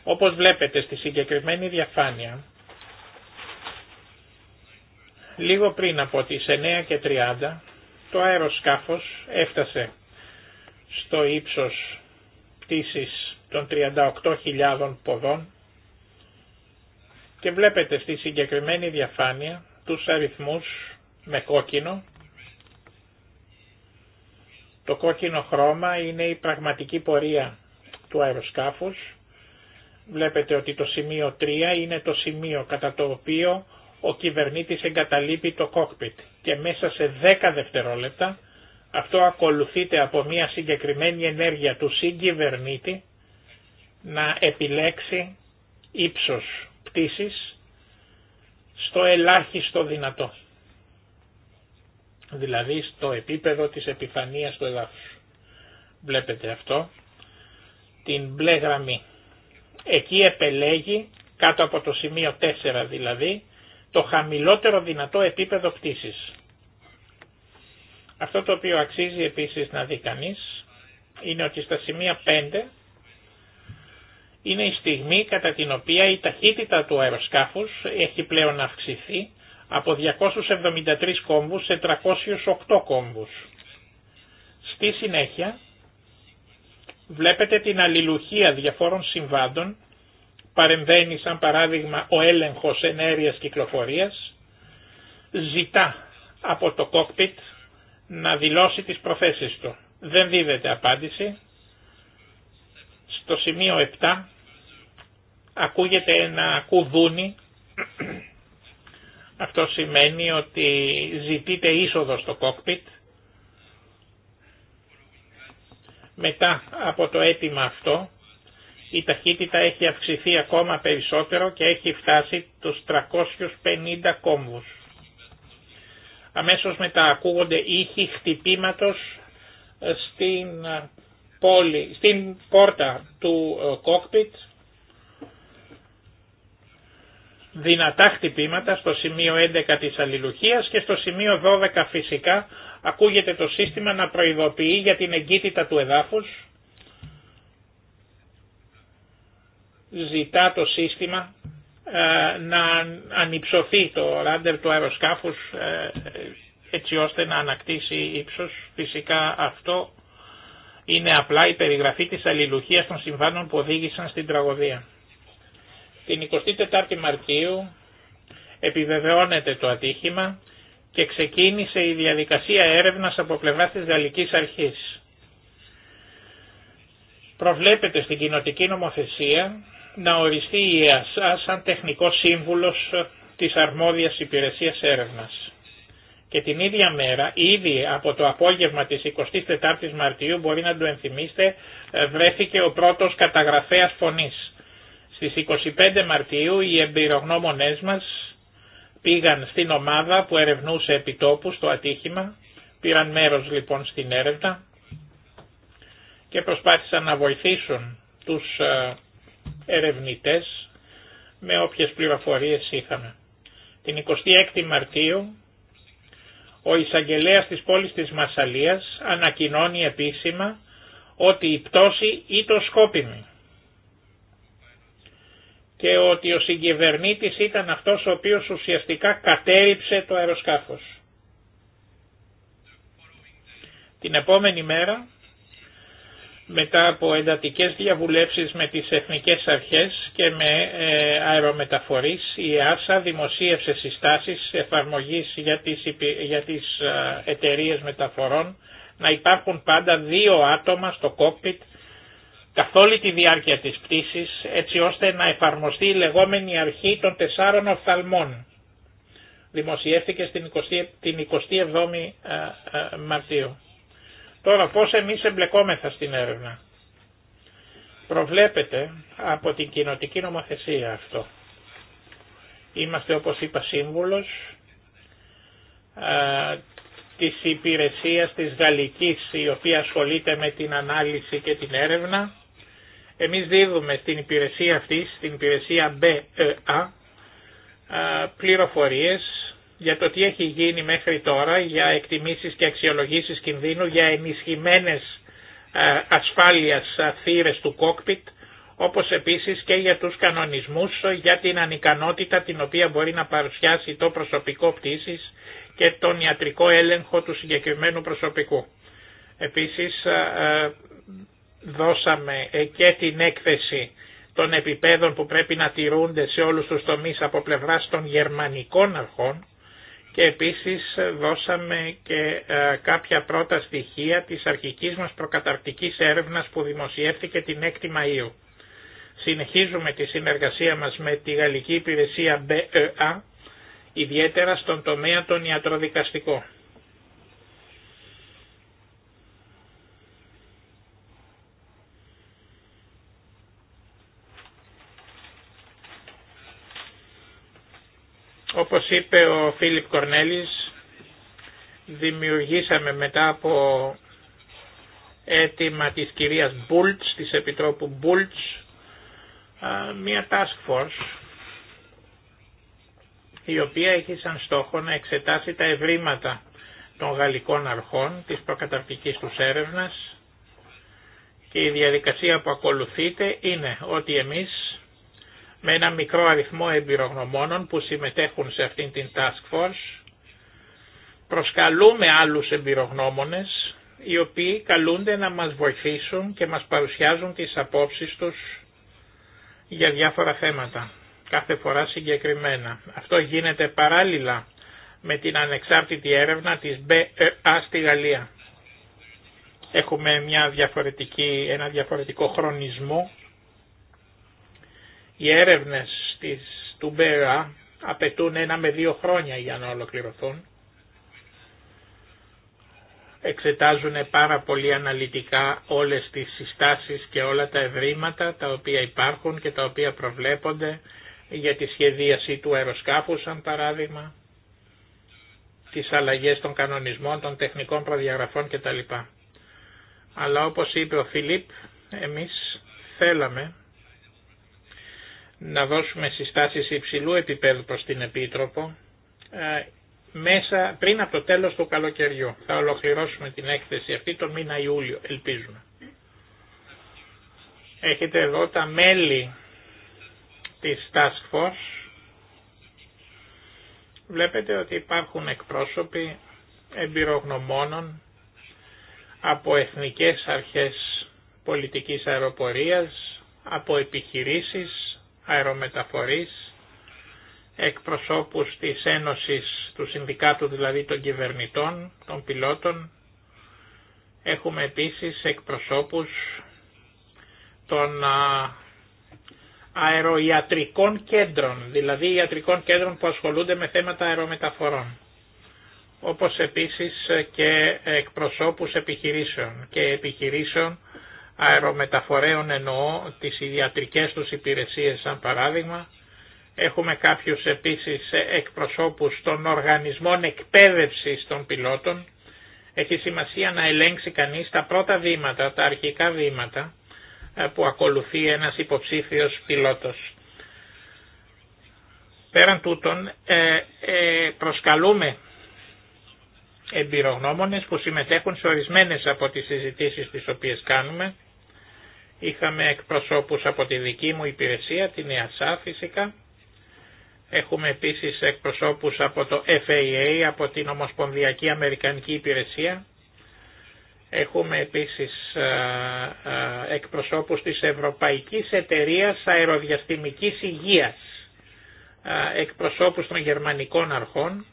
Όπως βλέπετε στη συγκεκριμένη διαφάνεια, λίγο πριν από τις 9 και 30, το αεροσκάφος έφτασε στο ύψος πτήσης των 38.000 ποδών και βλέπετε στη συγκεκριμένη διαφάνεια τους αριθμούς με κόκκινο το κόκκινο χρώμα είναι η πραγματική πορεία του αεροσκάφους. Βλέπετε ότι το σημείο 3 είναι το σημείο κατά το οποίο ο κυβερνήτης εγκαταλείπει το κόκπιτ και μέσα σε 10 δευτερόλεπτα αυτό ακολουθείται από μια συγκεκριμένη ενέργεια του συγκυβερνήτη να επιλέξει ύψος πτήσης στο ελάχιστο δυνατό δηλαδή στο επίπεδο της επιφανείας του εδάφους. Βλέπετε αυτό, την μπλε γραμμή. Εκεί επελέγει, κάτω από το σημείο 4 δηλαδή, το χαμηλότερο δυνατό επίπεδο πτήσης. Αυτό το οποίο αξίζει επίσης να δει κανείς, είναι ότι στα σημεία 5 είναι η στιγμή κατά την οποία η ταχύτητα του αεροσκάφους έχει πλέον αυξηθεί από 273 κόμβους σε 308 κόμβους. Στη συνέχεια βλέπετε την αλληλουχία διαφόρων συμβάντων, παρεμβαίνει σαν παράδειγμα ο έλεγχος ενέργειας κυκλοφορίας, ζητά από το κόκπιτ να δηλώσει τις προθέσεις του. Δεν δίδεται απάντηση. Στο σημείο 7 ακούγεται ένα κουδούνι αυτό σημαίνει ότι ζητείτε είσοδο στο κόκπιτ. Μετά από το αίτημα αυτό η ταχύτητα έχει αυξηθεί ακόμα περισσότερο και έχει φτάσει τους 350 κόμβους. Αμέσως μετά ακούγονται ήχοι χτυπήματος στην, ε, πόλη, στην πόρτα του ε, κόκπιτ δυνατά χτυπήματα στο σημείο 11 της αλληλουχίας και στο σημείο 12 φυσικά ακούγεται το σύστημα να προειδοποιεί για την εγκύτητα του εδάφους. Ζητά το σύστημα ε, να ανυψωθεί το ράντερ του αεροσκάφους ε, έτσι ώστε να ανακτήσει ύψος. Φυσικά αυτό είναι απλά η περιγραφή της αλληλουχίας των συμβάνων που οδήγησαν στην τραγωδία. Την 24η Μαρτίου επιβεβαιώνεται το ατύχημα και ξεκίνησε η διαδικασία έρευνας από πλευρά της Γαλλικής Αρχής. Προβλέπεται στην κοινοτική νομοθεσία να οριστεί η ΕΑΣΑ σαν τεχνικό σύμβουλος της αρμόδιας υπηρεσίας έρευνας. Και την ίδια μέρα, ήδη από το απόγευμα της 24ης Μαρτίου, μπορεί να το ενθυμίστε, ε, βρέθηκε ο πρώτος καταγραφέας φωνής. Στις 25 Μαρτίου οι εμπειρογνώμονές μας πήγαν στην ομάδα που ερευνούσε επιτόπου στο ατύχημα, πήραν μέρος λοιπόν στην έρευνα και προσπάθησαν να βοηθήσουν τους ε, ερευνητές με όποιες πληροφορίες είχαμε. Την 26η Μαρτίου ο εισαγγελέας της πόλης της Μασαλίας ανακοινώνει επίσημα ότι πτώση ήταν σκόπιμη και ότι ο συγκυβερνήτης ήταν αυτός ο οποίος ουσιαστικά κατέριψε το αεροσκάφος. Την επόμενη μέρα, μετά από εντατικές διαβουλεύσεις με τις εθνικές αρχές και με ε, αερομεταφορείς, η ΆΣΑ δημοσίευσε συστάσεις εφαρμογής για τις, για τις ε, εταιρείες μεταφορών να υπάρχουν πάντα δύο άτομα στο κόκπιτ καθ' όλη τη διάρκεια της πτήσης έτσι ώστε να εφαρμοστεί η λεγόμενη αρχή των τεσσάρων οφθαλμών. Δημοσιεύθηκε στην την 27η ε, ε, Μαρτίου. Τώρα πώς εμείς εμπλεκόμεθα στην έρευνα. Προβλέπεται από την κοινοτική νομοθεσία αυτό. Είμαστε όπως είπα σύμβουλος α, ε, της υπηρεσίας της Γαλλικής η οποία ασχολείται με την ανάλυση και την έρευνα εμείς δίδουμε στην υπηρεσία αυτή, στην υπηρεσία BEA, πληροφορίες για το τι έχει γίνει μέχρι τώρα για εκτιμήσεις και αξιολογήσεις κινδύνου για ενισχυμένες ασφάλειας θύρες του κόκπιτ, όπως επίσης και για τους κανονισμούς για την ανικανότητα την οποία μπορεί να παρουσιάσει το προσωπικό πτήσης και τον ιατρικό έλεγχο του συγκεκριμένου προσωπικού. Επίσης δώσαμε ε, και την έκθεση των επιπέδων που πρέπει να τηρούνται σε όλους τους τομείς από πλευράς των γερμανικών αρχών και επίσης ε, δώσαμε και ε, κάποια πρώτα στοιχεία της αρχικής μας προκαταρκτικής έρευνας που δημοσιεύθηκε την 6η Μαΐου. Συνεχίζουμε τη συνεργασία μας με τη Γαλλική Υπηρεσία BEA, ιδιαίτερα στον τομέα των ιατροδικαστικών. Όπως είπε ο Φίλιπ Κορνέλης, δημιουργήσαμε μετά από αίτημα της κυρίας Μπούλτς, της Επιτρόπου Μπούλτς, μια task force η οποία έχει σαν στόχο να εξετάσει τα ευρήματα των γαλλικών αρχών της προκαταρκτικής του έρευνας και η διαδικασία που ακολουθείται είναι ότι εμείς με ένα μικρό αριθμό εμπειρογνωμόνων που συμμετέχουν σε αυτήν την Task Force. Προσκαλούμε άλλους εμπειρογνώμονες οι οποίοι καλούνται να μας βοηθήσουν και μας παρουσιάζουν τις απόψεις τους για διάφορα θέματα, κάθε φορά συγκεκριμένα. Αυτό γίνεται παράλληλα με την ανεξάρτητη έρευνα της ΜΕΑ e στη Γαλλία. Έχουμε μια διαφορετική, ένα διαφορετικό χρονισμό οι έρευνες του Μπέρα απαιτούν ένα με δύο χρόνια για να ολοκληρωθούν. Εξετάζουν πάρα πολύ αναλυτικά όλες τις συστάσεις και όλα τα ευρήματα τα οποία υπάρχουν και τα οποία προβλέπονται για τη σχεδίαση του αεροσκάφου σαν παράδειγμα, τις αλλαγές των κανονισμών, των τεχνικών προδιαγραφών κτλ. Αλλά όπως είπε ο Φιλίπ, εμείς θέλαμε να δώσουμε συστάσεις υψηλού επίπεδου προς την Επίτροπο ε, μέσα πριν από το τέλος του καλοκαιριού. Θα ολοκληρώσουμε την έκθεση αυτή τον μήνα Ιούλιο, ελπίζουμε. Έχετε εδώ τα μέλη της Task Force. Βλέπετε ότι υπάρχουν εκπρόσωποι εμπειρογνωμόνων από εθνικές αρχές πολιτικής αεροπορίας, από επιχειρήσεις, αερομεταφορής, εκπροσώπους της Ένωσης του Συνδικάτου δηλαδή των κυβερνητών, των πιλότων. Έχουμε επίσης εκπροσώπους των αεροϊατρικών κέντρων, δηλαδή ιατρικών κέντρων που ασχολούνται με θέματα αερομεταφορών όπως επίσης και εκπροσώπους επιχειρήσεων και επιχειρήσεων αερομεταφορέων εννοώ τις ιδιατρικές τους υπηρεσίες σαν παράδειγμα. Έχουμε κάποιους επίσης εκπροσώπους των οργανισμών εκπαίδευσης των πιλότων. Έχει σημασία να ελέγξει κανείς τα πρώτα βήματα, τα αρχικά βήματα ε, που ακολουθεί ένας υποψήφιος πιλότος. Πέραν τούτων ε, ε, προσκαλούμε εμπειρογνώμονες που συμμετέχουν σε ορισμένες από τις συζητήσεις τις οποίες κάνουμε. Είχαμε εκπροσώπους από τη δική μου υπηρεσία, την ΕΑΣΑ φυσικά. Έχουμε επίσης εκπροσώπους από το FAA, από την Ομοσπονδιακή Αμερικανική Υπηρεσία. Έχουμε επίσης εκπροσώπους της Ευρωπαϊκής Εταιρείας Αεροδιαστημικής Υγείας, εκπροσώπους των Γερμανικών Αρχών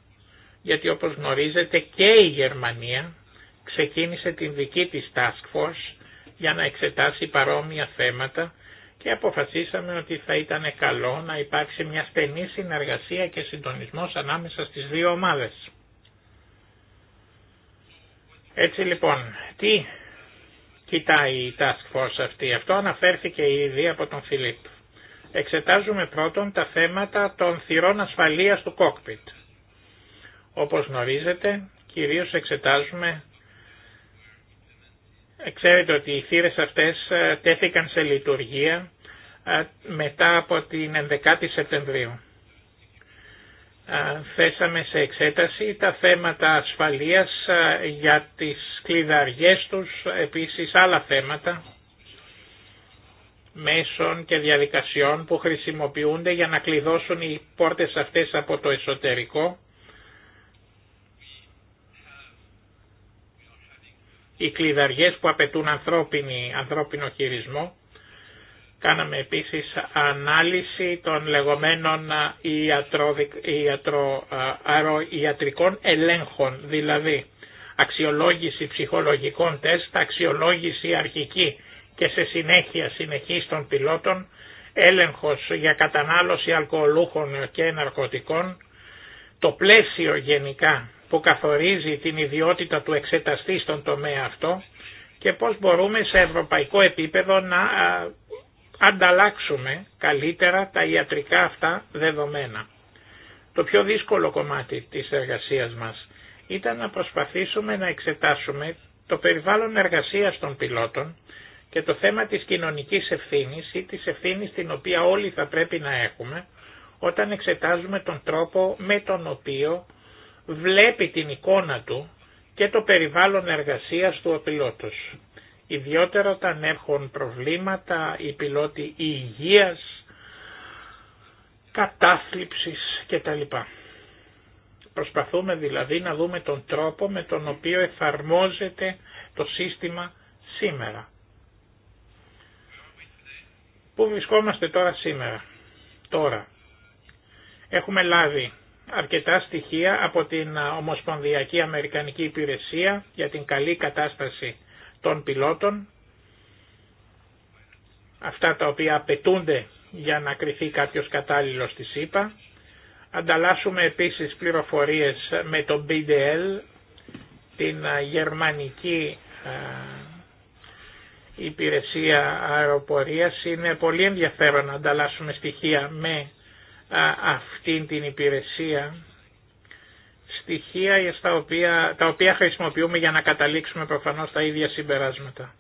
γιατί όπως γνωρίζετε και η Γερμανία ξεκίνησε την δική της Task Force για να εξετάσει παρόμοια θέματα και αποφασίσαμε ότι θα ήταν καλό να υπάρξει μια στενή συνεργασία και συντονισμός ανάμεσα στις δύο ομάδες. Έτσι λοιπόν, τι κοιτάει η Task Force αυτή. Αυτό αναφέρθηκε ήδη από τον Φιλίπ. Εξετάζουμε πρώτον τα θέματα των θυρών ασφαλείας του κόκπιτ. Όπως γνωρίζετε, κυρίως εξετάζουμε... Ξέρετε ότι οι θύρες αυτές ε, τέθηκαν σε λειτουργία ε, μετά από την 11η Σεπτεμβρίου. Ε, θέσαμε σε εξέταση τα θέματα ασφαλείας για τις κλειδαριές τους, επίσης άλλα θέματα μέσων και διαδικασιών που χρησιμοποιούνται για να κλειδώσουν οι πόρτες αυτές από το εσωτερικό οι κλειδαριές που απαιτούν ανθρώπινη, ανθρώπινο χειρισμό. Κάναμε επίσης ανάλυση των λεγόμενων ιατρικών ελέγχων, δηλαδή αξιολόγηση ψυχολογικών τεστ, αξιολόγηση αρχική και σε συνέχεια συνεχής των πιλότων, έλεγχος για κατανάλωση αλκοολούχων και ναρκωτικών, το πλαίσιο γενικά που καθορίζει την ιδιότητα του εξεταστή στον τομέα αυτό και πώς μπορούμε σε ευρωπαϊκό επίπεδο να ανταλλάξουμε καλύτερα τα ιατρικά αυτά δεδομένα. Το πιο δύσκολο κομμάτι της εργασίας μας ήταν να προσπαθήσουμε να εξετάσουμε το περιβάλλον εργασίας των πιλότων και το θέμα της κοινωνικής ευθύνης ή της ευθύνης την οποία όλοι θα πρέπει να έχουμε όταν εξετάζουμε τον τρόπο με τον οποίο βλέπει την εικόνα του και το περιβάλλον εργασίας του ο πιλότος. Ιδιότερα όταν έχουν προβλήματα οι πιλότοι υγείας, κατάθλιψης κτλ. Προσπαθούμε δηλαδή να δούμε τον τρόπο με τον οποίο εφαρμόζεται το σύστημα σήμερα. Πού βρισκόμαστε τώρα σήμερα. Τώρα. Έχουμε λάβει αρκετά στοιχεία από την Ομοσπονδιακή Αμερικανική Υπηρεσία για την καλή κατάσταση των πιλότων, αυτά τα οποία απαιτούνται για να κρυθεί κάποιος κατάλληλος στη ΣΥΠΑ. Ανταλλάσσουμε επίσης πληροφορίες με το BDL, την γερμανική υπηρεσία αεροπορίας. Είναι πολύ ενδιαφέρον να ανταλλάσσουμε στοιχεία με αυτή την υπηρεσία στοιχεία στα οποία, τα οποία χρησιμοποιούμε για να καταλήξουμε προφανώς τα ίδια συμπεράσματα.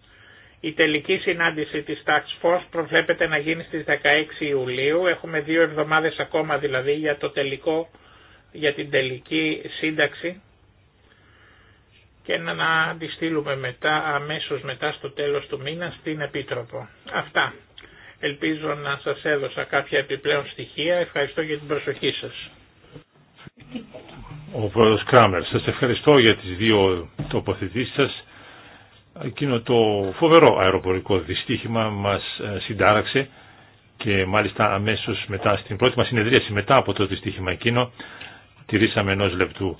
Η τελική συνάντηση της Tax Force προβλέπεται να γίνει στις 16 Ιουλίου. Έχουμε δύο εβδομάδες ακόμα δηλαδή για, το τελικό, για την τελική σύνταξη και να, να τη στείλουμε μετά, αμέσως μετά στο τέλος του μήνα στην Επίτροπο. Αυτά. Ελπίζω να σας έδωσα κάποια επιπλέον στοιχεία. Ευχαριστώ για την προσοχή σας. Ο πρόεδρος Κράμερ, σας ευχαριστώ για τις δύο τοποθετήσεις σας. Εκείνο το φοβερό αεροπορικό δυστύχημα μας ε, συντάραξε και μάλιστα αμέσως μετά στην πρώτη μας συνεδρίαση μετά από το δυστύχημα εκείνο τηρήσαμε ενό λεπτού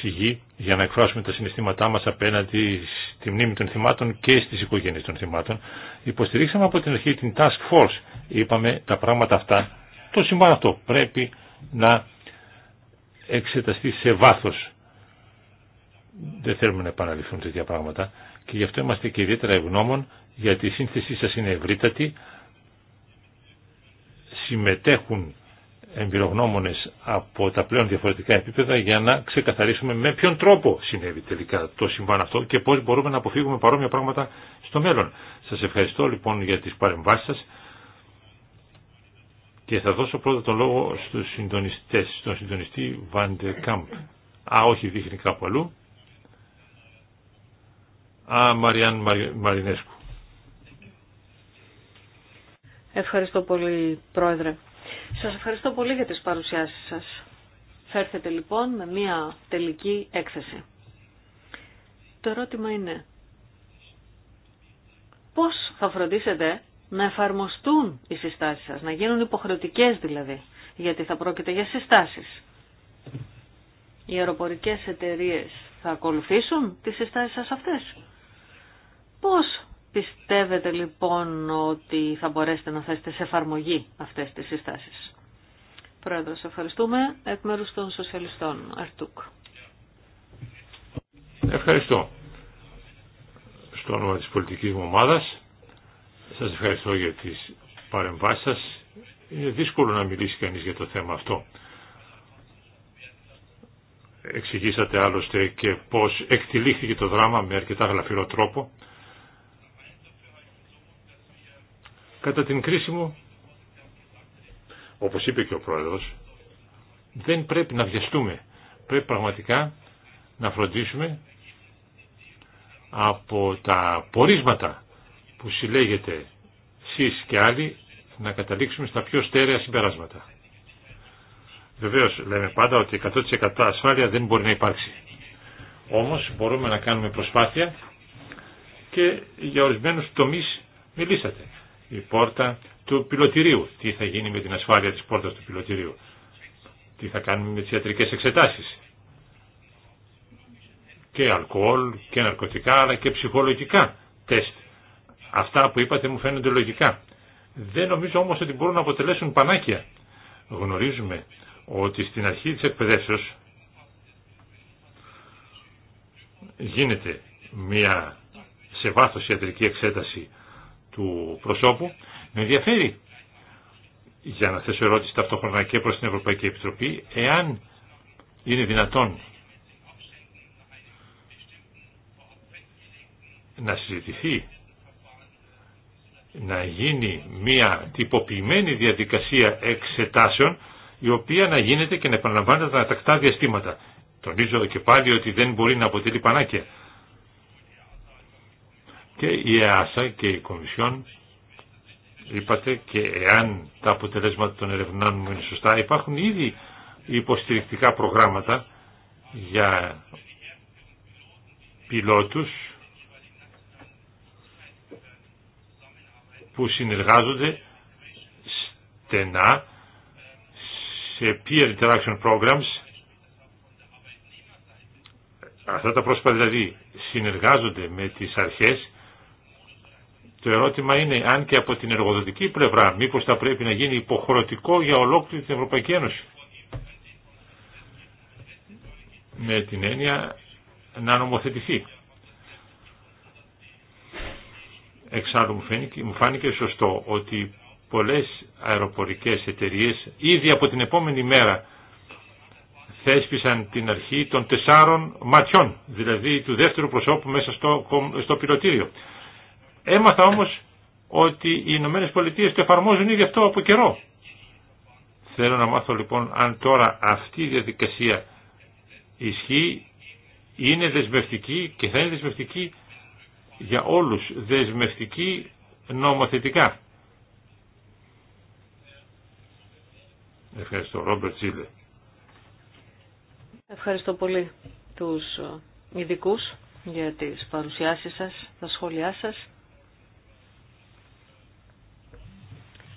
σιγή για να εκφράσουμε τα συναισθήματά μας απέναντι στη μνήμη των θυμάτων και στις οικογένειες των θυμάτων. Υποστηρίξαμε από την αρχή την Task Force. Είπαμε τα πράγματα αυτά. Το σημαντικό αυτό πρέπει να εξεταστεί σε βάθος. Δεν θέλουμε να επαναληφθούν τέτοια πράγματα και γι' αυτό είμαστε και ιδιαίτερα ευγνώμων γιατί η σύνθεσή σας είναι ευρύτατη. Συμμετέχουν εμπειρογνώμονες από τα πλέον διαφορετικά επίπεδα για να ξεκαθαρίσουμε με ποιον τρόπο συνέβη τελικά το συμβάν αυτό και πώς μπορούμε να αποφύγουμε παρόμοια πράγματα στο μέλλον. Σας ευχαριστώ λοιπόν για τις παρεμβάσεις σας και θα δώσω πρώτα τον λόγο στους συντονιστές, στον συντονιστή Βαντε Κάμπ. Α, όχι, δείχνει κάπου αλλού. Α, Μαριάν Μαρινέσκου. Ευχαριστώ πολύ, Πρόεδρε. Σας ευχαριστώ πολύ για τις παρουσιάσεις σας. Φέρθετε λοιπόν με μια τελική έκθεση. Το ερώτημα είναι πώς θα φροντίσετε να εφαρμοστούν οι συστάσεις σας, να γίνουν υποχρεωτικές δηλαδή, γιατί θα πρόκειται για συστάσεις. Οι αεροπορικές εταιρείες θα ακολουθήσουν τις συστάσεις σας αυτές. Πώς πιστεύετε λοιπόν ότι θα μπορέσετε να θέσετε σε εφαρμογή αυτές τις συστάσεις. Πρόεδρος, ευχαριστούμε. Εκ μέρους των Σοσιαλιστών, Αρτούκ. Ευχαριστώ. Στο όνομα της πολιτικής μου ομάδας, σας ευχαριστώ για τις παρεμβάσεις σας. Είναι δύσκολο να μιλήσει κανείς για το θέμα αυτό. Εξηγήσατε άλλωστε και πώς εκτιλήθηκε το δράμα με αρκετά γλαφυρό τρόπο. Κατά την κρίση μου, όπως είπε και ο Πρόεδρος, δεν πρέπει να βιαστούμε. Πρέπει πραγματικά να φροντίσουμε από τα πορίσματα που συλλέγεται εσείς και άλλοι να καταλήξουμε στα πιο στέρεα συμπεράσματα. Βεβαίως λέμε πάντα ότι 100% ασφάλεια δεν μπορεί να υπάρξει. Όμως μπορούμε να κάνουμε προσπάθεια και για ορισμένους τομείς μιλήσατε η πόρτα του πιλωτηρίου. Τι θα γίνει με την ασφάλεια της πόρτας του πιλωτηρίου. Τι θα κάνουμε με τις ιατρικές εξετάσεις. Και αλκοόλ και ναρκωτικά αλλά και ψυχολογικά τεστ. Αυτά που είπατε μου φαίνονται λογικά. Δεν νομίζω όμως ότι μπορούν να αποτελέσουν πανάκια. Γνωρίζουμε ότι στην αρχή της εκπαιδεύσεως γίνεται μια σε βάθος ιατρική εξέταση του προσώπου. Με ενδιαφέρει για να θέσω ερώτηση ταυτόχρονα και προς την Ευρωπαϊκή Επιτροπή εάν είναι δυνατόν να συζητηθεί να γίνει μια τυποποιημένη διαδικασία εξετάσεων η οποία να γίνεται και να επαναλαμβάνεται τα τακτά διαστήματα. Τονίζω και πάλι ότι δεν μπορεί να αποτελεί πανάκια και η ΕΑΣΑ και η Κομισιόν είπατε και εάν τα αποτελέσματα των ερευνών μου είναι σωστά υπάρχουν ήδη υποστηρικτικά προγράμματα για πιλότους που συνεργάζονται στενά σε peer interaction programs αυτά τα πρόσωπα δηλαδή συνεργάζονται με τις αρχές το ερώτημα είναι αν και από την εργοδοτική πλευρά μήπως θα πρέπει να γίνει υποχρεωτικό για ολόκληρη την Ευρωπαϊκή Ένωση. Με την έννοια να νομοθετηθεί. Εξάλλου μου φάνηκε, μου σωστό ότι πολλές αεροπορικές εταιρείες ήδη από την επόμενη μέρα θέσπισαν την αρχή των τεσσάρων ματιών, δηλαδή του δεύτερου προσώπου μέσα στο, στο Έμαθα όμως ότι οι Ηνωμένε Πολιτείε το εφαρμόζουν ήδη αυτό από καιρό. Θέλω να μάθω λοιπόν αν τώρα αυτή η διαδικασία ισχύει, είναι δεσμευτική και θα είναι δεσμευτική για όλους, δεσμευτική νομοθετικά. Ευχαριστώ, Ρόμπερτ Τζίλε. Ευχαριστώ πολύ τους ειδικού για τις παρουσιάσεις σας, τα σχόλιά σας.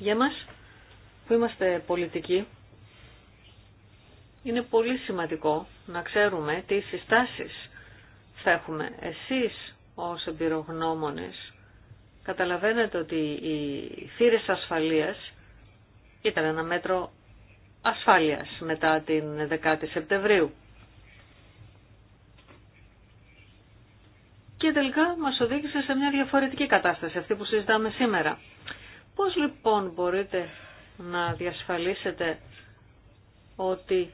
Για μας που είμαστε πολιτικοί είναι πολύ σημαντικό να ξέρουμε τι συστάσεις θα έχουμε. Εσείς ως εμπειρογνώμονες καταλαβαίνετε ότι οι θύρες ασφαλείας ήταν ένα μέτρο ασφάλειας μετά την 10η Σεπτεμβρίου. Και τελικά μας οδήγησε σε μια διαφορετική κατάσταση, αυτή που συζητάμε σήμερα. Πώς λοιπόν μπορείτε να διασφαλίσετε ότι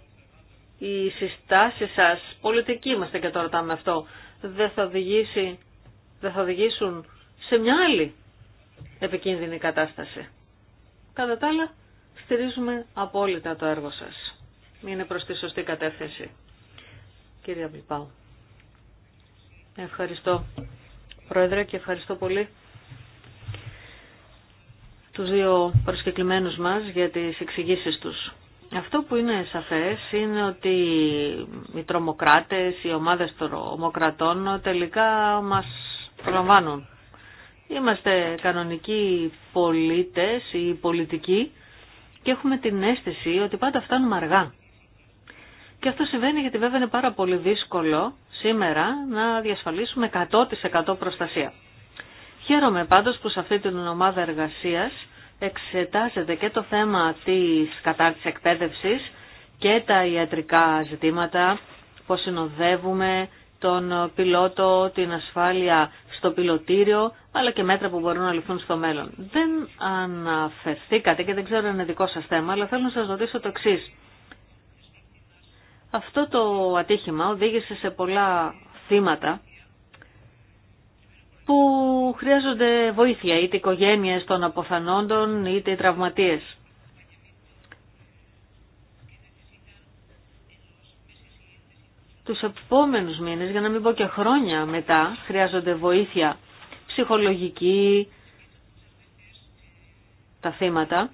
οι συστάσεις σας, πολιτικοί είμαστε και το ρωτάμε αυτό, δεν θα, οδηγήσει, δεν θα οδηγήσουν σε μια άλλη επικίνδυνη κατάσταση. Κατά τα άλλα, στηρίζουμε απόλυτα το έργο σας. Είναι προς τη σωστή κατεύθυνση. Κύριε Βλυπάου. Ευχαριστώ, Πρόεδρε, και ευχαριστώ πολύ τους δύο προσκεκλημένους μας για τις εξηγήσει τους. Αυτό που είναι σαφές είναι ότι οι τρομοκράτες, οι ομάδες τρομοκρατών τελικά μας προλαμβάνουν. Είμαστε κανονικοί πολίτες ή πολιτικοί και έχουμε την αίσθηση ότι πάντα φτάνουμε αργά. Και αυτό συμβαίνει γιατί βέβαια είναι πάρα πολύ δύσκολο σήμερα να διασφαλίσουμε 100% προστασία. Χαίρομαι πάντως που σε αυτή την ομάδα εργασίας εξετάζεται και το θέμα της κατάρτισης εκπαίδευσης και τα ιατρικά ζητήματα, πώς συνοδεύουμε τον πιλότο, την ασφάλεια στο πιλωτήριο, αλλά και μέτρα που μπορούν να ληφθούν στο μέλλον. Δεν αναφερθήκατε και δεν ξέρω αν είναι δικό σας θέμα, αλλά θέλω να σας ρωτήσω το εξή. Αυτό το ατύχημα οδήγησε σε πολλά θύματα που χρειάζονται βοήθεια, είτε οικογένειες των αποθανόντων, είτε οι τραυματίες. Τους επόμενους μήνες, για να μην πω και χρόνια μετά, χρειάζονται βοήθεια ψυχολογική, τα θύματα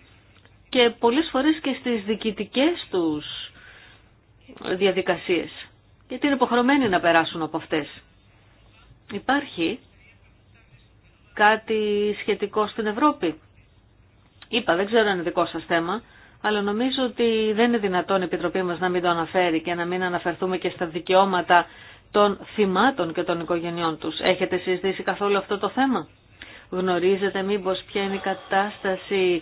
και πολλές φορές και στις δικητικές τους διαδικασίες, γιατί είναι υποχρεωμένοι να περάσουν από αυτές. Υπάρχει κάτι σχετικό στην Ευρώπη. Είπα, δεν ξέρω αν είναι δικό σας θέμα, αλλά νομίζω ότι δεν είναι δυνατόν η Επιτροπή μας να μην το αναφέρει και να μην αναφερθούμε και στα δικαιώματα των θυμάτων και των οικογενειών τους. Έχετε συζητήσει καθόλου αυτό το θέμα. Γνωρίζετε μήπως ποια είναι η κατάσταση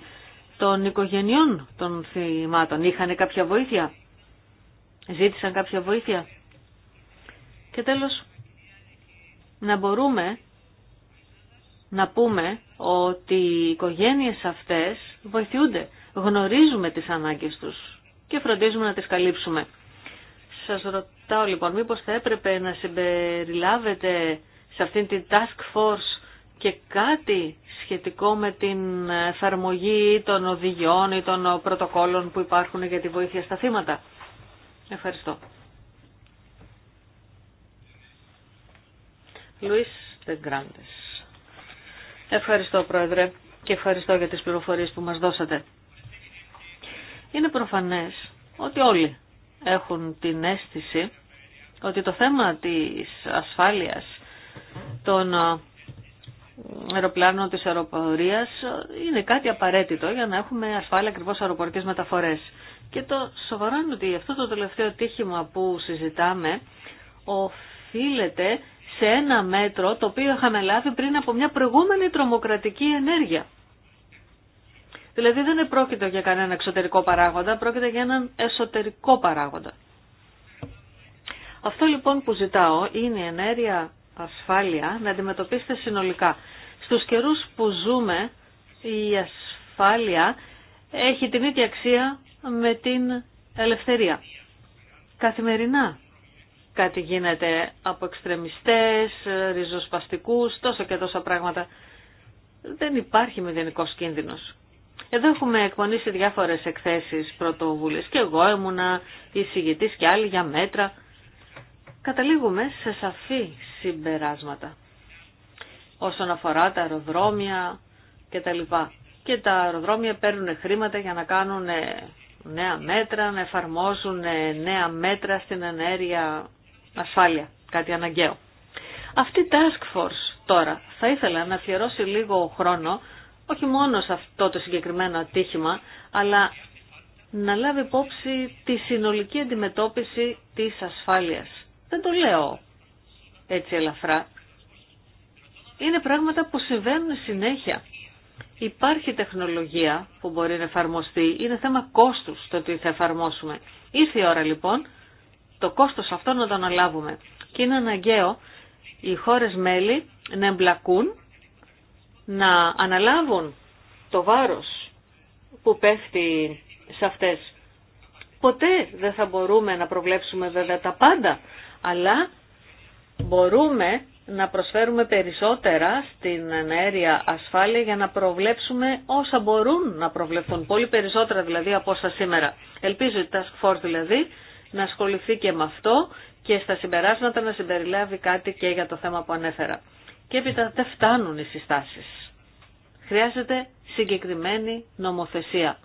των οικογενειών των θυμάτων. Είχαν κάποια βοήθεια. Ζήτησαν κάποια βοήθεια. Και τέλος, να μπορούμε να πούμε ότι οι οικογένειες αυτές βοηθούνται. Γνωρίζουμε τις ανάγκες τους και φροντίζουμε να τις καλύψουμε. Σας ρωτάω λοιπόν μήπως θα έπρεπε να συμπεριλάβετε σε αυτήν την task force και κάτι σχετικό με την εφαρμογή των οδηγιών ή των πρωτοκόλων που υπάρχουν για τη βοήθεια στα θύματα. Ευχαριστώ. Λουίς Τεγκράντες. Ευχαριστώ Πρόεδρε και ευχαριστώ για τις πληροφορίες που μας δώσατε. Είναι προφανές ότι όλοι έχουν την αίσθηση ότι το θέμα της ασφάλειας των αεροπλάνων της αεροπορίας είναι κάτι απαραίτητο για να έχουμε ασφάλεια ακριβώς αεροπορικές μεταφορές. Και το σοβαρό είναι ότι αυτό το τελευταίο τύχημα που συζητάμε οφείλεται σε ένα μέτρο το οποίο είχαμε λάβει πριν από μια προηγούμενη τρομοκρατική ενέργεια. Δηλαδή δεν πρόκειται για κανένα εξωτερικό παράγοντα, πρόκειται για έναν εσωτερικό παράγοντα. Αυτό λοιπόν που ζητάω είναι η ενέργεια ασφάλεια να αντιμετωπίσετε συνολικά. Στους καιρούς που ζούμε η ασφάλεια έχει την ίδια αξία με την ελευθερία. Καθημερινά κάτι γίνεται από εξτρεμιστές, ριζοσπαστικούς, τόσα και τόσα πράγματα. Δεν υπάρχει μηδενικός κίνδυνος. Εδώ έχουμε εκπονήσει διάφορες εκθέσεις πρωτοβουλίες και εγώ ήμουνα εισηγητής και άλλοι για μέτρα. Καταλήγουμε σε σαφή συμπεράσματα όσον αφορά τα αεροδρόμια και τα λοιπά. Και τα αεροδρόμια παίρνουν χρήματα για να κάνουν νέα μέτρα, να εφαρμόζουν νέα μέτρα στην ενέργεια ασφάλεια, κάτι αναγκαίο. Αυτή η task force τώρα θα ήθελα να αφιερώσει λίγο χρόνο, όχι μόνο σε αυτό το συγκεκριμένο ατύχημα, αλλά να λάβει υπόψη τη συνολική αντιμετώπιση της ασφάλειας. Δεν το λέω έτσι ελαφρά. Είναι πράγματα που συμβαίνουν συνέχεια. Υπάρχει τεχνολογία που μπορεί να εφαρμοστεί. Είναι θέμα κόστους το ότι θα εφαρμόσουμε. Ήρθε η ώρα λοιπόν το κόστος αυτό να το αναλάβουμε. Και είναι αναγκαίο οι χώρες μέλη να εμπλακούν, να αναλάβουν το βάρος που πέφτει σε αυτές. Ποτέ δεν θα μπορούμε να προβλέψουμε βέβαια τα πάντα, αλλά μπορούμε να προσφέρουμε περισσότερα στην ενέργεια ασφάλεια για να προβλέψουμε όσα μπορούν να προβλεφθούν, πολύ περισσότερα δηλαδή από όσα σήμερα. Ελπίζω η Task Force δηλαδή να ασχοληθεί και με αυτό και στα συμπεράσματα να συμπεριλάβει κάτι και για το θέμα που ανέφερα. Και έπειτα δεν φτάνουν οι συστάσεις. Χρειάζεται συγκεκριμένη νομοθεσία.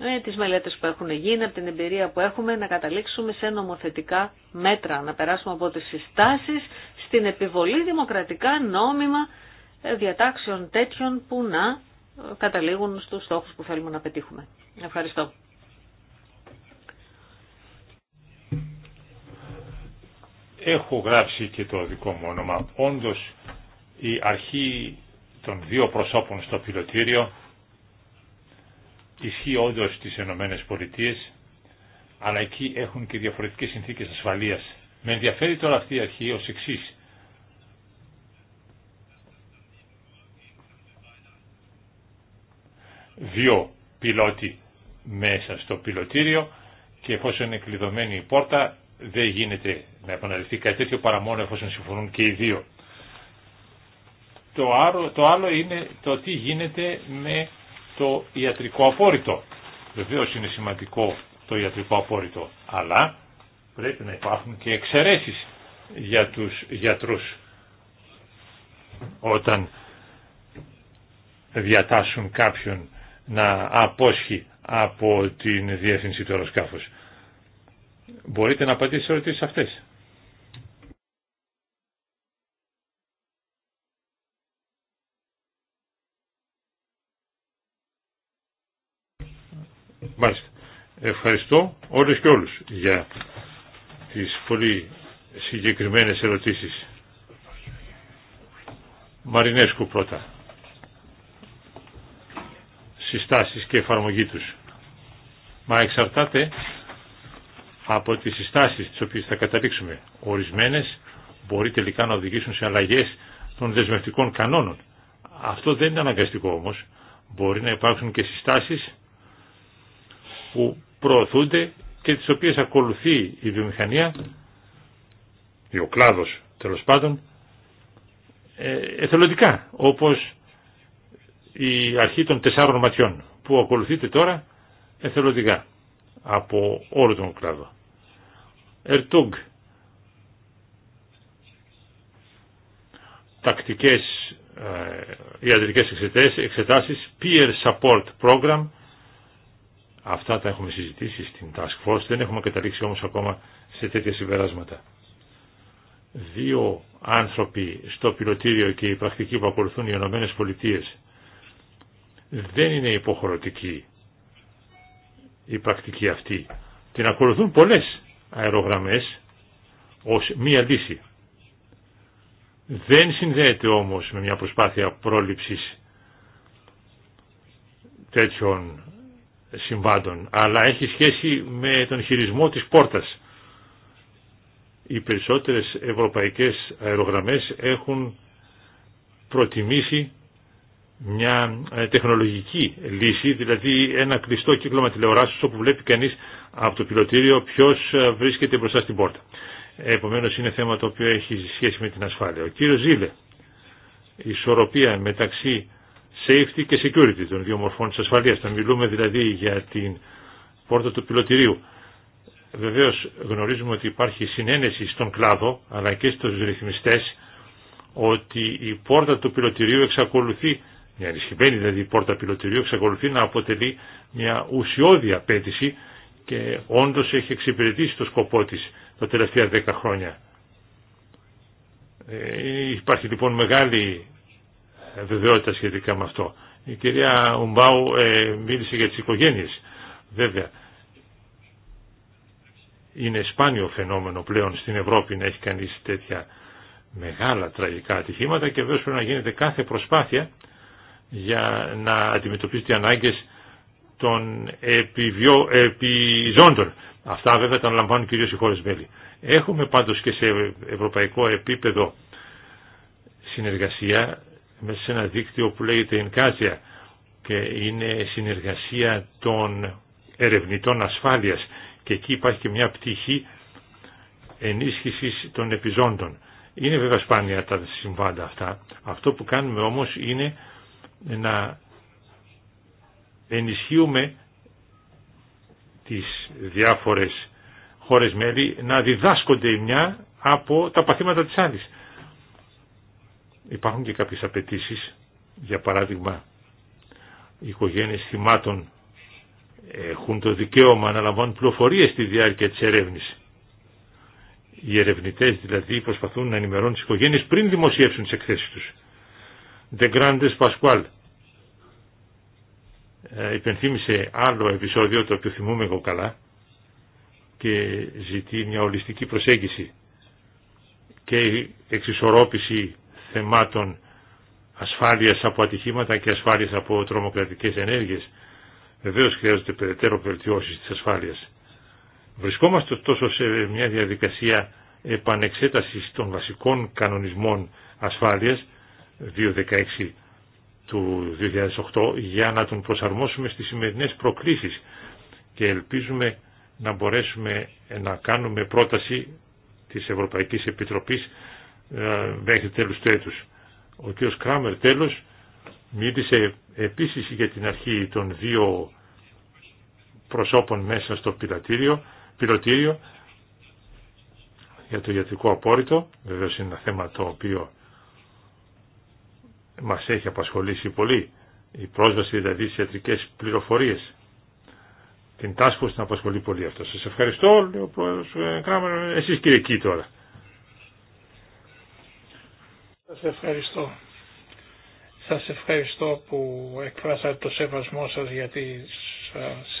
Ε, τις μελέτες που έχουν γίνει, από την εμπειρία που έχουμε, να καταλήξουμε σε νομοθετικά μέτρα, να περάσουμε από τις συστάσεις στην επιβολή δημοκρατικά νόμιμα ε, διατάξεων τέτοιων που να ε, καταλήγουν στους στόχους που θέλουμε να πετύχουμε. Ευχαριστώ. έχω γράψει και το δικό μου όνομα. Όντως η αρχή των δύο προσώπων στο πιλωτήριο ισχύει όντω στις ΗΠΑ Πολιτείες αλλά εκεί έχουν και διαφορετικές συνθήκες ασφαλείας. Με ενδιαφέρει τώρα αυτή η αρχή ως εξή. Δύο πιλότοι μέσα στο πιλωτήριο και εφόσον είναι κλειδωμένη η πόρτα δεν γίνεται να επαναληφθεί κάτι τέτοιο παρά μόνο εφόσον συμφωνούν και οι δύο. Το άλλο, το άλλο είναι το τι γίνεται με το ιατρικό απόρριτο. Βεβαίω είναι σημαντικό το ιατρικό απόρριτο, αλλά πρέπει να υπάρχουν και εξαιρέσει για τους γιατρούς όταν διατάσσουν κάποιον να απόσχει από την διεύθυνση του αεροσκάφους. Μπορείτε να απαντήσετε ερωτήσεις αυτές. Μάλιστα. Ευχαριστώ όλους και όλους για τις πολύ συγκεκριμένες ερωτήσεις. Μαρινέσκου πρώτα. Συστάσεις και εφαρμογή τους. Μα εξαρτάται από τις συστάσεις τις οποίες θα καταλήξουμε. Ορισμένες μπορεί τελικά να οδηγήσουν σε αλλαγές των δεσμευτικών κανόνων. Αυτό δεν είναι αναγκαστικό όμως. Μπορεί να υπάρξουν και συστάσεις που προωθούνται και τις οποίες ακολουθεί η βιομηχανία ή ο κλάδος τέλος πάντων ε, εθελοντικά όπως η αρχή των τεσσάρων ματιών που ακολουθείται τώρα εθελοντικά από όλο τον κλάδο. Ερτούγκ. Τακτικές ε, ιατρικές εξετάσεις, peer support program. Αυτά τα έχουμε συζητήσει στην Task Force, δεν έχουμε καταλήξει όμως ακόμα σε τέτοια συμπεράσματα. Δύο άνθρωποι στο πιλοτήριο και η πρακτική που ακολουθούν οι Ηνωμένες Πολιτείες δεν είναι υποχρεωτική η πρακτική αυτή. Την ακολουθούν πολλές αερογραμμές ως μία λύση. Δεν συνδέεται όμως με μια προσπάθεια πρόληψης τέτοιων συμβάντων, αλλά έχει σχέση με τον χειρισμό της πόρτας. Οι περισσότερες ευρωπαϊκές αερογραμμές έχουν προτιμήσει μια τεχνολογική λύση, δηλαδή ένα κλειστό κύκλωμα τηλεοράσεως όπου βλέπει κανείς από το πιλωτήριο ποιος ε, βρίσκεται μπροστά στην πόρτα. Επομένως είναι θέμα το οποίο έχει σχέση με την ασφάλεια. Ο κύριος Ζήλε, η ισορροπία μεταξύ safety και security των δύο μορφών της ασφαλείας. Θα μιλούμε δηλαδή για την πόρτα του πιλωτηρίου. Βεβαίως γνωρίζουμε ότι υπάρχει συνένεση στον κλάδο αλλά και στους ρυθμιστές ότι η πόρτα του πιλωτηρίου εξακολουθεί, μια ενισχυμένη δηλαδή η πόρτα πιλωτηρίου εξακολουθεί να αποτελεί μια ουσιώδη απέτηση και όντως έχει εξυπηρετήσει το σκοπό της τα τελευταία δέκα χρόνια. Ε, υπάρχει λοιπόν μεγάλη ε, βεβαιότητα σχετικά με αυτό. Η κυρία Ουμπάου ε, μίλησε για τις οικογένειες. Βέβαια, είναι σπάνιο φαινόμενο πλέον στην Ευρώπη να έχει κανείς τέτοια μεγάλα τραγικά ατυχήματα και βέβαια πρέπει να γίνεται κάθε προσπάθεια για να αντιμετωπίσει τις ανάγκες των επιβιώ, επιζώντων. Αυτά βέβαια τα αναλαμβάνουν κυρίως οι χώρες μέλη. Έχουμε πάντως και σε ευρωπαϊκό επίπεδο συνεργασία μέσα σε ένα δίκτυο που λέγεται ΕΝΚΑΖΙΑ και είναι συνεργασία των ερευνητών ασφάλειας και εκεί υπάρχει και μια πτυχή ενίσχυσης των επιζώντων. Είναι βέβαια σπάνια τα συμβάντα αυτά. Αυτό που κάνουμε όμως είναι να ενισχύουμε τις διάφορες χώρες μέλη να διδάσκονται η μια από τα παθήματα της άλλης. Υπάρχουν και κάποιες απαιτήσει, για παράδειγμα οι οικογένειες θυμάτων έχουν το δικαίωμα να λαμβάνουν πληροφορίες στη διάρκεια της ερεύνης. Οι ερευνητές δηλαδή προσπαθούν να ενημερώνουν τις οικογένειες πριν δημοσιεύσουν τις εκθέσεις τους. De Grandes Pasqual, ε, υπενθύμησε άλλο επεισόδιο το οποίο θυμούμαι εγώ καλά και ζητεί μια ολιστική προσέγγιση και εξισορρόπηση θεμάτων ασφάλειας από ατυχήματα και ασφάλειας από τρομοκρατικές ενέργειες. Βεβαίως χρειάζονται περαιτέρω βελτιώσεις της ασφάλειας. Βρισκόμαστε τόσο σε μια διαδικασία επανεξέτασης των βασικών κανονισμών ασφάλειας 216 του 2008 για να τον προσαρμόσουμε στις σημερινές προκλήσεις και ελπίζουμε να μπορέσουμε να κάνουμε πρόταση της Ευρωπαϊκής Επιτροπής ε, μέχρι τέλους του έτους. Ο κ. Κράμερ τέλος μίλησε επίσης για την αρχή των δύο προσώπων μέσα στο πιλωτήριο, για το ιατρικό απόρριτο, βεβαίως είναι ένα θέμα το οποίο μας έχει απασχολήσει πολύ. Η πρόσβαση δηλαδή σε ιατρικές πληροφορίες. Την τάσκο την απασχολεί πολύ αυτό. Σας ευχαριστώ, λέει ο Πρόεδρος ε, εσείς κύριε τώρα. Σας ευχαριστώ. Σας ευχαριστώ που εκφράσατε το σεβασμό σας για τις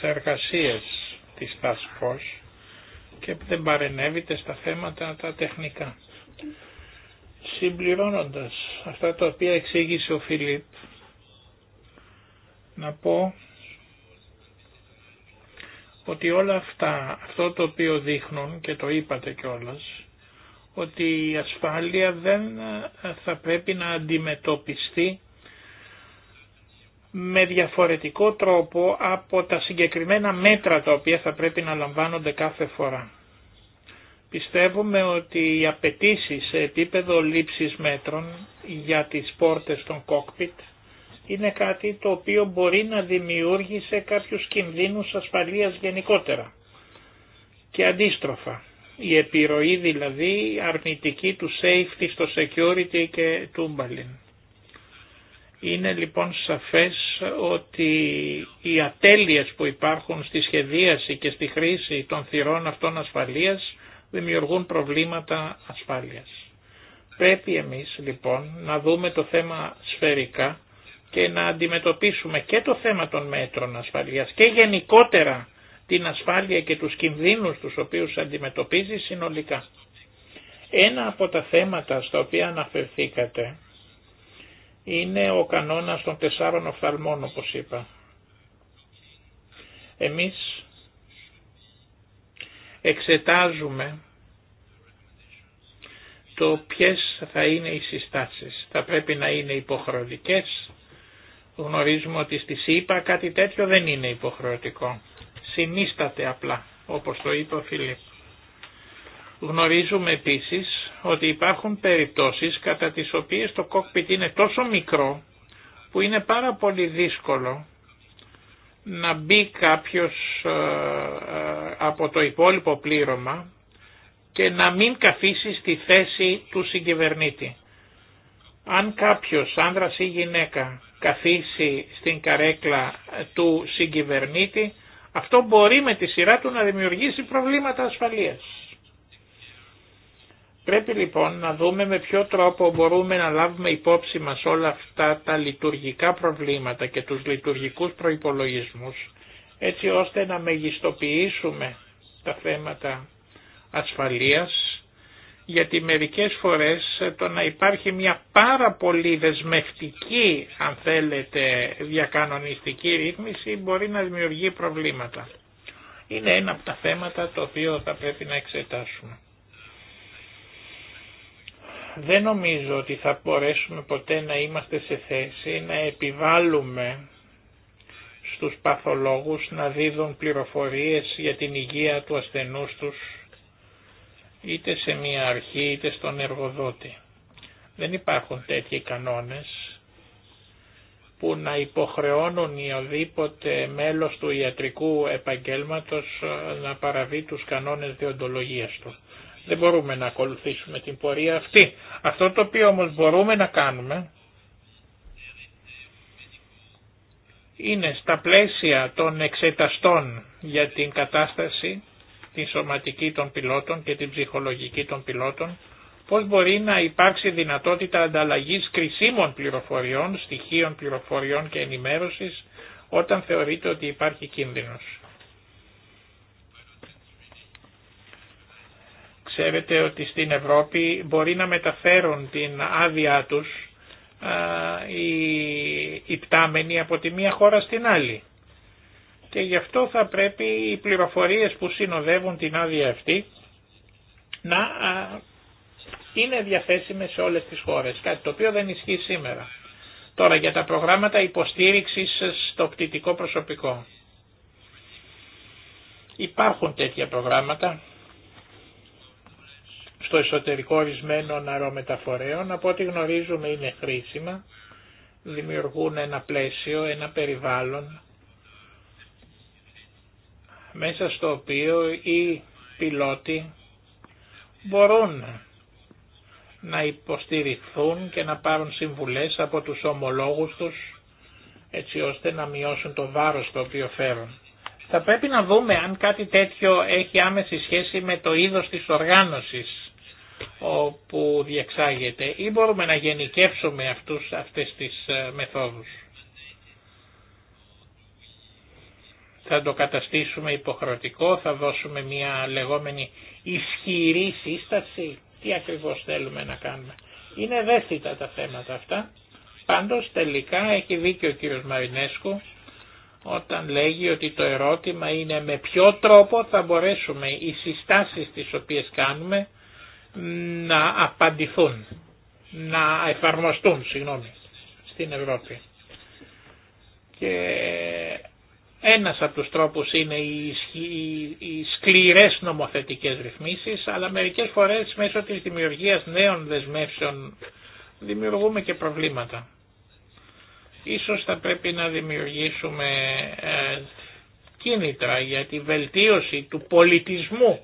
ε, εργασίες της Task και δεν παρενέβητε στα θέματα τα τεχνικά. Συμπληρώνοντας αυτά τα οποία εξήγησε ο Φιλίπ, να πω ότι όλα αυτά, αυτό το οποίο δείχνουν και το είπατε κιόλας, ότι η ασφάλεια δεν ε, θα πρέπει να αντιμετωπιστεί με διαφορετικό τρόπο από τα συγκεκριμένα μέτρα τα οποία θα πρέπει να λαμβάνονται κάθε φορά. Πιστεύουμε ότι οι απαιτήσει σε επίπεδο λήψης μέτρων για τις πόρτες των κόκπιτ είναι κάτι το οποίο μπορεί να δημιούργησε κάποιους κινδύνους ασφαλείας γενικότερα. Και αντίστροφα, η επιρροή δηλαδή αρνητική του safety στο security και του Μπαλίν. Είναι λοιπόν σαφές ότι οι ατέλειες που υπάρχουν στη σχεδίαση και στη χρήση των θυρών αυτών ασφαλείας δημιουργούν προβλήματα ασφάλειας. Πρέπει εμείς λοιπόν να δούμε το θέμα σφαιρικά και να αντιμετωπίσουμε και το θέμα των μέτρων ασφαλείας και γενικότερα την ασφάλεια και τους κινδύνους τους οποίους αντιμετωπίζει συνολικά. Ένα από τα θέματα στα οποία αναφερθήκατε είναι ο κανόνας των τεσσάρων οφθαλμών όπως είπα. Εμείς εξετάζουμε το ποιες θα είναι οι συστάσεις. Θα πρέπει να είναι υποχρεωτικές. Γνωρίζουμε ότι στη ΣΥΠΑ κάτι τέτοιο δεν είναι υποχρεωτικό. Συνίσταται απλά, όπως το είπε ο Φιλίπ. Γνωρίζουμε επίσης ότι υπάρχουν περιπτώσεις κατά τις οποίες το κόκπιτ είναι τόσο μικρό που είναι πάρα πολύ δύσκολο να μπει κάποιος ε, ε, από το υπόλοιπο πλήρωμα και να μην καθίσει στη θέση του συγκυβερνήτη. Αν κάποιος, άνδρας ή γυναίκα, καθίσει στην καρέκλα του συγκυβερνήτη, αυτό μπορεί με τη σειρά του να δημιουργήσει προβλήματα ασφαλείας. Πρέπει λοιπόν να δούμε με ποιο τρόπο μπορούμε να λάβουμε υπόψη μας όλα αυτά τα λειτουργικά προβλήματα και τους λειτουργικούς προϋπολογισμούς έτσι ώστε να μεγιστοποιήσουμε τα θέματα ασφαλείας γιατί μερικές φορές το να υπάρχει μια πάρα πολύ δεσμευτική αν θέλετε διακανονιστική ρύθμιση μπορεί να δημιουργεί προβλήματα. Είναι ένα από τα θέματα το οποίο θα πρέπει να εξετάσουμε. Δεν νομίζω ότι θα μπορέσουμε ποτέ να είμαστε σε θέση να επιβάλλουμε στους παθολόγους να δίδουν πληροφορίες για την υγεία του ασθενούς τους είτε σε μία αρχή είτε στον εργοδότη. Δεν υπάρχουν τέτοιοι κανόνες που να υποχρεώνουν ή οδήποτε μέλος του ιατρικού επαγγέλματος να παραβεί τους κανόνες διοντολογίας του. Δεν μπορούμε να ακολουθήσουμε την πορεία αυτή. Αυτό το οποίο όμως μπορούμε να κάνουμε είναι στα πλαίσια των εξεταστών για την κατάσταση, την σωματική των πιλότων και την ψυχολογική των πιλότων, πώς μπορεί να υπάρξει δυνατότητα ανταλλαγής κρισίμων πληροφοριών, στοιχείων πληροφοριών και ενημέρωσης, όταν θεωρείται ότι υπάρχει κίνδυνος. Ξέρετε ότι στην Ευρώπη μπορεί να μεταφέρουν την άδειά τους οι πτάμενοι από τη μία χώρα στην άλλη. Και γι' αυτό θα πρέπει οι πληροφορίες που συνοδεύουν την άδεια αυτή να είναι διαθέσιμες σε όλες τις χώρες, κάτι το οποίο δεν ισχύει σήμερα. Τώρα για τα προγράμματα υποστήριξης στο πτυτικό προσωπικό. Υπάρχουν τέτοια προγράμματα στο εσωτερικό ορισμένων αερομεταφορέων, από ό,τι γνωρίζουμε είναι χρήσιμα, δημιουργούν ένα πλαίσιο, ένα περιβάλλον, μέσα στο οποίο οι πιλότοι μπορούν να υποστηριχθούν και να πάρουν συμβουλές από τους ομολόγους τους έτσι ώστε να μειώσουν το βάρος το οποίο φέρουν. Θα πρέπει να δούμε αν κάτι τέτοιο έχει άμεση σχέση με το είδος της οργάνωσης όπου διεξάγεται ή μπορούμε να γενικεύσουμε αυτούς, αυτές τις ε, μεθόδους. Θα το καταστήσουμε υποχρεωτικό, θα δώσουμε μια λεγόμενη ισχυρή σύσταση. Τι ακριβώς θέλουμε να κάνουμε. Είναι ευαίσθητα τα θέματα αυτά. Πάντως τελικά έχει δίκιο ο κύριος Μαρινέσκου όταν λέγει ότι το ερώτημα είναι με ποιο τρόπο θα μπορέσουμε οι συστάσεις τις οποίες κάνουμε να απαντηθούν, να εφαρμοστούν, συγγνώμη, στην Ευρώπη. Και ένας από τους τρόπους είναι οι σκληρές νομοθετικές ρυθμίσεις, αλλά μερικές φορές μέσω της δημιουργίας νέων δεσμεύσεων δημιουργούμε και προβλήματα. Ίσως θα πρέπει να δημιουργήσουμε ε, κίνητρα για τη βελτίωση του πολιτισμού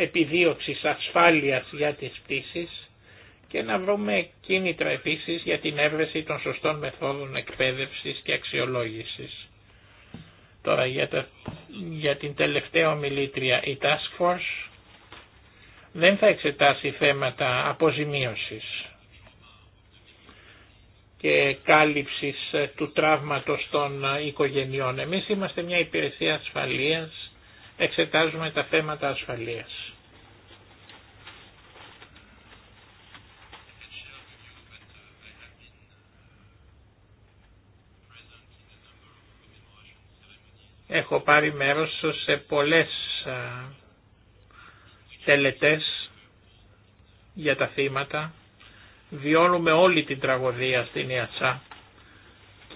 επιδίωξης ασφάλειας για τις πτήσεις και να βρούμε κίνητρα επίσης για την έβρεση των σωστών μεθόδων εκπαίδευσης και αξιολόγησης. Τώρα για, την τελευταία ομιλήτρια η Task Force δεν θα εξετάσει θέματα αποζημίωσης και κάλυψης του τραύματος των οικογενειών. Εμείς είμαστε μια υπηρεσία ασφαλείας εξετάζουμε τα θέματα ασφαλείας. Έχω πάρει μέρος σε πολλές τελετές για τα θύματα. Βιώνουμε όλη την τραγωδία στην Ιατσά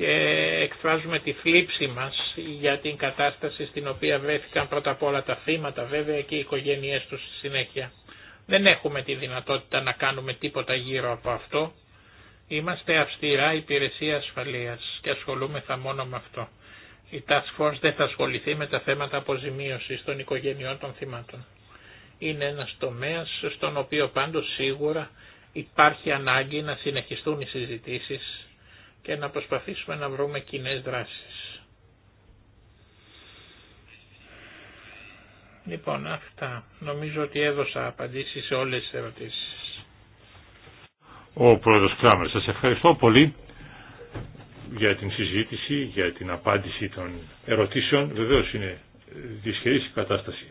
και εκφράζουμε τη θλίψη μας για την κατάσταση στην οποία βρέθηκαν πρώτα απ' όλα τα θύματα βέβαια και οι οικογένειές τους στη συνέχεια. Δεν έχουμε τη δυνατότητα να κάνουμε τίποτα γύρω από αυτό. Είμαστε αυστηρά υπηρεσία ασφαλείας και ασχολούμεθα μόνο με αυτό. Η Task Force δεν θα ασχοληθεί με τα θέματα αποζημίωσης των οικογενειών των θυμάτων. Είναι ένας τομέας στον οποίο πάντως σίγουρα υπάρχει ανάγκη να συνεχιστούν οι συζητήσεις και να προσπαθήσουμε να βρούμε κοινέ δράσεις. Λοιπόν, αυτά. Νομίζω ότι έδωσα απαντήσεις σε όλες τις ερωτήσεις. Ο Πρόεδρος Κράμερ, σας ευχαριστώ πολύ για την συζήτηση, για την απάντηση των ερωτήσεων. Βεβαίως είναι δυσχερής η κατάσταση.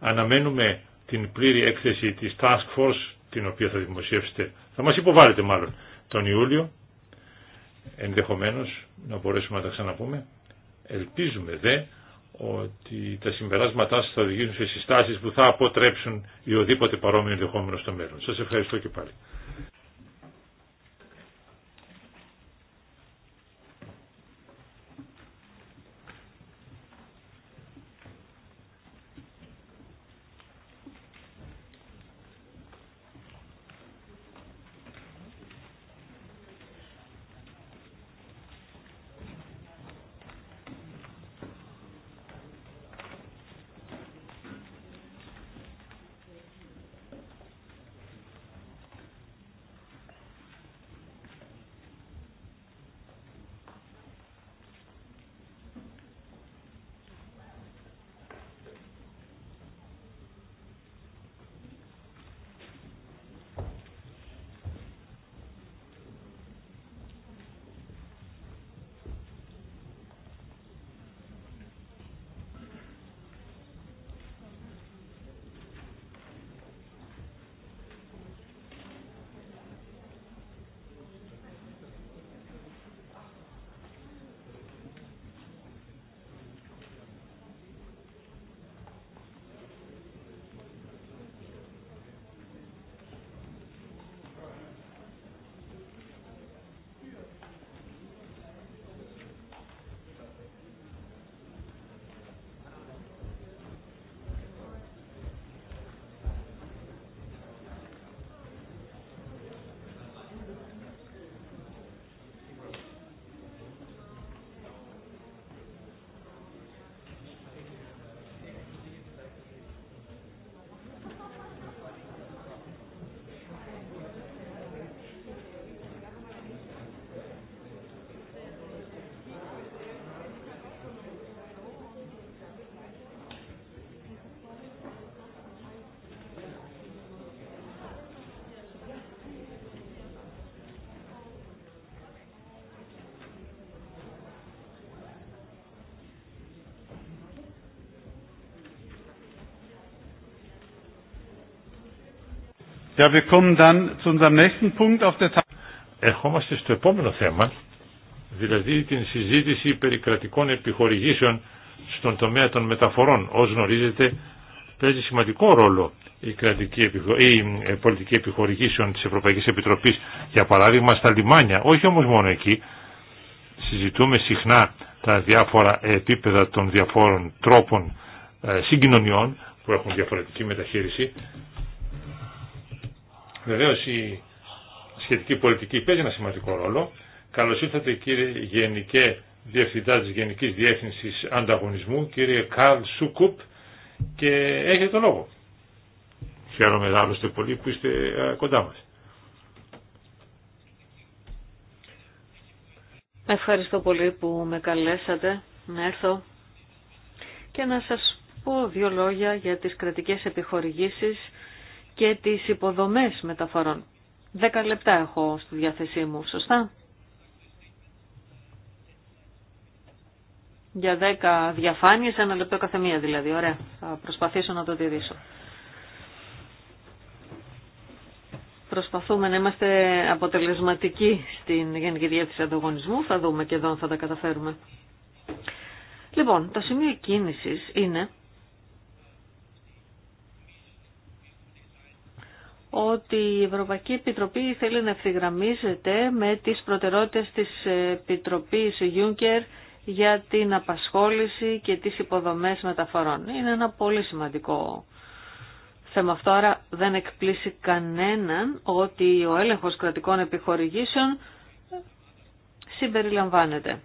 Αναμένουμε την πλήρη έκθεση της Task Force, την οποία θα δημοσιεύσετε, θα μας υποβάλλετε μάλλον τον Ιούλιο ενδεχομένως να μπορέσουμε να τα ξαναπούμε. Ελπίζουμε δε ότι τα συμπεράσματά σας θα οδηγήσουν σε συστάσεις που θα αποτρέψουν ή οδήποτε παρόμοιο ενδεχόμενο στο μέλλον. Σας ευχαριστώ και πάλι. Ja, wir kommen dann zu unserem nächsten Ερχόμαστε στο επόμενο θέμα, δηλαδή την συζήτηση περί κρατικών επιχορηγήσεων στον τομέα των μεταφορών. Ω γνωρίζετε, παίζει σημαντικό ρόλο η, κρατική, η ε, πολιτική επιχορηγήσεων της Ευρωπαϊκής Επιτροπής, για παράδειγμα στα λιμάνια, όχι όμως μόνο εκεί. Συζητούμε συχνά τα διάφορα επίπεδα των διαφόρων τρόπων ε, συγκοινωνιών που έχουν διαφορετική μεταχείριση Βεβαίω, η σχετική πολιτική παίζει ένα σημαντικό ρόλο. Καλώ ήρθατε κύριε Γενικέ Διευθυντά τη Γενικής Διεύθυνσης Ανταγωνισμού, κύριε Καρλ Σούκουπ και έχετε το λόγο. Χαίρομαι άλλωστε πολύ που είστε κοντά μας. Ευχαριστώ πολύ που με καλέσατε να έρθω και να σας πω δύο λόγια για τις κρατικές επιχορηγήσεις και τις υποδομές μεταφορών. Δέκα λεπτά έχω στη διάθεσή μου, σωστά. Για δέκα διαφάνειες, ένα λεπτό μία δηλαδή. Ωραία, θα προσπαθήσω να το τηρήσω. Προσπαθούμε να είμαστε αποτελεσματικοί στην Γενική Διεύθυνση Ανταγωνισμού. Θα δούμε και εδώ αν θα τα καταφέρουμε. Λοιπόν, τα σημεία κίνησης είναι ότι η Ευρωπαϊκή Επιτροπή θέλει να ευθυγραμμίζεται με τις προτεραιότητες της Επιτροπής Juncker για την απασχόληση και τις υποδομές μεταφορών. Είναι ένα πολύ σημαντικό θέμα αυτό, άρα δεν εκπλήσει κανέναν ότι ο έλεγχος κρατικών επιχορηγήσεων συμπεριλαμβάνεται.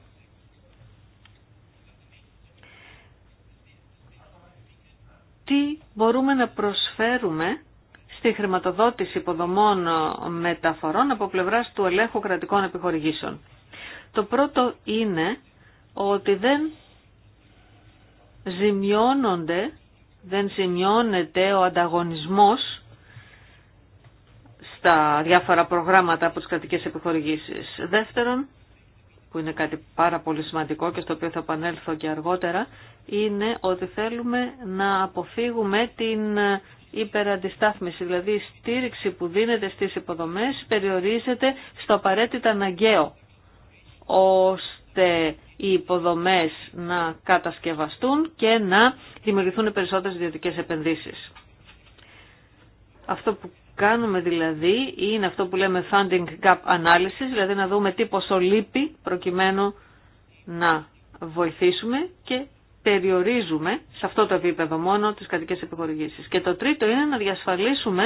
Τι μπορούμε να προσφέρουμε στη χρηματοδότηση υποδομών μεταφορών από πλευράς του ελέγχου κρατικών επιχορηγήσεων. Το πρώτο είναι ότι δεν ζημιώνονται, δεν ζημιώνεται ο ανταγωνισμός στα διάφορα προγράμματα από τις κρατικές επιχορηγήσεις. Δεύτερον, που είναι κάτι πάρα πολύ σημαντικό και στο οποίο θα επανέλθω και αργότερα, είναι ότι θέλουμε να αποφύγουμε την υπεραντιστάθμιση, δηλαδή η στήριξη που δίνεται στις υποδομές περιορίζεται στο απαραίτητα αναγκαίο, ώστε οι υποδομές να κατασκευαστούν και να δημιουργηθούν περισσότερες ιδιωτικές επενδύσεις. Αυτό που κάνουμε δηλαδή είναι αυτό που λέμε funding gap analysis, δηλαδή να δούμε τι ποσό λείπει προκειμένου να βοηθήσουμε και περιορίζουμε σε αυτό το επίπεδο μόνο τις κατοικές επιχορηγήσεις. Και το τρίτο είναι να διασφαλίσουμε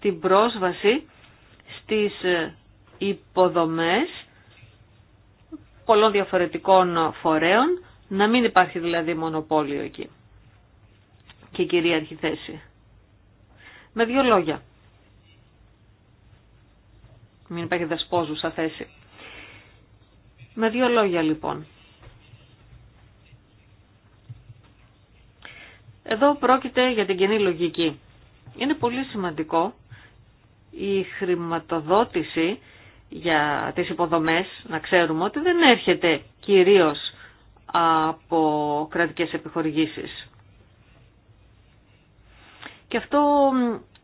την πρόσβαση στις ε, υποδομές πολλών διαφορετικών φορέων, να μην υπάρχει δηλαδή μονοπόλιο εκεί και κυρίαρχη θέση. Με δύο λόγια. Μην υπάρχει δεσπόζουσα θέση. Με δύο λόγια λοιπόν. Εδώ πρόκειται για την κοινή λογική. Είναι πολύ σημαντικό η χρηματοδότηση για τις υποδομές, να ξέρουμε ότι δεν έρχεται κυρίως από κρατικές επιχορηγήσεις. Και αυτό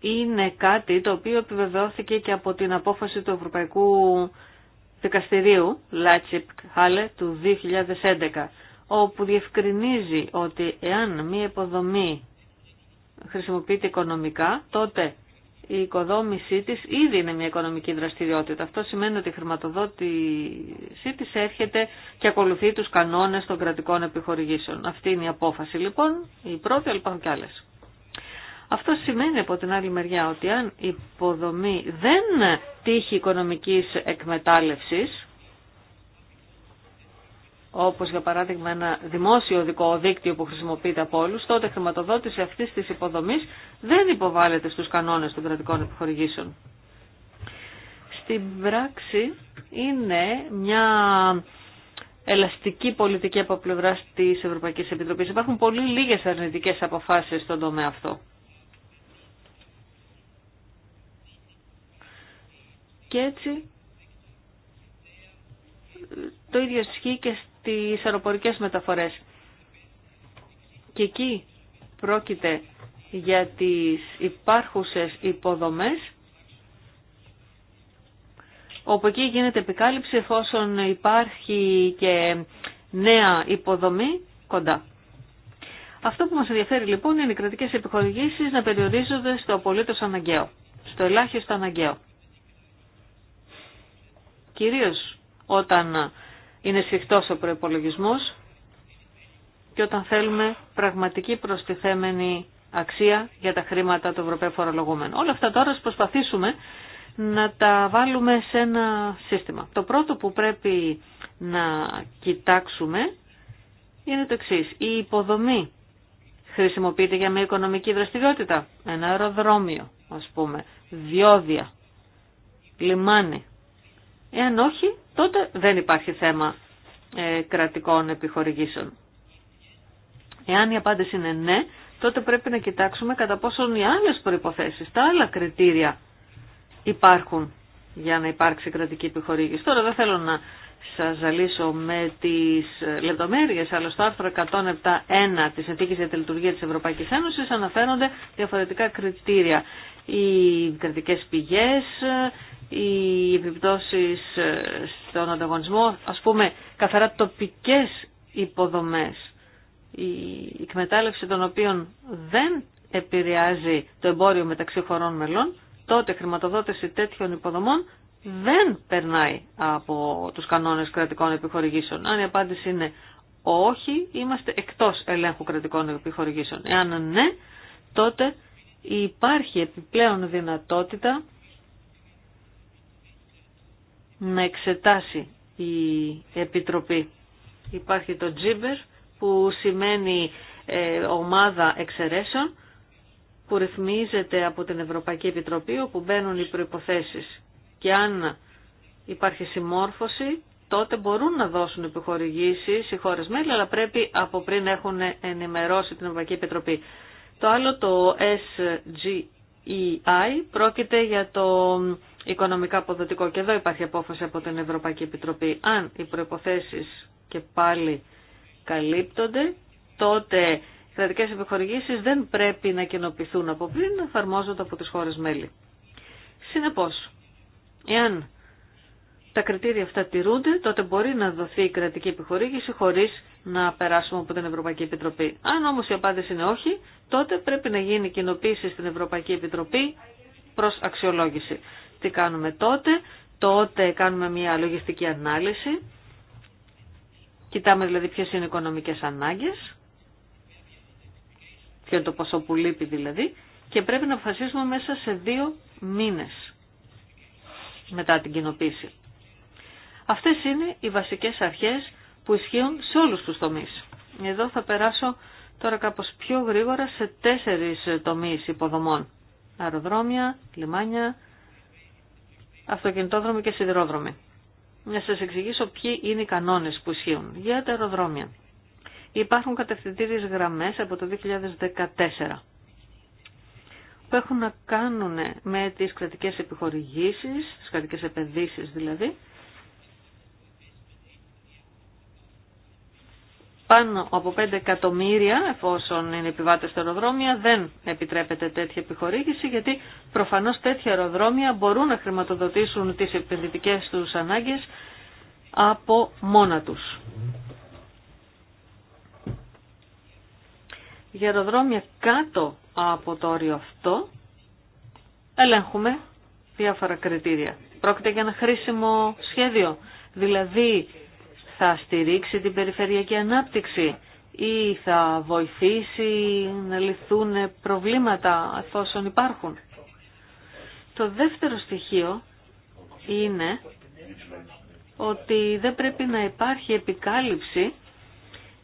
είναι κάτι το οποίο επιβεβαιώθηκε και από την απόφαση του Ευρωπαϊκού Δικαστηρίου Λάτσιπ Χάλε του 2011 όπου διευκρινίζει ότι εάν μία υποδομή χρησιμοποιείται οικονομικά, τότε η οικοδόμησή της ήδη είναι μια οικονομική δραστηριότητα. Αυτό σημαίνει ότι η χρηματοδότησή της έρχεται και ακολουθεί τους κανόνες των κρατικών επιχορηγήσεων. Αυτή είναι η απόφαση λοιπόν, η πρώτη, αλλά υπάρχουν και άλλες. Αυτό σημαίνει από την άλλη μεριά ότι αν η υποδομή δεν τύχει οικονομικής εκμετάλλευσης, όπως για παράδειγμα ένα δημόσιο δικό δίκτυο που χρησιμοποιείται από όλους, τότε χρηματοδότηση αυτής της υποδομής δεν υποβάλλεται στους κανόνες των κρατικών επιχορηγήσεων. Στην πράξη είναι μια ελαστική πολιτική από πλευρά τη Ευρωπαϊκή Επιτροπή. Υπάρχουν πολύ λίγε αρνητικέ αποφάσει στον τομέα αυτό. Και έτσι ε, το ίδιο ισχύει τις αεροπορικές μεταφορές. Και εκεί πρόκειται για τις υπάρχουσες υποδομές όπου εκεί γίνεται επικάλυψη εφόσον υπάρχει και νέα υποδομή κοντά. Αυτό που μας ενδιαφέρει λοιπόν είναι οι κρατικές επιχορηγήσεις να περιορίζονται στο απολύτως αναγκαίο, στο ελάχιστο αναγκαίο. Κυρίως όταν είναι σφιχτός ο προϋπολογισμός και όταν θέλουμε πραγματική προστιθέμενη αξία για τα χρήματα του Ευρωπαίου Φορολογούμενου. Όλα αυτά τώρα προσπαθήσουμε να τα βάλουμε σε ένα σύστημα. Το πρώτο που πρέπει να κοιτάξουμε είναι το εξή. Η υποδομή χρησιμοποιείται για μια οικονομική δραστηριότητα. Ένα αεροδρόμιο, ας πούμε, διόδια, λιμάνι. Εάν όχι, τότε δεν υπάρχει θέμα ε, κρατικών επιχορηγήσεων. Εάν η απάντηση είναι ναι, τότε πρέπει να κοιτάξουμε κατά πόσον οι άλλες προϋποθέσεις, τα άλλα κριτήρια υπάρχουν για να υπάρξει κρατική επιχορήγηση. Τώρα δεν θέλω να σας ζαλίσω με τις ε, λεπτομέρειες, αλλά στο άρθρο 107.1 της Εθήκης για τη Λειτουργία της Ευρωπαϊκής Ένωσης αναφέρονται διαφορετικά κριτήρια. Οι κρατικές πηγές, ε, οι επιπτώσεις ε, στον ανταγωνισμό, ας πούμε καθαρά τοπικές υποδομές, η εκμετάλλευση των οποίων δεν επηρεάζει το εμπόριο μεταξύ χωρών μελών, τότε χρηματοδότηση τέτοιων υποδομών δεν περνάει από τους κανόνες κρατικών επιχορηγήσεων. Αν η απάντηση είναι όχι, είμαστε εκτός ελέγχου κρατικών επιχορηγήσεων. Εάν ναι, τότε υπάρχει επιπλέον δυνατότητα να εξετάσει η Επιτροπή. Υπάρχει το τζίμπερ e που σημαίνει ε, ομάδα εξαιρέσεων που ρυθμίζεται από την Ευρωπαϊκή Επιτροπή όπου μπαίνουν οι προϋποθέσεις. Και αν υπάρχει συμμόρφωση τότε μπορούν να δώσουν επιχορηγήσεις οι χώρες μέλη αλλά πρέπει από πριν έχουν ενημερώσει την Ευρωπαϊκή Επιτροπή. Το άλλο το SGEI πρόκειται για το οικονομικά αποδοτικό. Και εδώ υπάρχει απόφαση από την Ευρωπαϊκή Επιτροπή. Αν οι προϋποθέσεις και πάλι καλύπτονται, τότε οι κρατικές επιχορηγήσεις δεν πρέπει να κοινοποιηθούν από πριν, εφαρμόζονται από τις χώρες μέλη. Συνεπώς, εάν τα κριτήρια αυτά τηρούνται, τότε μπορεί να δοθεί η κρατική επιχορήγηση χωρίς να περάσουμε από την Ευρωπαϊκή Επιτροπή. Αν όμως η απάντηση είναι όχι, τότε πρέπει να γίνει κοινοποίηση στην Ευρωπαϊκή Επιτροπή προς αξιολόγηση. Τι κάνουμε τότε. Τότε κάνουμε μια λογιστική ανάλυση. Κοιτάμε δηλαδή ποιες είναι οι οικονομικές ανάγκες. Ποιο είναι το ποσό που λείπει δηλαδή. Και πρέπει να αποφασίσουμε μέσα σε δύο μήνες μετά την κοινοποίηση. Αυτές είναι οι βασικές αρχές που ισχύουν σε όλους τους τομείς. Εδώ θα περάσω τώρα κάπως πιο γρήγορα σε τέσσερις τομείς υποδομών. Αεροδρόμια, λιμάνια, αυτοκινητόδρομοι και σιδηρόδρομοι. Να σας εξηγήσω ποιοι είναι οι κανόνες που ισχύουν για τα αεροδρόμια. Υπάρχουν κατευθυντήριες γραμμές από το 2014 που έχουν να κάνουν με τις κρατικές επιχορηγήσεις, τις κρατικές επενδύσεις δηλαδή, πάνω από 5 εκατομμύρια, εφόσον είναι επιβάτε στα αεροδρόμια, δεν επιτρέπεται τέτοια επιχορήγηση, γιατί προφανώς τέτοια αεροδρόμια μπορούν να χρηματοδοτήσουν τις επενδυτικέ τους ανάγκες από μόνα τους. Για αεροδρόμια κάτω από το όριο αυτό, ελέγχουμε διάφορα κριτήρια. Πρόκειται για ένα χρήσιμο σχέδιο, δηλαδή θα στηρίξει την περιφερειακή ανάπτυξη ή θα βοηθήσει να λυθούν προβλήματα εφόσον υπάρχουν. Το δεύτερο στοιχείο είναι ότι δεν πρέπει να υπάρχει επικάλυψη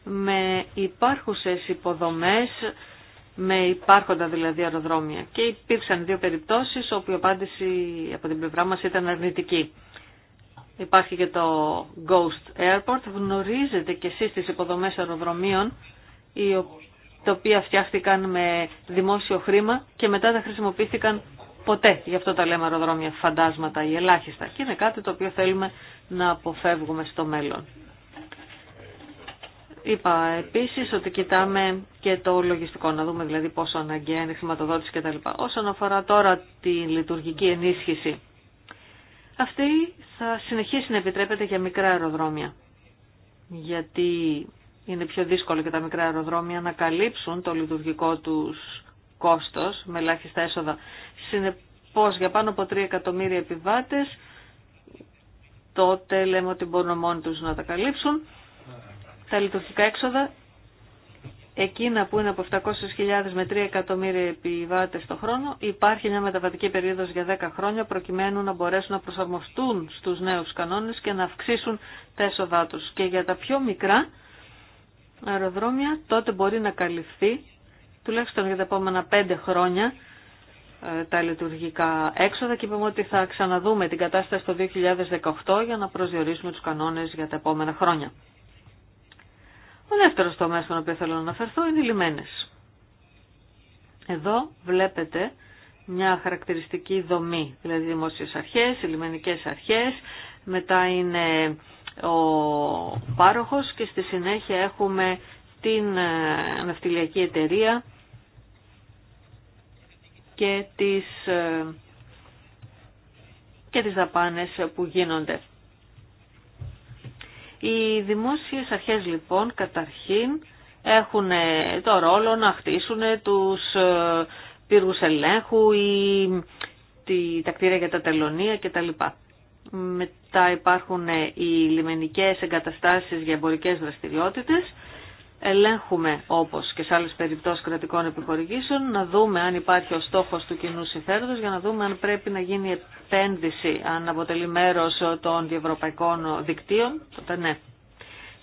με υπάρχουσες υποδομές, με υπάρχοντα δηλαδή αεροδρόμια. Και υπήρξαν δύο περιπτώσεις όπου η απάντηση από την πλευρά μας ήταν αρνητική. Υπάρχει και το Ghost Airport. Γνωρίζετε και εσείς τις υποδομές αεροδρομίων, τα οποία φτιάχτηκαν με δημόσιο χρήμα και μετά δεν χρησιμοποιήθηκαν ποτέ. Γι' αυτό τα λέμε αεροδρόμια φαντάσματα ή ελάχιστα. Και είναι κάτι το οποίο θέλουμε να αποφεύγουμε στο μέλλον. Είπα επίσης ότι κοιτάμε και το λογιστικό, να δούμε δηλαδή πόσο αναγκαία είναι η χρηματοδότηση κτλ. Όσον αφορά τώρα τη λειτουργική ενίσχυση, αυτή θα συνεχίσει να επιτρέπεται για μικρά αεροδρόμια. Γιατί είναι πιο δύσκολο και τα μικρά αεροδρόμια να καλύψουν το λειτουργικό τους κόστος με ελάχιστα έσοδα. Συνεπώς για πάνω από 3 εκατομμύρια επιβάτες τότε λέμε ότι μπορούν μόνοι τους να τα καλύψουν τα λειτουργικά έξοδα εκείνα που είναι από 700.000 με 3 εκατομμύρια επιβάτε το χρόνο, υπάρχει μια μεταβατική περίοδο για 10 χρόνια προκειμένου να μπορέσουν να προσαρμοστούν στου νέου κανόνε και να αυξήσουν τα έσοδά Και για τα πιο μικρά αεροδρόμια τότε μπορεί να καλυφθεί τουλάχιστον για τα επόμενα 5 χρόνια ε, τα λειτουργικά έξοδα και είπαμε ότι θα ξαναδούμε την κατάσταση το 2018 για να προσδιορίσουμε τους κανόνες για τα επόμενα χρόνια. Ο δεύτερο τομέα στον οποίο θέλω να αναφερθώ είναι οι λιμένε. Εδώ βλέπετε μια χαρακτηριστική δομή, δηλαδή δημόσιες αρχές, οι λιμενικές αρχές, μετά είναι ο πάροχος και στη συνέχεια έχουμε την ε, ναυτιλιακή εταιρεία και τις, ε, και τις δαπάνες που γίνονται. Οι δημόσιες αρχές λοιπόν καταρχήν έχουν ε, το ρόλο να χτίσουν τους ε, πύργους ελέγχου ή τα κτίρια για τα τελωνία κτλ. Μετά υπάρχουν ε, οι λιμενικές εγκαταστάσεις για εμπορικές δραστηριότητες ελέγχουμε όπως και σε άλλες περιπτώσεις κρατικών επιχορηγήσεων, να δούμε αν υπάρχει ο στόχος του κοινού συμφέροντος για να δούμε αν πρέπει να γίνει επένδυση, αν αποτελεί μέρος των διευρωπαϊκών δικτύων, τότε ναι.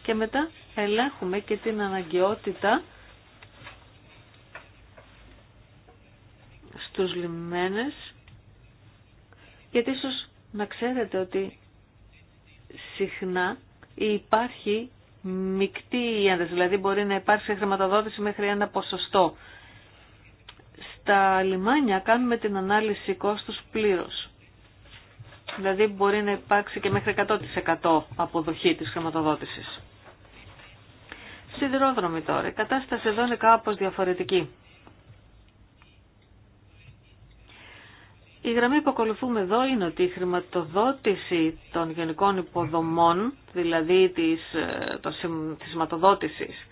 Και μετά ελέγχουμε και την αναγκαιότητα στους λιμένες, γιατί ίσως να ξέρετε ότι συχνά υπάρχει μεικτή η ένταση, δηλαδή μπορεί να υπάρξει χρηματοδότηση μέχρι ένα ποσοστό. Στα λιμάνια κάνουμε την ανάλυση κόστους πλήρως. Δηλαδή μπορεί να υπάρξει και μέχρι 100% αποδοχή της χρηματοδότησης. Σιδηρόδρομοι τώρα. Η κατάσταση εδώ είναι κάπως διαφορετική. Η γραμμή που ακολουθούμε εδώ είναι ότι η χρηματοδότηση των γενικών υποδομών, δηλαδή της, ε, της σηματοδότησης,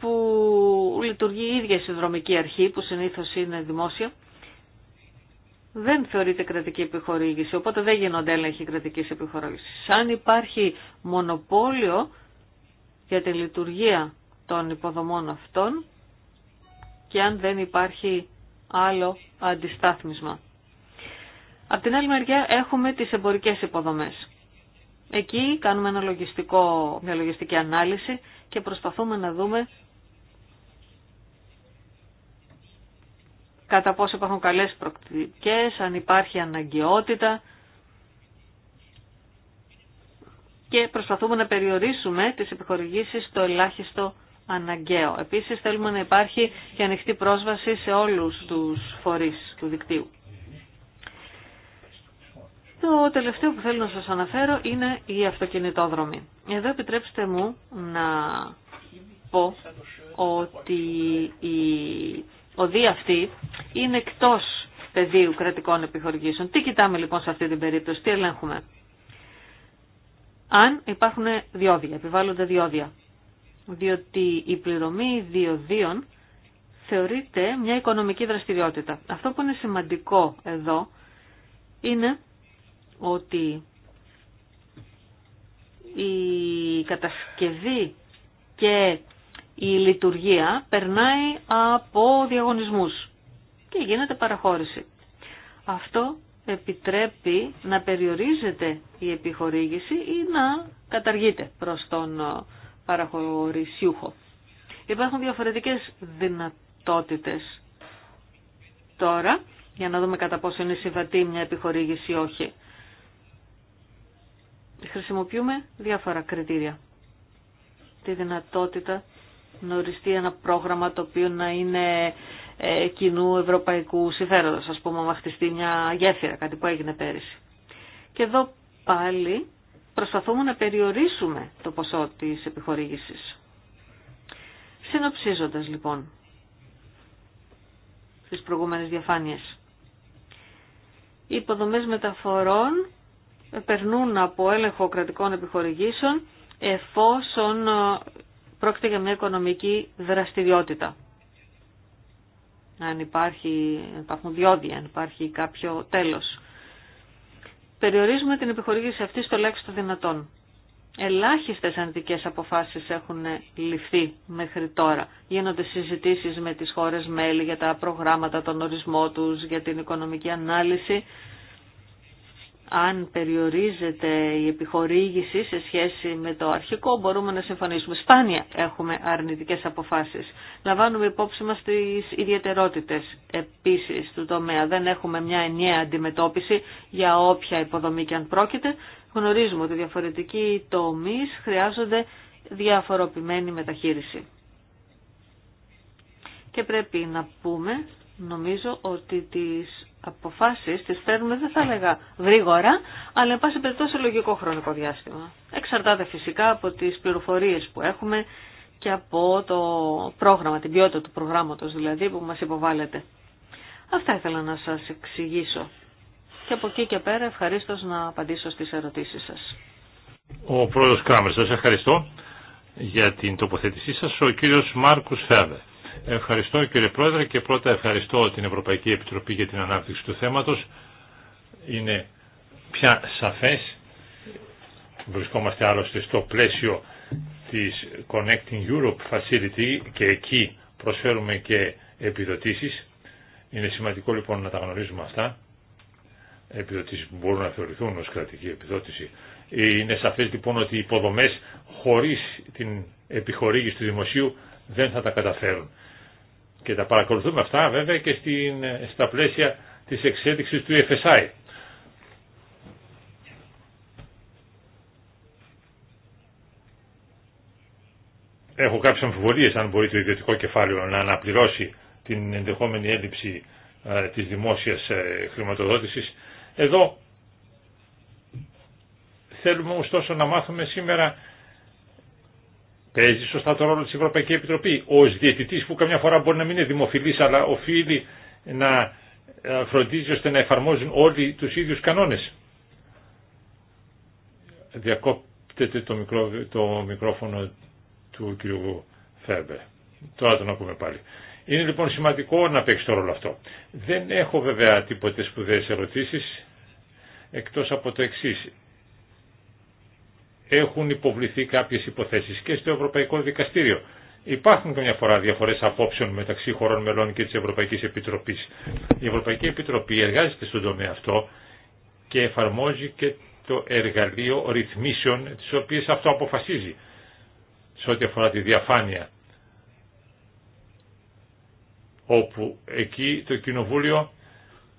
που λειτουργεί η ίδια συνδρομική αρχή, που συνήθως είναι δημόσια, δεν θεωρείται κρατική επιχορήγηση, οπότε δεν γίνονται έλεγχοι κρατικής επιχορήγησης. Αν υπάρχει μονοπόλιο για τη λειτουργία των υποδομών αυτών και αν δεν υπάρχει άλλο αντιστάθμισμα. Απ' την άλλη μεριά έχουμε τις εμπορικές υποδομές. Εκεί κάνουμε ένα λογιστικό, μια λογιστική ανάλυση και προσπαθούμε να δούμε κατά πόσο υπάρχουν καλές προκτικές, αν υπάρχει αναγκαιότητα και προσπαθούμε να περιορίσουμε τις επιχορηγήσεις στο ελάχιστο αναγκαίο. Επίσης θέλουμε να υπάρχει και ανοιχτή πρόσβαση σε όλους τους φορείς του δικτύου. Το τελευταίο που θέλω να σας αναφέρω είναι η αυτοκινητόδρομη. Εδώ επιτρέψτε μου να πω ότι η οδεία αυτή είναι εκτός πεδίου κρατικών επιχορηγήσεων. Τι κοιτάμε λοιπόν σε αυτή την περίπτωση, τι ελέγχουμε. Αν υπάρχουν διόδια, επιβάλλονται διόδια διότι η πληρωμή διοδίων θεωρείται μια οικονομική δραστηριότητα. Αυτό που είναι σημαντικό εδώ είναι ότι η κατασκευή και η λειτουργία περνάει από διαγωνισμούς και γίνεται παραχώρηση. Αυτό επιτρέπει να περιορίζεται η επιχορήγηση ή να καταργείται προς τον παραχωρησιούχο. Υπάρχουν διαφορετικές δυνατότητες τώρα για να δούμε κατά πόσο είναι συμβατή μια επιχορήγηση ή όχι. Χρησιμοποιούμε διάφορα κριτήρια. Τη δυνατότητα να οριστεί ένα πρόγραμμα το οποίο να είναι ε, κοινού ευρωπαϊκού συμφέροντος, ας πούμε, να χτιστεί μια γέφυρα, κάτι που έγινε πέρυσι. Και εδώ πάλι προσπαθούμε να περιορίσουμε το ποσό της επιχορήγησης. Συνοψίζοντας λοιπόν στις προηγούμενες διαφάνειες. Οι υποδομές μεταφορών περνούν από έλεγχο κρατικών επιχορηγήσεων εφόσον ε, πρόκειται για μια οικονομική δραστηριότητα. Αν υπάρχει, υπάρχουν διόδια, αν υπάρχει κάποιο τέλος περιορίζουμε την επιχορήγηση αυτή στο των δυνατόν. Ελάχιστες αντικές αποφάσεις έχουν ληφθεί μέχρι τώρα. Γίνονται συζητήσεις με τις χώρες μέλη για τα προγράμματα, τον ορισμό τους, για την οικονομική ανάλυση αν περιορίζεται η επιχορήγηση σε σχέση με το αρχικό μπορούμε να συμφωνήσουμε. Σπάνια έχουμε αρνητικές αποφάσεις. Λαμβάνουμε υπόψη μας τις ιδιαιτερότητες επίσης του τομέα. Δεν έχουμε μια ενιαία αντιμετώπιση για όποια υποδομή και αν πρόκειται. Γνωρίζουμε ότι διαφορετικοί τομείς χρειάζονται διαφοροποιημένη μεταχείριση. Και πρέπει να πούμε Νομίζω ότι τις αποφάσεις τις φέρνουμε, δεν θα έλεγα γρήγορα, αλλά εν πάση περιπτώσει σε λογικό χρονικό διάστημα. Εξαρτάται φυσικά από τις πληροφορίες που έχουμε και από το πρόγραμμα, την ποιότητα του προγράμματος δηλαδή που μας υποβάλλεται. Αυτά ήθελα να σας εξηγήσω. Και από εκεί και πέρα ευχαρίστω να απαντήσω στις ερωτήσεις σας. Ο πρόεδρος Κράμερ, σας ευχαριστώ για την τοποθέτησή σας. Ο κύριος Μάρκους Φέρβερ. Ευχαριστώ κύριε Πρόεδρε και πρώτα ευχαριστώ την Ευρωπαϊκή Επιτροπή για την ανάπτυξη του θέματος. Είναι πια σαφές. Βρισκόμαστε άλλωστε στο πλαίσιο της Connecting Europe Facility και εκεί προσφέρουμε και επιδοτήσεις. Είναι σημαντικό λοιπόν να τα γνωρίζουμε αυτά. Επιδοτήσεις που μπορούν να θεωρηθούν ως κρατική επιδότηση. Ε, είναι σαφές λοιπόν ότι οι υποδομές χωρίς την επιχορήγηση του δημοσίου δεν θα τα καταφέρουν. Και τα παρακολουθούμε αυτά βέβαια και στην, στα πλαίσια της εξέλιξης του FSI. Έχω κάποιες αμφιβολίες αν μπορεί το ιδιωτικό κεφάλαιο να αναπληρώσει την ενδεχόμενη έλλειψη ε, της δημόσιας ε, χρηματοδότησης. Εδώ θέλουμε ωστόσο να μάθουμε σήμερα Παίζει σωστά το ρόλο της Ευρωπαϊκή Επιτροπή ως διαιτητής που καμιά φορά μπορεί να μην είναι δημοφιλής αλλά οφείλει να ε, φροντίζει ώστε να εφαρμόζουν όλοι τους ίδιους κανόνες. Διακόπτεται το, μικρόφωνο του κ. Φέρμπερ. Τώρα τον ακούμε πάλι. Είναι λοιπόν σημαντικό να παίξει το ρόλο αυτό. Δεν έχω βέβαια τίποτε σπουδαίες ερωτήσεις εκτός από το εξής έχουν υποβληθεί κάποιες υποθέσεις και στο Ευρωπαϊκό Δικαστήριο. Υπάρχουν καμιά φορά διαφορέ απόψεων μεταξύ χωρών μελών και τη Ευρωπαϊκή Επιτροπή. Η Ευρωπαϊκή Επιτροπή εργάζεται στον τομέα αυτό και εφαρμόζει και το εργαλείο ρυθμίσεων τις οποίες αυτό αποφασίζει σε ό,τι αφορά τη διαφάνεια. Όπου εκεί το Κοινοβούλιο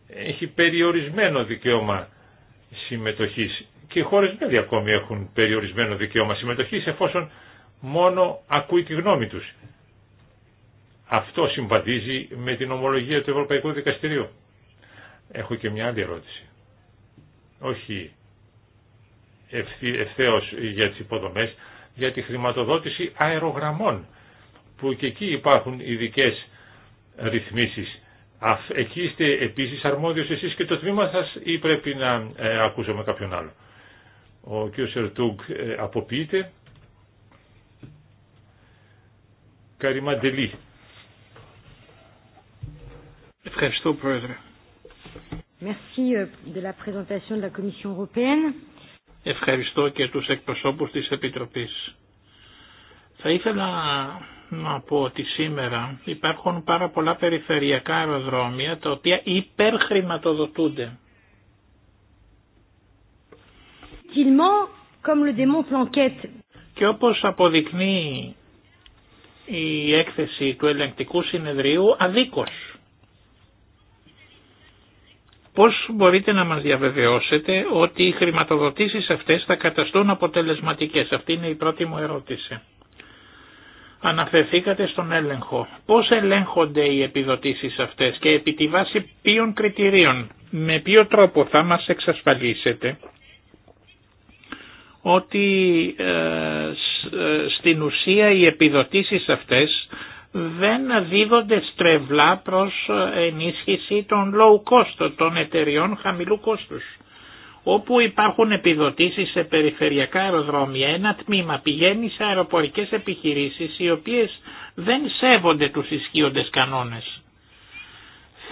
έχει περιορισμένο δικαίωμα συμμετοχής και οι χώρε μέλη ακόμη έχουν περιορισμένο δικαίωμα συμμετοχή εφόσον μόνο ακούει τη γνώμη τους. Αυτό συμβαδίζει με την ομολογία του Ευρωπαϊκού Δικαστηρίου. Έχω και μια άλλη ερώτηση. Όχι ευθέω για τις υποδομέ για τη χρηματοδότηση αερογραμμών, που και εκεί υπάρχουν ειδικέ ρυθμίσεις. Εκεί είστε επίσης αρμόδιος εσείς και το τμήμα σας ή πρέπει να ε, ακούσουμε κάποιον άλλο. Ο κ. Σερτούγκ ε, αποποιείται. Καριμαντελή. Ευχαριστώ, Πρόεδρε. Ε, Ευχαριστώ και τους εκπροσώπους της Επιτροπής. Θα ήθελα να πω ότι σήμερα υπάρχουν πάρα πολλά περιφερειακά αεροδρόμια τα οποία υπερχρηματοδοτούνται. Και όπως αποδεικνύει η έκθεση του ελεγκτικού συνεδρίου, αδίκως. Πώς μπορείτε να μας διαβεβαιώσετε ότι οι χρηματοδοτήσεις αυτές θα καταστούν αποτελεσματικές. Αυτή είναι η πρώτη μου ερώτηση. Αναφερθήκατε στον έλεγχο. Πώς ελέγχονται οι επιδοτήσεις αυτές και επί τη βάση ποιων κριτηρίων, με ποιο τρόπο θα μας εξασφαλίσετε ότι ε, ε, στην ουσία οι επιδοτήσεις αυτές δεν δίδονται στρεβλά προς ε, ενίσχυση των low cost, των εταιριών χαμηλού κόστους. Όπου υπάρχουν επιδοτήσεις σε περιφερειακά αεροδρόμια, ένα τμήμα πηγαίνει σε αεροπορικές επιχειρήσεις οι οποίες δεν σέβονται τους ισχύοντες κανόνες.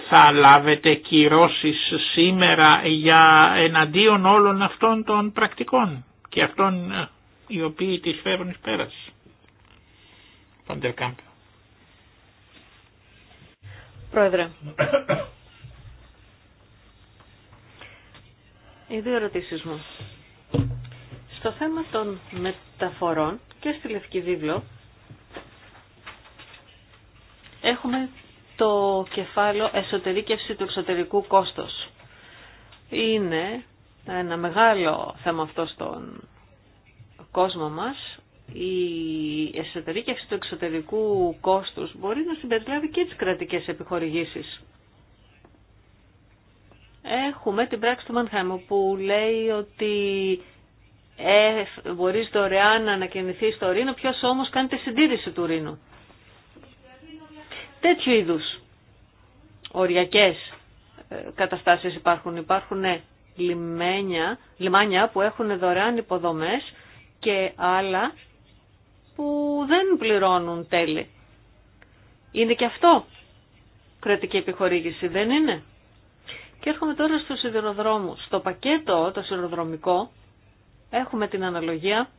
Θα λάβετε κυρώσεις σήμερα για εναντίον όλων αυτών των πρακτικών και αυτών ε, οι οποίοι τις φέρουν εις πέρας. Φαντερκάμπ. Πρόεδρε. Οι δύο ερωτήσει μου. Στο θέμα των μεταφορών και στη Λευκή Βίβλο έχουμε το κεφάλαιο εσωτερήκευση του εξωτερικού κόστος. Είναι ένα μεγάλο θέμα αυτό στον κόσμο μας, η εσωτερήκευση του εξωτερικού κόστους μπορεί να συμπεριλάβει και τις κρατικές επιχορηγήσεις. Έχουμε την πράξη του Μανχάιμου που λέει ότι ε, μπορείς δωρεάν να ανακαινηθείς στο Ρήνο, ποιος όμως κάνει τη συντήρηση του Ρήνου. Τέτοιου είδους οριακές ε, καταστάσεις υπάρχουν. Υπάρχουν ε, λιμένια, λιμάνια που έχουν δωρεάν υποδομές και άλλα που δεν πληρώνουν τέλη. Είναι και αυτό κρατική επιχορήγηση, δεν είναι. Και έρχομαι τώρα στο σιδηροδρόμου. Στο πακέτο το σιδηροδρομικό έχουμε την αναλογία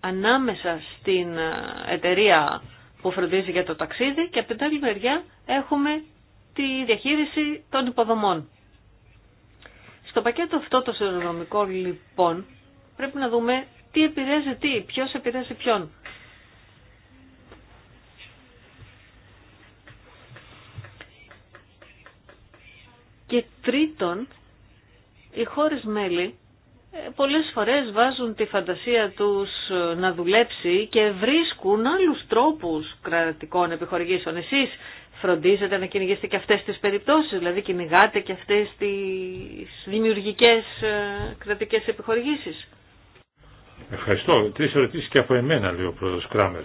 ανάμεσα στην ε, εταιρεία που φροντίζει για το ταξίδι και από την άλλη μεριά έχουμε τη διαχείριση των υποδομών. Στο πακέτο αυτό το σειρονομικό λοιπόν πρέπει να δούμε τι επηρέαζε τι, ποιος επηρέαζε ποιον. Και τρίτον, οι χώρες μέλη ε, πολλές φορές βάζουν τη φαντασία τους ε, να δουλέψει και βρίσκουν άλλους τρόπους κρατικών επιχορηγήσεων. Εσείς φροντίζετε να κυνηγήσετε και αυτές τις περιπτώσεις, δηλαδή κυνηγάτε και αυτές τις δημιουργικές ε, κρατικές επιχορηγήσεις. Ευχαριστώ. Τρεις ερωτήσεις και από εμένα, λέει ο πρόεδρος Κράμερ.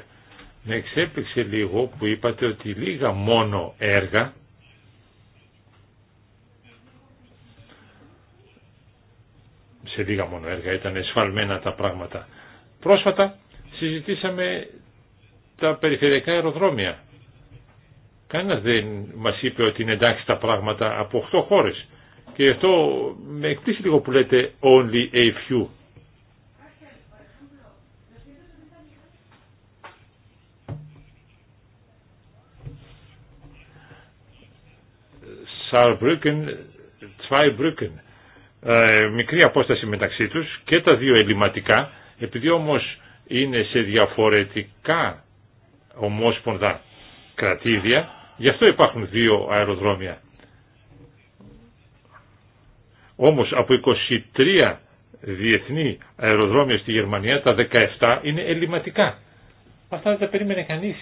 Με εξέπληξε λίγο που είπατε ότι λίγα μόνο έργα σε λίγα μόνο έργα ήταν εσφαλμένα τα πράγματα. Πρόσφατα συζητήσαμε τα περιφερειακά αεροδρόμια Κανένα δεν μα είπε ότι είναι εντάξει τα πράγματα από 8 χώρε. Και αυτό με εκπλήσει λίγο που λέτε only a few. Saarbrücken, Zweibrücken. Ε, μικρή απόσταση μεταξύ τους και τα δύο ελληματικά, επειδή όμως είναι σε διαφορετικά ομόσπονδα κρατήδια, Γι' αυτό υπάρχουν δύο αεροδρόμια. Όμως από 23 διεθνή αεροδρόμια στη Γερμανία τα 17 είναι ελληματικά. Αυτά δεν τα περίμενε κανείς.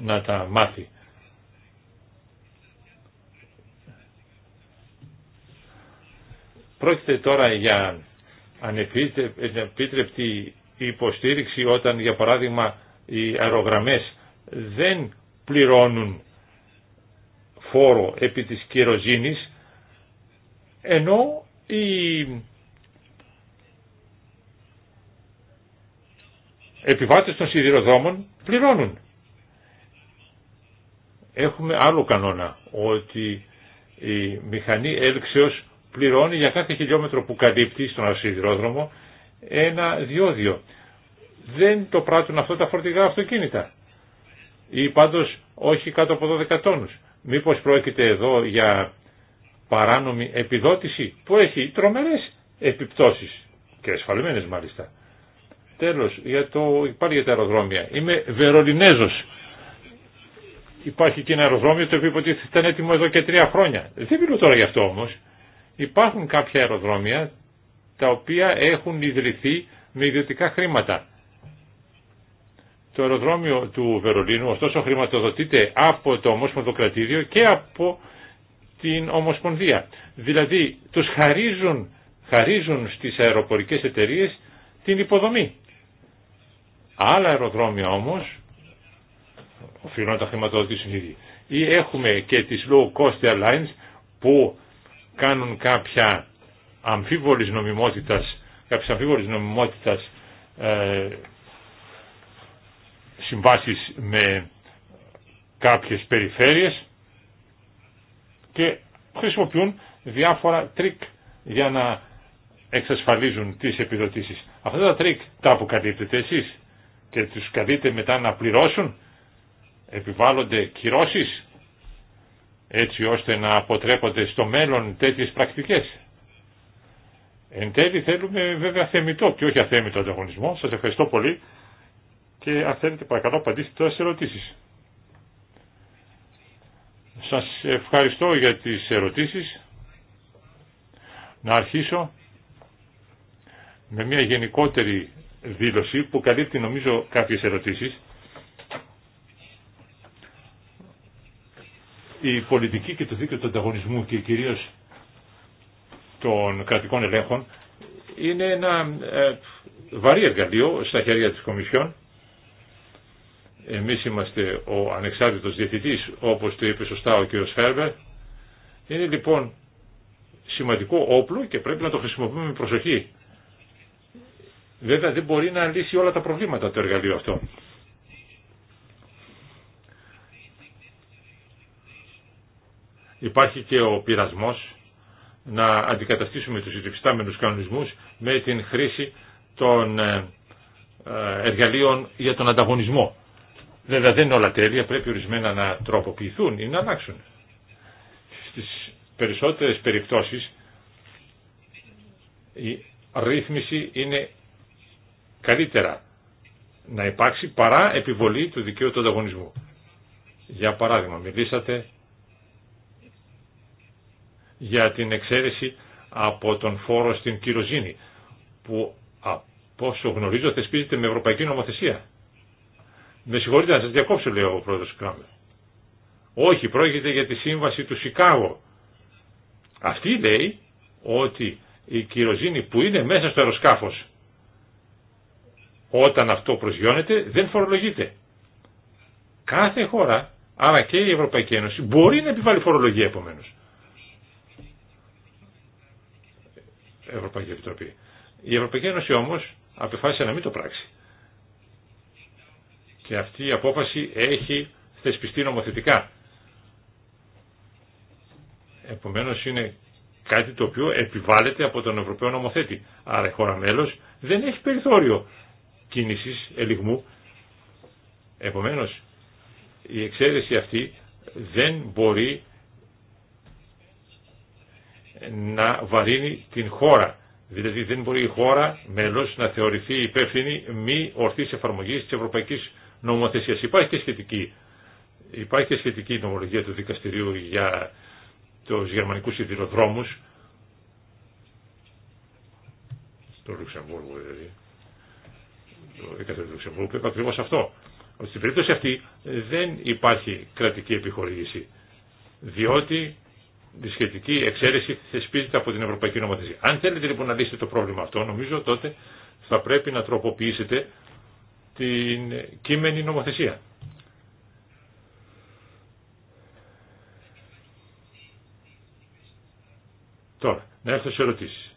Να τα μάθει. Πρόκειται τώρα για ανεπίτρεπτη η υποστήριξη όταν για παράδειγμα οι αερογραμμές δεν πληρώνουν φόρο επί της κυροζήνης ενώ οι επιβάτες των σιδηροδρόμων πληρώνουν. Έχουμε άλλο κανόνα ότι η μηχανή έλξεως πληρώνει για κάθε χιλιόμετρο που καλύπτει στον σιδηρόδρομο ένα διόδιο. Δεν το πράττουν αυτό τα φορτηγά αυτοκίνητα ή πάντως όχι κάτω από 12 τόνους. Μήπως πρόκειται εδώ για παράνομη επιδότηση που έχει τρομερές επιπτώσεις και ασφαλμένες μάλιστα. Τέλος, για το, ...υπάρχει για τα αεροδρόμια. Είμαι Βερολινέζος. Υπάρχει και ένα αεροδρόμιο το οποίο υποτίθεται ήταν έτοιμο εδώ και τρία χρόνια. Δεν μιλώ τώρα γι' αυτό όμως. Υπάρχουν κάποια αεροδρόμια τα οποία έχουν ιδρυθεί με ιδιωτικά χρήματα. Το αεροδρόμιο του Βερολίνου ωστόσο χρηματοδοτείται από το Ομόσπονδο και από την Ομοσπονδία. Δηλαδή τους χαρίζουν, χαρίζουν στις αεροπορικές εταιρείες την υποδομή. Άλλα αεροδρόμια όμως οφείλουν να τα χρηματοδοτήσουν ήδη. Ή έχουμε και τις low cost airlines που κάνουν κάποια αμφίβολης νομιμότητας, κάποιες αμφίβολης νομιμότητας ε, συμβάσεις με κάποιες περιφέρειες και χρησιμοποιούν διάφορα τρίκ για να εξασφαλίζουν τις επιδοτήσεις. Αυτά τα τρίκ τα αποκαλύπτετε εσείς και τους καλείτε μετά να πληρώσουν, επιβάλλονται κυρώσεις έτσι ώστε να αποτρέπονται στο μέλλον τέτοιες πρακτικές. Εν τέλει θέλουμε βέβαια θεμητό και όχι αθέμητο ανταγωνισμό. Σας ευχαριστώ πολύ και αν θέλετε παρακαλώ απαντήστε τώρα σε ερωτήσεις. Σας ευχαριστώ για τις ερωτήσεις. Να αρχίσω με μια γενικότερη δήλωση που καλύπτει νομίζω κάποιες ερωτήσεις. Η πολιτική και το δίκαιο του ανταγωνισμού και κυρίως των κρατικών ελέγχων είναι ένα ε, βαρύ εργαλείο στα χέρια της Κομισιόν. Εμείς είμαστε ο ανεξάρτητος διευθυντής, όπως το είπε σωστά ο κ. Φέρβερ. Είναι λοιπόν σημαντικό όπλο και πρέπει να το χρησιμοποιούμε με προσοχή. Βέβαια δεν μπορεί να λύσει όλα τα προβλήματα το εργαλείο αυτό. Υπάρχει και ο πειρασμός να αντικαταστήσουμε τους υφιστάμενους κανονισμούς με την χρήση των ε, ε, εργαλείων για τον ανταγωνισμό. Βέβαια δεν είναι όλα τέλεια, πρέπει ορισμένα να τροποποιηθούν ή να αλλάξουν. Στις περισσότερες περιπτώσεις η ρύθμιση είναι καλύτερα να υπάρξει παρά επιβολή του δικαίου του ανταγωνισμού. Για παράδειγμα, μιλήσατε για την εξαίρεση από τον φόρο στην κυροζήνη που από όσο γνωρίζω θεσπίζεται με ευρωπαϊκή νομοθεσία. Με συγχωρείτε να σας διακόψω λέει ο πρόεδρος Κράμερ. Όχι, πρόκειται για τη σύμβαση του Σικάγο. Αυτή λέει ότι η κυροζήνη που είναι μέσα στο αεροσκάφος όταν αυτό προσγειώνεται δεν φορολογείται. Κάθε χώρα, άρα και η Ευρωπαϊκή Ένωση, μπορεί να επιβάλλει φορολογία επομένως. Ευρωπαϊκή Επιτροπή. Η Ευρωπαϊκή Ένωση όμως αποφάσισε να μην το πράξει. Και αυτή η απόφαση έχει θεσπιστεί νομοθετικά. Επομένως είναι κάτι το οποίο επιβάλλεται από τον Ευρωπαίο νομοθέτη. Άρα η χώρα μέλος δεν έχει περιθώριο κίνησης ελιγμού. Επομένως η εξαίρεση αυτή δεν μπορεί να βαρύνει την χώρα. Δηλαδή δεν μπορεί η χώρα μέλος να θεωρηθεί υπεύθυνη μη ορθής εφαρμογής της ευρωπαϊκής νομοθεσίας. Υπάρχει και σχετική, υπάρχει και σχετική νομολογία του δικαστηρίου για τους γερμανικούς σιδηροδρόμους το Λουξεμβούργο δηλαδή το δικαστήριο του Λουξεμβούργου είπε ακριβώ αυτό ότι στην περίπτωση αυτή δεν υπάρχει κρατική επιχορήγηση διότι τη σχετική εξαίρεση θεσπίζεται από την Ευρωπαϊκή Νομοθεσία. Αν θέλετε λοιπόν να λύσετε το πρόβλημα αυτό, νομίζω τότε θα πρέπει να τροποποιήσετε την κείμενη νομοθεσία. Τώρα, να έρθω σε ερωτήσει.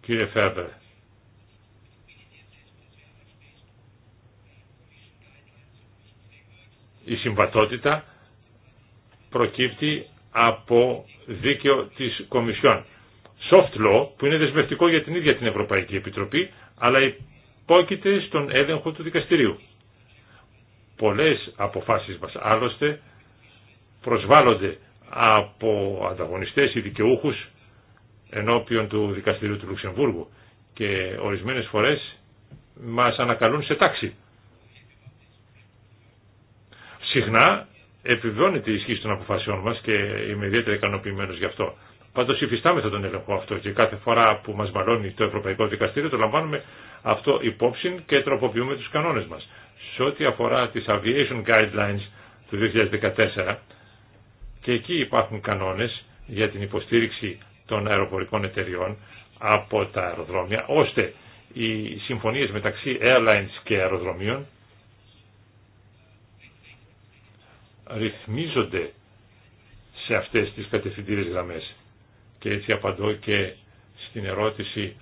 Κύριε Φέρβερ. η συμβατότητα προκύπτει από δίκαιο της Κομισιόν. Soft law που είναι δεσμευτικό για την ίδια την Ευρωπαϊκή Επιτροπή αλλά υπόκειται στον έλεγχο του δικαστηρίου. Πολλές αποφάσεις μας άλλωστε προσβάλλονται από ανταγωνιστές ή δικαιούχους ενώπιον του δικαστηρίου του Λουξεμβούργου και ορισμένες φορές μας ανακαλούν σε τάξη. Συχνά Επιβιώνεται η ισχύ των αποφασιών μας και είμαι ιδιαίτερα ικανοποιημένο γι' αυτό. Πάντω υφιστάμεθα τον έλεγχο αυτό και κάθε φορά που μας βαλώνει το Ευρωπαϊκό Δικαστήριο το λαμβάνουμε αυτό υπόψη και τροποποιούμε τους κανόνες μας. Σε ό,τι αφορά τις Aviation Guidelines του 2014 και εκεί υπάρχουν κανόνες για την υποστήριξη των αεροπορικών εταιριών από τα αεροδρόμια ώστε οι συμφωνίες μεταξύ airlines και αεροδρομίων ρυθμίζονται σε αυτές τις κατευθυντήρες γραμμές. Και έτσι απαντώ και στην ερώτηση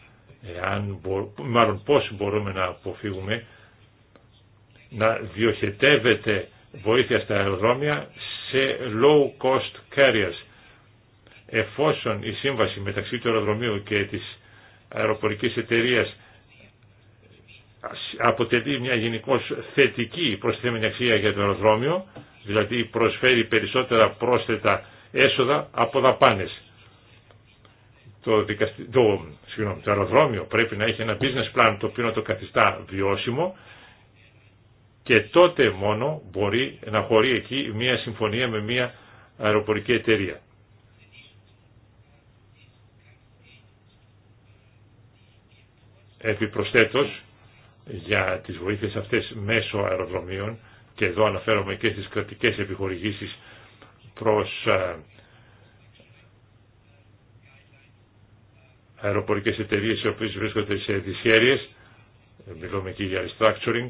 εάν μάλλον πώς μπορούμε να αποφύγουμε να διοχετεύεται βοήθεια στα αεροδρόμια σε low cost carriers. Εφόσον η σύμβαση μεταξύ του αεροδρομίου και της αεροπορικής εταιρείας αποτελεί μια γενικώ θετική προσθέμενη αξία για το αεροδρόμιο, δηλαδή προσφέρει περισσότερα πρόσθετα έσοδα από δαπάνες. Το, δικαστη... το, συγγνώμη, αεροδρόμιο πρέπει να έχει ένα business plan το οποίο να το καθιστά βιώσιμο και τότε μόνο μπορεί να χωρεί εκεί μια συμφωνία με μια αεροπορική εταιρεία. Επιπροσθέτως, για τις βοήθειες αυτές μέσω αεροδρομίων, και εδώ αναφέρομαι και στις κρατικές επιχορηγήσεις προς ε, αεροπορικές εταιρείες οι οποίες βρίσκονται σε δυσχέρειες, μιλούμε εκεί για restructuring,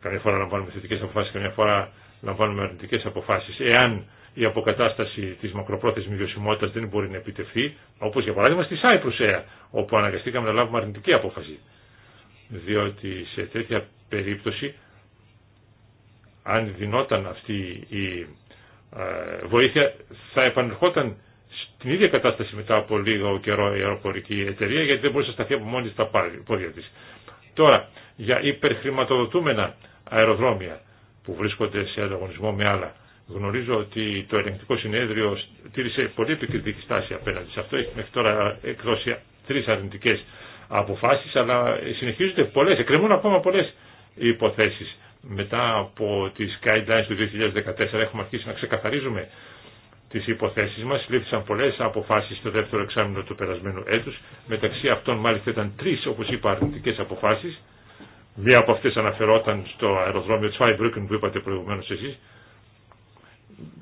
Καμιά φορά λαμβάνουμε θετικέ αποφάσεις, καμιά φορά λαμβάνουμε αρνητικέ αποφάσεις. Εάν η αποκατάσταση της μακροπρόθεσμης βιωσιμότητας δεν μπορεί να επιτευχθεί, όπως για παράδειγμα στη Cyprus Air, όπου αναγκαστήκαμε να λάβουμε αρνητική απόφαση διότι σε τέτοια περίπτωση αν δινόταν αυτή η ε, βοήθεια θα επανερχόταν στην ίδια κατάσταση μετά από λίγο καιρό η αεροπορική εταιρεία γιατί δεν μπορούσε να σταθεί από μόνη τα πόδια της. Τώρα, για υπερχρηματοδοτούμενα αεροδρόμια που βρίσκονται σε ανταγωνισμό με άλλα. Γνωρίζω ότι το ελεγκτικό συνέδριο τήρησε πολύ επικριτική στάση απέναντι σε αυτό. Έχει μέχρι τώρα εκδώσει τρει αρνητικέ αποφάσεις, αλλά συνεχίζονται πολλές, εκκρεμούν ακόμα πολλές υποθέσεις. Μετά από τις guidelines του 2014 έχουμε αρχίσει να ξεκαθαρίζουμε τις υποθέσεις μας. Λήφθησαν πολλές αποφάσεις στο δεύτερο εξάμεινο του περασμένου έτους. Μεταξύ αυτών μάλιστα ήταν τρεις, όπως είπα, αρνητικές αποφάσεις. Μία από αυτές αναφερόταν στο αεροδρόμιο Τσφάιμπρουκεν που είπατε προηγουμένως εσείς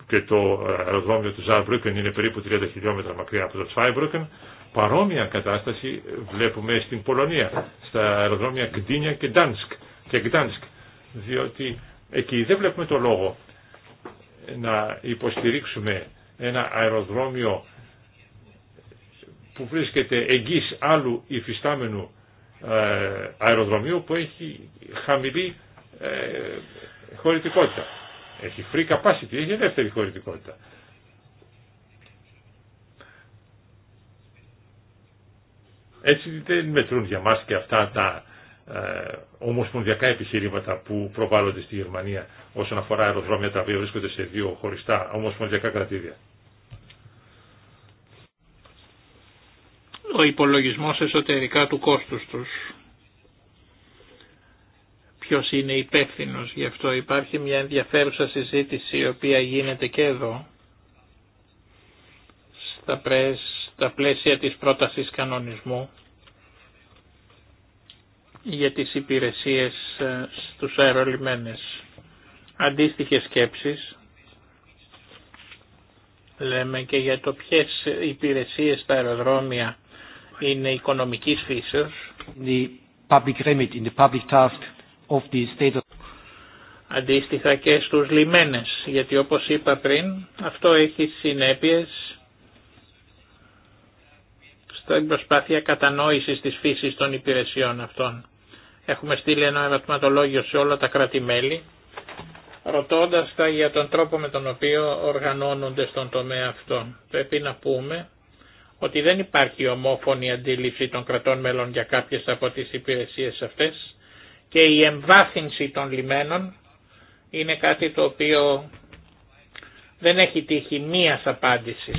και το ε, αεροδρόμιο του Ζαρμπρουκεν είναι περίπου 30 χιλιόμετρα μακριά από το Τσφάιμπρουκεν. Παρόμοια κατάσταση βλέπουμε στην Πολωνία, στα αεροδρόμια Κτίνια και Ντάνσκ, και Γκτάνσκ, διότι εκεί δεν βλέπουμε το λόγο να υποστηρίξουμε ένα αεροδρόμιο που βρίσκεται εγγύς άλλου υφιστάμενου ε, αεροδρομίου που έχει χαμηλή ε, χωρητικότητα. Έχει free capacity, έχει δεύτερη χωρητικότητα. Έτσι δεν μετρούν για μας και αυτά τα ε, ομοσπονδιακά επιχειρήματα που προβάλλονται στη Γερμανία όσον αφορά αεροδρόμια τα οποία βρίσκονται σε δύο χωριστά ομοσπονδιακά κρατήδια. Ο υπολογισμός εσωτερικά του κόστους τους. Ποιος είναι υπεύθυνο γι' αυτό. Υπάρχει μια ενδιαφέρουσα συζήτηση η οποία γίνεται και εδώ στα πρέσβη στα πλαίσια της πρότασης κανονισμού για τις υπηρεσίες ε, στους αερολιμένες. Αντίστοιχες σκέψεις λέμε και για το ποιες υπηρεσίες στα αεροδρόμια είναι οικονομικής φύσεως. Αντίστοιχα και στους λιμένες, γιατί όπως είπα πριν, αυτό έχει συνέπειες στην προσπάθεια κατανόησης της φύσης των υπηρεσιών αυτών. Έχουμε στείλει ένα ερωτηματολόγιο σε όλα τα κράτη-μέλη, ρωτώντας τα για τον τρόπο με τον οποίο οργανώνονται στον τομέα αυτόν. Πρέπει να πούμε ότι δεν υπάρχει ομόφωνη αντίληψη των κρατών μέλων για κάποιες από τις υπηρεσίες αυτές και η εμβάθυνση των λιμένων είναι κάτι το οποίο δεν έχει τύχει μίας απάντησης.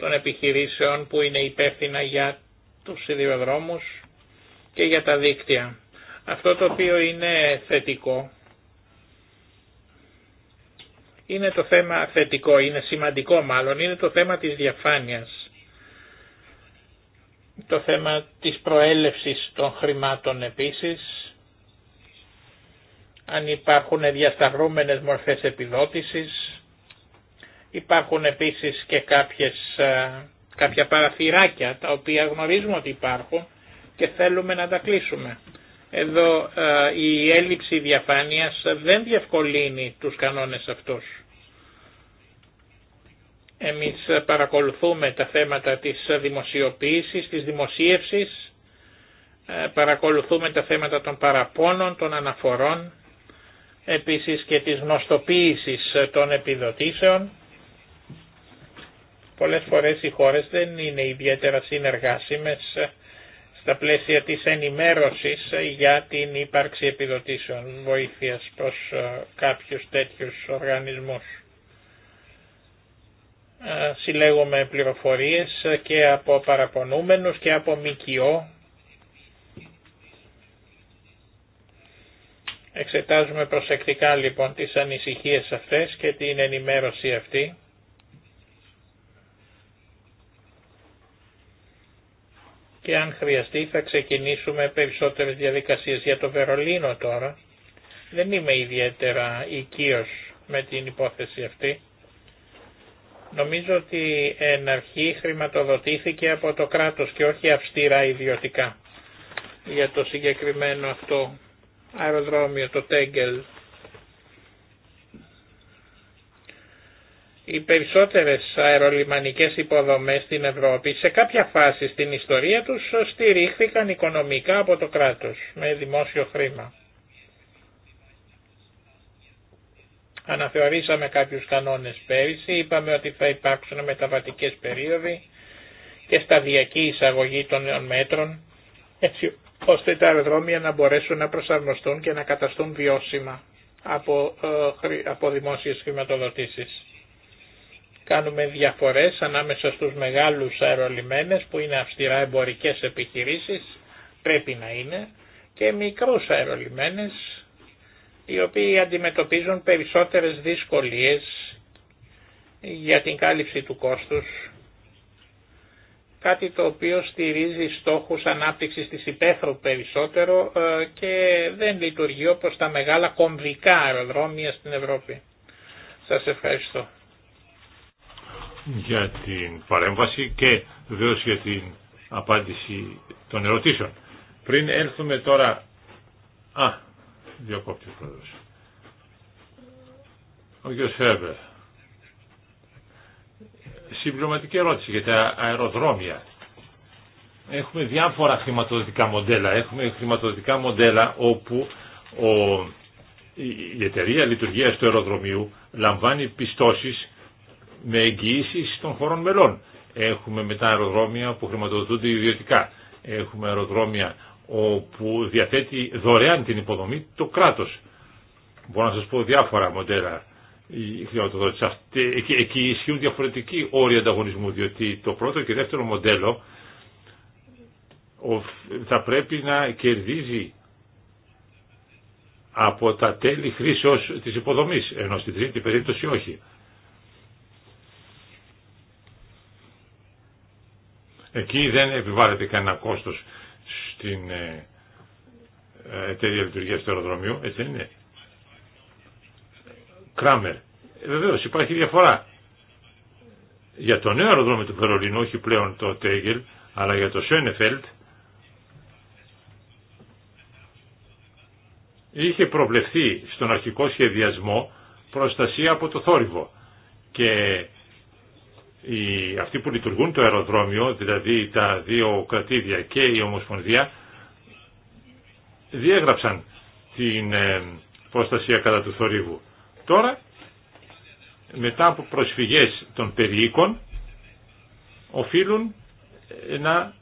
των επιχειρήσεων που είναι υπεύθυνα για τους σιδηροδρόμους και για τα δίκτυα. Αυτό το οποίο είναι θετικό είναι το θέμα θετικό, είναι σημαντικό μάλλον, είναι το θέμα της διαφάνειας. Το θέμα της προέλευσης των χρημάτων επίσης, αν υπάρχουν διασταυρούμενες μορφές επιδότησης, Υπάρχουν επίσης και κάποιες, ε, κάποια παραθυράκια τα οποία γνωρίζουμε ότι υπάρχουν και θέλουμε να τα κλείσουμε. Εδώ ε, η έλλειψη διαφάνειας δεν διευκολύνει τους κανόνες αυτούς. Εμείς παρακολουθούμε τα θέματα της δημοσιοποίησης, της δημοσίευσης, ε, παρακολουθούμε τα θέματα των παραπώνων, των αναφορών, επίσης και της γνωστοποίησης των επιδοτήσεων Πολλές φορές οι χώρες δεν είναι ιδιαίτερα συνεργάσιμες ε, στα πλαίσια της ενημέρωσης ε, για την ύπαρξη επιδοτήσεων βοήθειας προς ε, κάποιους τέτοιους οργανισμούς. Συλλέγουμε πληροφορίες και από παραπονούμενους και από ΜΚΟ. Εξετάζουμε προσεκτικά λοιπόν τις ανησυχίες αυτές και την ενημέρωση αυτή. και αν χρειαστεί θα ξεκινήσουμε περισσότερες διαδικασίες για το Βερολίνο τώρα. Δεν είμαι ιδιαίτερα οικείος με την υπόθεση αυτή. Νομίζω ότι εν αρχή χρηματοδοτήθηκε από το κράτος και όχι αυστηρά ιδιωτικά για το συγκεκριμένο αυτό αεροδρόμιο, το Τέγκελ οι περισσότερες αερολιμανικές υποδομές στην Ευρώπη σε κάποια φάση στην ιστορία τους στηρίχθηκαν οικονομικά από το κράτος με δημόσιο χρήμα. Αναθεωρήσαμε κάποιους κανόνες πέρυσι, είπαμε ότι θα υπάρξουν μεταβατικές περίοδοι και σταδιακή εισαγωγή των νέων μέτρων, έτσι ώστε τα αεροδρόμια να μπορέσουν να προσαρμοστούν και να καταστούν βιώσιμα από, ε, από δημόσιες χρηματοδοτήσεις. Κάνουμε διαφορές ανάμεσα στους μεγάλους αερολιμένες που είναι αυστηρά εμπορικές επιχειρήσεις, πρέπει να είναι, και μικρούς αερολιμένες οι οποίοι αντιμετωπίζουν περισσότερες δυσκολίες για την κάλυψη του κόστους, κάτι το οποίο στηρίζει στόχους ανάπτυξης της υπαίθρου περισσότερο ε, και δεν λειτουργεί όπως τα μεγάλα κομβικά αεροδρόμια στην Ευρώπη. Σας ευχαριστώ για την παρέμβαση και βεβαίω για την απάντηση των ερωτήσεων. Πριν έρθουμε τώρα... Α, διακόπτει ο πρόεδρος. Ο κ. Φέρβερ. Συμπληρωματική ερώτηση για τα αεροδρόμια. Έχουμε διάφορα χρηματοδοτικά μοντέλα. Έχουμε χρηματοδοτικά μοντέλα όπου ο, η εταιρεία λειτουργίας του αεροδρομίου λαμβάνει πιστώσεις με εγγυήσει των χωρών μελών. Έχουμε μετά αεροδρόμια που χρηματοδοτούνται ιδιωτικά. Έχουμε αεροδρόμια όπου διαθέτει δωρεάν την υποδομή το κράτος. Μπορώ να σα πω διάφορα μοντέλα Εκεί, εκεί ισχύουν διαφορετικοί όροι ανταγωνισμού, διότι το πρώτο και δεύτερο μοντέλο θα πρέπει να κερδίζει από τα τέλη χρήσεως της υποδομής, ενώ στην τρίτη περίπτωση όχι. Εκεί δεν επιβάλλεται κανένα κόστος στην ε, εταιρεία λειτουργία του αεροδρομίου, έτσι δεν είναι. Κράμερ. Ε, Βεβαίω υπάρχει διαφορά. Για το νέο αεροδρόμιο του Βερολίνου, όχι πλέον το Τέγελ, αλλά για το Σένεφελτ, είχε προβλεφθεί στον αρχικό σχεδιασμό προστασία από το θόρυβο και οι, αυτοί που λειτουργούν το αεροδρόμιο, δηλαδή τα δύο κρατήδια και η Ομοσπονδία, διέγραψαν την ε, προστασία κατά του θορύβου. Τώρα, μετά από προσφυγές των περιοίκων, οφείλουν ε, να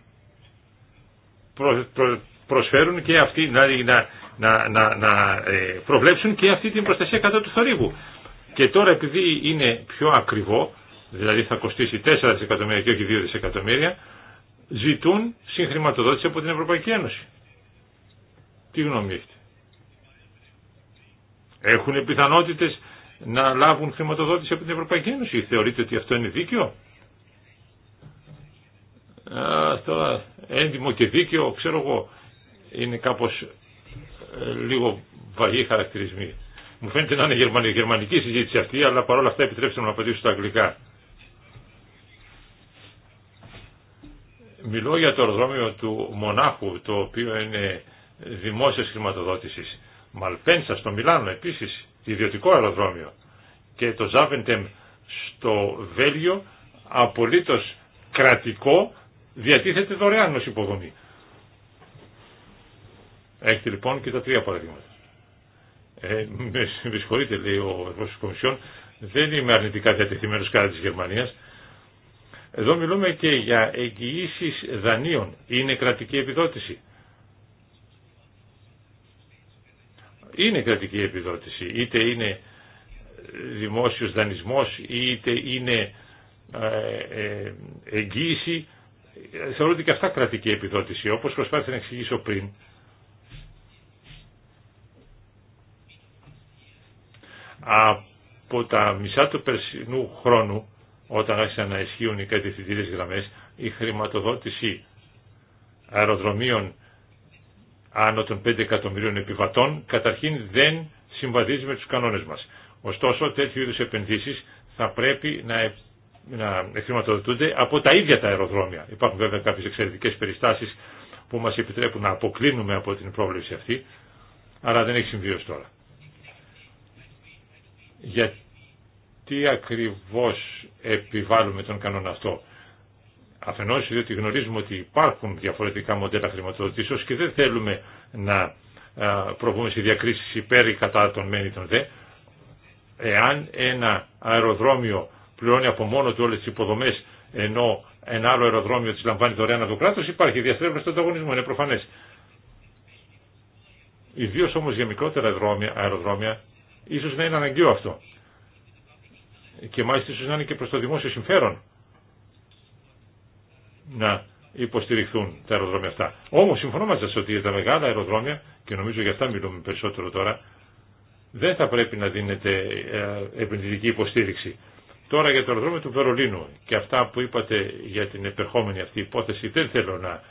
προσφέρουν και αυτοί, δηλαδή να, να, να ε, προβλέψουν και αυτή την προστασία κατά του θορύβου. Και τώρα επειδή είναι πιο ακριβό, δηλαδή θα κοστίσει 4 δισεκατομμύρια και όχι 2 δισεκατομμύρια, ζητούν συγχρηματοδότηση από την Ευρωπαϊκή Ένωση. Τι γνώμη έχετε. Έχουν πιθανότητες να λάβουν χρηματοδότηση από την Ευρωπαϊκή Ένωση. Θεωρείτε ότι αυτό είναι δίκαιο. Αυτό έντιμο και δίκαιο, ξέρω εγώ, είναι κάπως ε, λίγο βαλή χαρακτηρισμοί. Μου φαίνεται να είναι γερμανική συζήτηση αυτή, αλλά παρόλα αυτά επιτρέψτε μου να απαντήσω στα αγγλικά. Μιλώ για το αεροδρόμιο του Μονάχου, το οποίο είναι δημόσια χρηματοδότηση. Μαλπένσα στο Μιλάνο επίση, ιδιωτικό αεροδρόμιο. Και το Ζάβεντεμ στο Βέλγιο, απολύτω κρατικό, διατίθεται δωρεάν ω υποδομή. Έχετε λοιπόν και τα τρία παραδείγματα. Ε, με συγχωρείτε, λέει ο Ευρώπη Κομισιόν, δεν είμαι αρνητικά διατεθειμένο κατά τη Γερμανία. Εδώ μιλούμε και για εγγυήσει δανείων. Είναι κρατική επιδότηση. Είναι κρατική επιδότηση. Είτε είναι δημόσιος δανεισμός, είτε είναι ε, ε, εγγύηση. Θεωρούνται και αυτά κρατική επιδότηση. Όπως προσπάθησα να εξηγήσω πριν, από τα μισά του περσινού χρόνου όταν άρχισαν να ισχύουν οι κατευθυντήριες γραμμές, η χρηματοδότηση αεροδρομίων άνω των 5 εκατομμυρίων επιβατών καταρχήν δεν συμβαδίζει με τους κανόνες μας. Ωστόσο τέτοιου είδους επενδύσεις θα πρέπει να, ε, να χρηματοδοτούνται από τα ίδια τα αεροδρόμια. Υπάρχουν βέβαια κάποιες εξαιρετικές περιστάσεις που μας επιτρέπουν να αποκλίνουμε από την πρόβλεψη αυτή, αλλά δεν έχει συμβεί ως τώρα τι ακριβώς επιβάλλουμε τον κανόνα αυτό. Αφενός διότι γνωρίζουμε ότι υπάρχουν διαφορετικά μοντέλα χρηματοδοτήσεως και δεν θέλουμε να προβούμε σε διακρίσεις υπέρ ή κατά των μεν ή των δε. Εάν ένα αεροδρόμιο πληρώνει από μόνο του όλες τις υποδομές ενώ ένα άλλο αεροδρόμιο τις λαμβάνει δωρεάν από το κράτος υπάρχει διαστρέβλωση στον ανταγωνισμού, είναι προφανές. Ιδίω όμως για μικρότερα αεροδρόμια ίσως να είναι αναγκαίο αυτό και μάλιστα ίσως να είναι και προς το δημόσιο συμφέρον να υποστηριχθούν τα αεροδρόμια αυτά. Όμως συμφωνώ μαζί σας ότι τα μεγάλα αεροδρόμια, και νομίζω για αυτά μιλούμε περισσότερο τώρα, δεν θα πρέπει να δίνεται ε, επενδυτική υποστήριξη. Τώρα για το αεροδρόμιο του Βερολίνου και αυτά που είπατε για την επερχόμενη αυτή υπόθεση, δεν θέλω να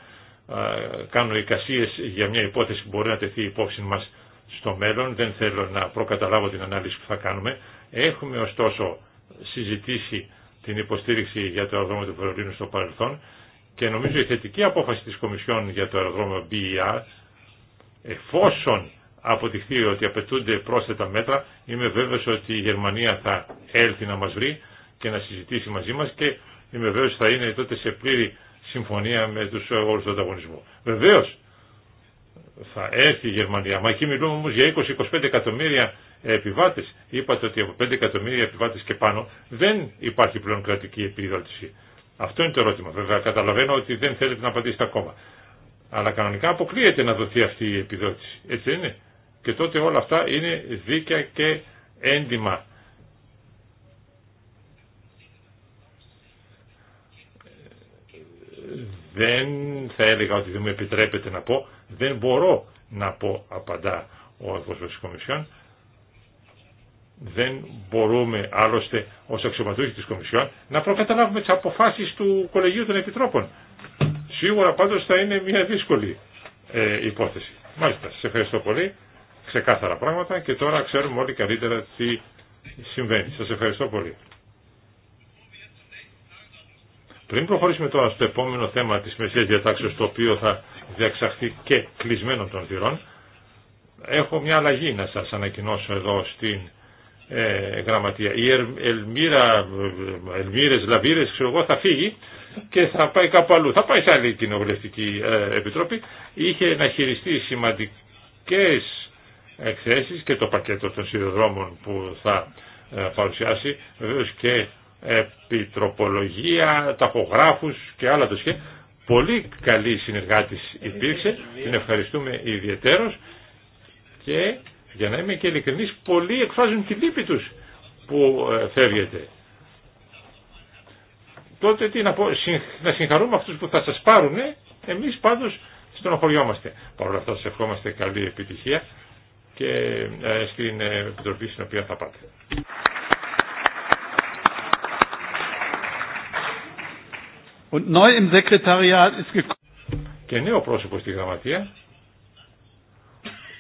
ε, κάνω εικασίες για μια υπόθεση που μπορεί να τεθεί υπόψη μας στο μέλλον, δεν θέλω να προκαταλάβω την ανάλυση που θα κάνουμε. Έχουμε ωστόσο συζητήσει την υποστήριξη για το αεροδρόμιο του Βερολίνου στο παρελθόν και νομίζω η θετική απόφαση της Κομισιόν για το αεροδρόμιο BER εφόσον αποδειχθεί ότι απαιτούνται πρόσθετα μέτρα είμαι βέβαιος ότι η Γερμανία θα έλθει να μας βρει και να συζητήσει μαζί μας και είμαι βέβαιος θα είναι τότε σε πλήρη συμφωνία με τους όρους του ανταγωνισμού. Βεβαίως θα έρθει η Γερμανία, μα εκεί μιλούμε όμως για 20-25 εκατομμύρια επιβάτες. Είπατε ότι από 5 εκατομμύρια επιβάτες και πάνω δεν υπάρχει πλέον κρατική επιδότηση. Αυτό είναι το ερώτημα. Βέβαια καταλαβαίνω ότι δεν θέλετε να απαντήσετε ακόμα. Αλλά κανονικά αποκλείεται να δοθεί αυτή η επιδότηση. Έτσι είναι. Και τότε όλα αυτά είναι δίκαια και έντιμα. Δεν θα έλεγα ότι δεν μου επιτρέπεται να πω, δεν μπορώ να πω απαντά ο Αρχός Κομισιόν, δεν μπορούμε άλλωστε ω αξιωματούχοι τη Κομισιόν να προκαταλάβουμε τι αποφάσει του Κολεγίου των Επιτρόπων. Σίγουρα πάντω θα είναι μια δύσκολη ε, υπόθεση. Μάλιστα, Σα ευχαριστώ πολύ. Ξεκάθαρα πράγματα και τώρα ξέρουμε όλοι καλύτερα τι συμβαίνει. Σα ευχαριστώ πολύ. Πριν προχωρήσουμε τώρα στο επόμενο θέμα της μεσαίας διατάξεως, το οποίο θα διαξαχθεί και κλεισμένο των θυρών, έχω μια αλλαγή να σα ανακοινώσω εδώ στην ε, γραμματεία. Η Ελμύρα, Ελμύρες, Λαβύρες, ξέρω εγώ, θα φύγει και θα πάει κάπου αλλού. Θα πάει σε άλλη κοινοβουλευτική ε, επιτροπή. Είχε να χειριστεί σημαντικές εκθέσεις και το πακέτο των σιδηροδρόμων που θα ε, παρουσιάσει βεβαίω και επιτροπολογία, ταχογράφους και άλλα το σχέδιο. Πολύ καλή συνεργάτης υπήρξε, την ευχαριστούμε ιδιαίτερος και για να είμαι και ειλικρινής, πολλοί εκφράζουν τη λύπη τους που ε, φεύγεται. Τότε τι να να συγχαρούμε αυτούς που θα σας πάρουνε, εμείς πάντως στενοχωριόμαστε. Παρ' όλα αυτά σας ευχόμαστε καλή επιτυχία και ε, στην επιτροπή στην οποία θα πάτε. Και νέο πρόσωπο στη γραμματεία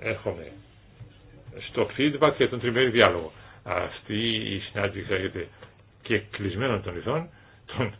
έχουμε στο feedback και τον τριμερή διάλογο. Αυτή η συνάντηση έρχεται και κλεισμένων των ειδών... των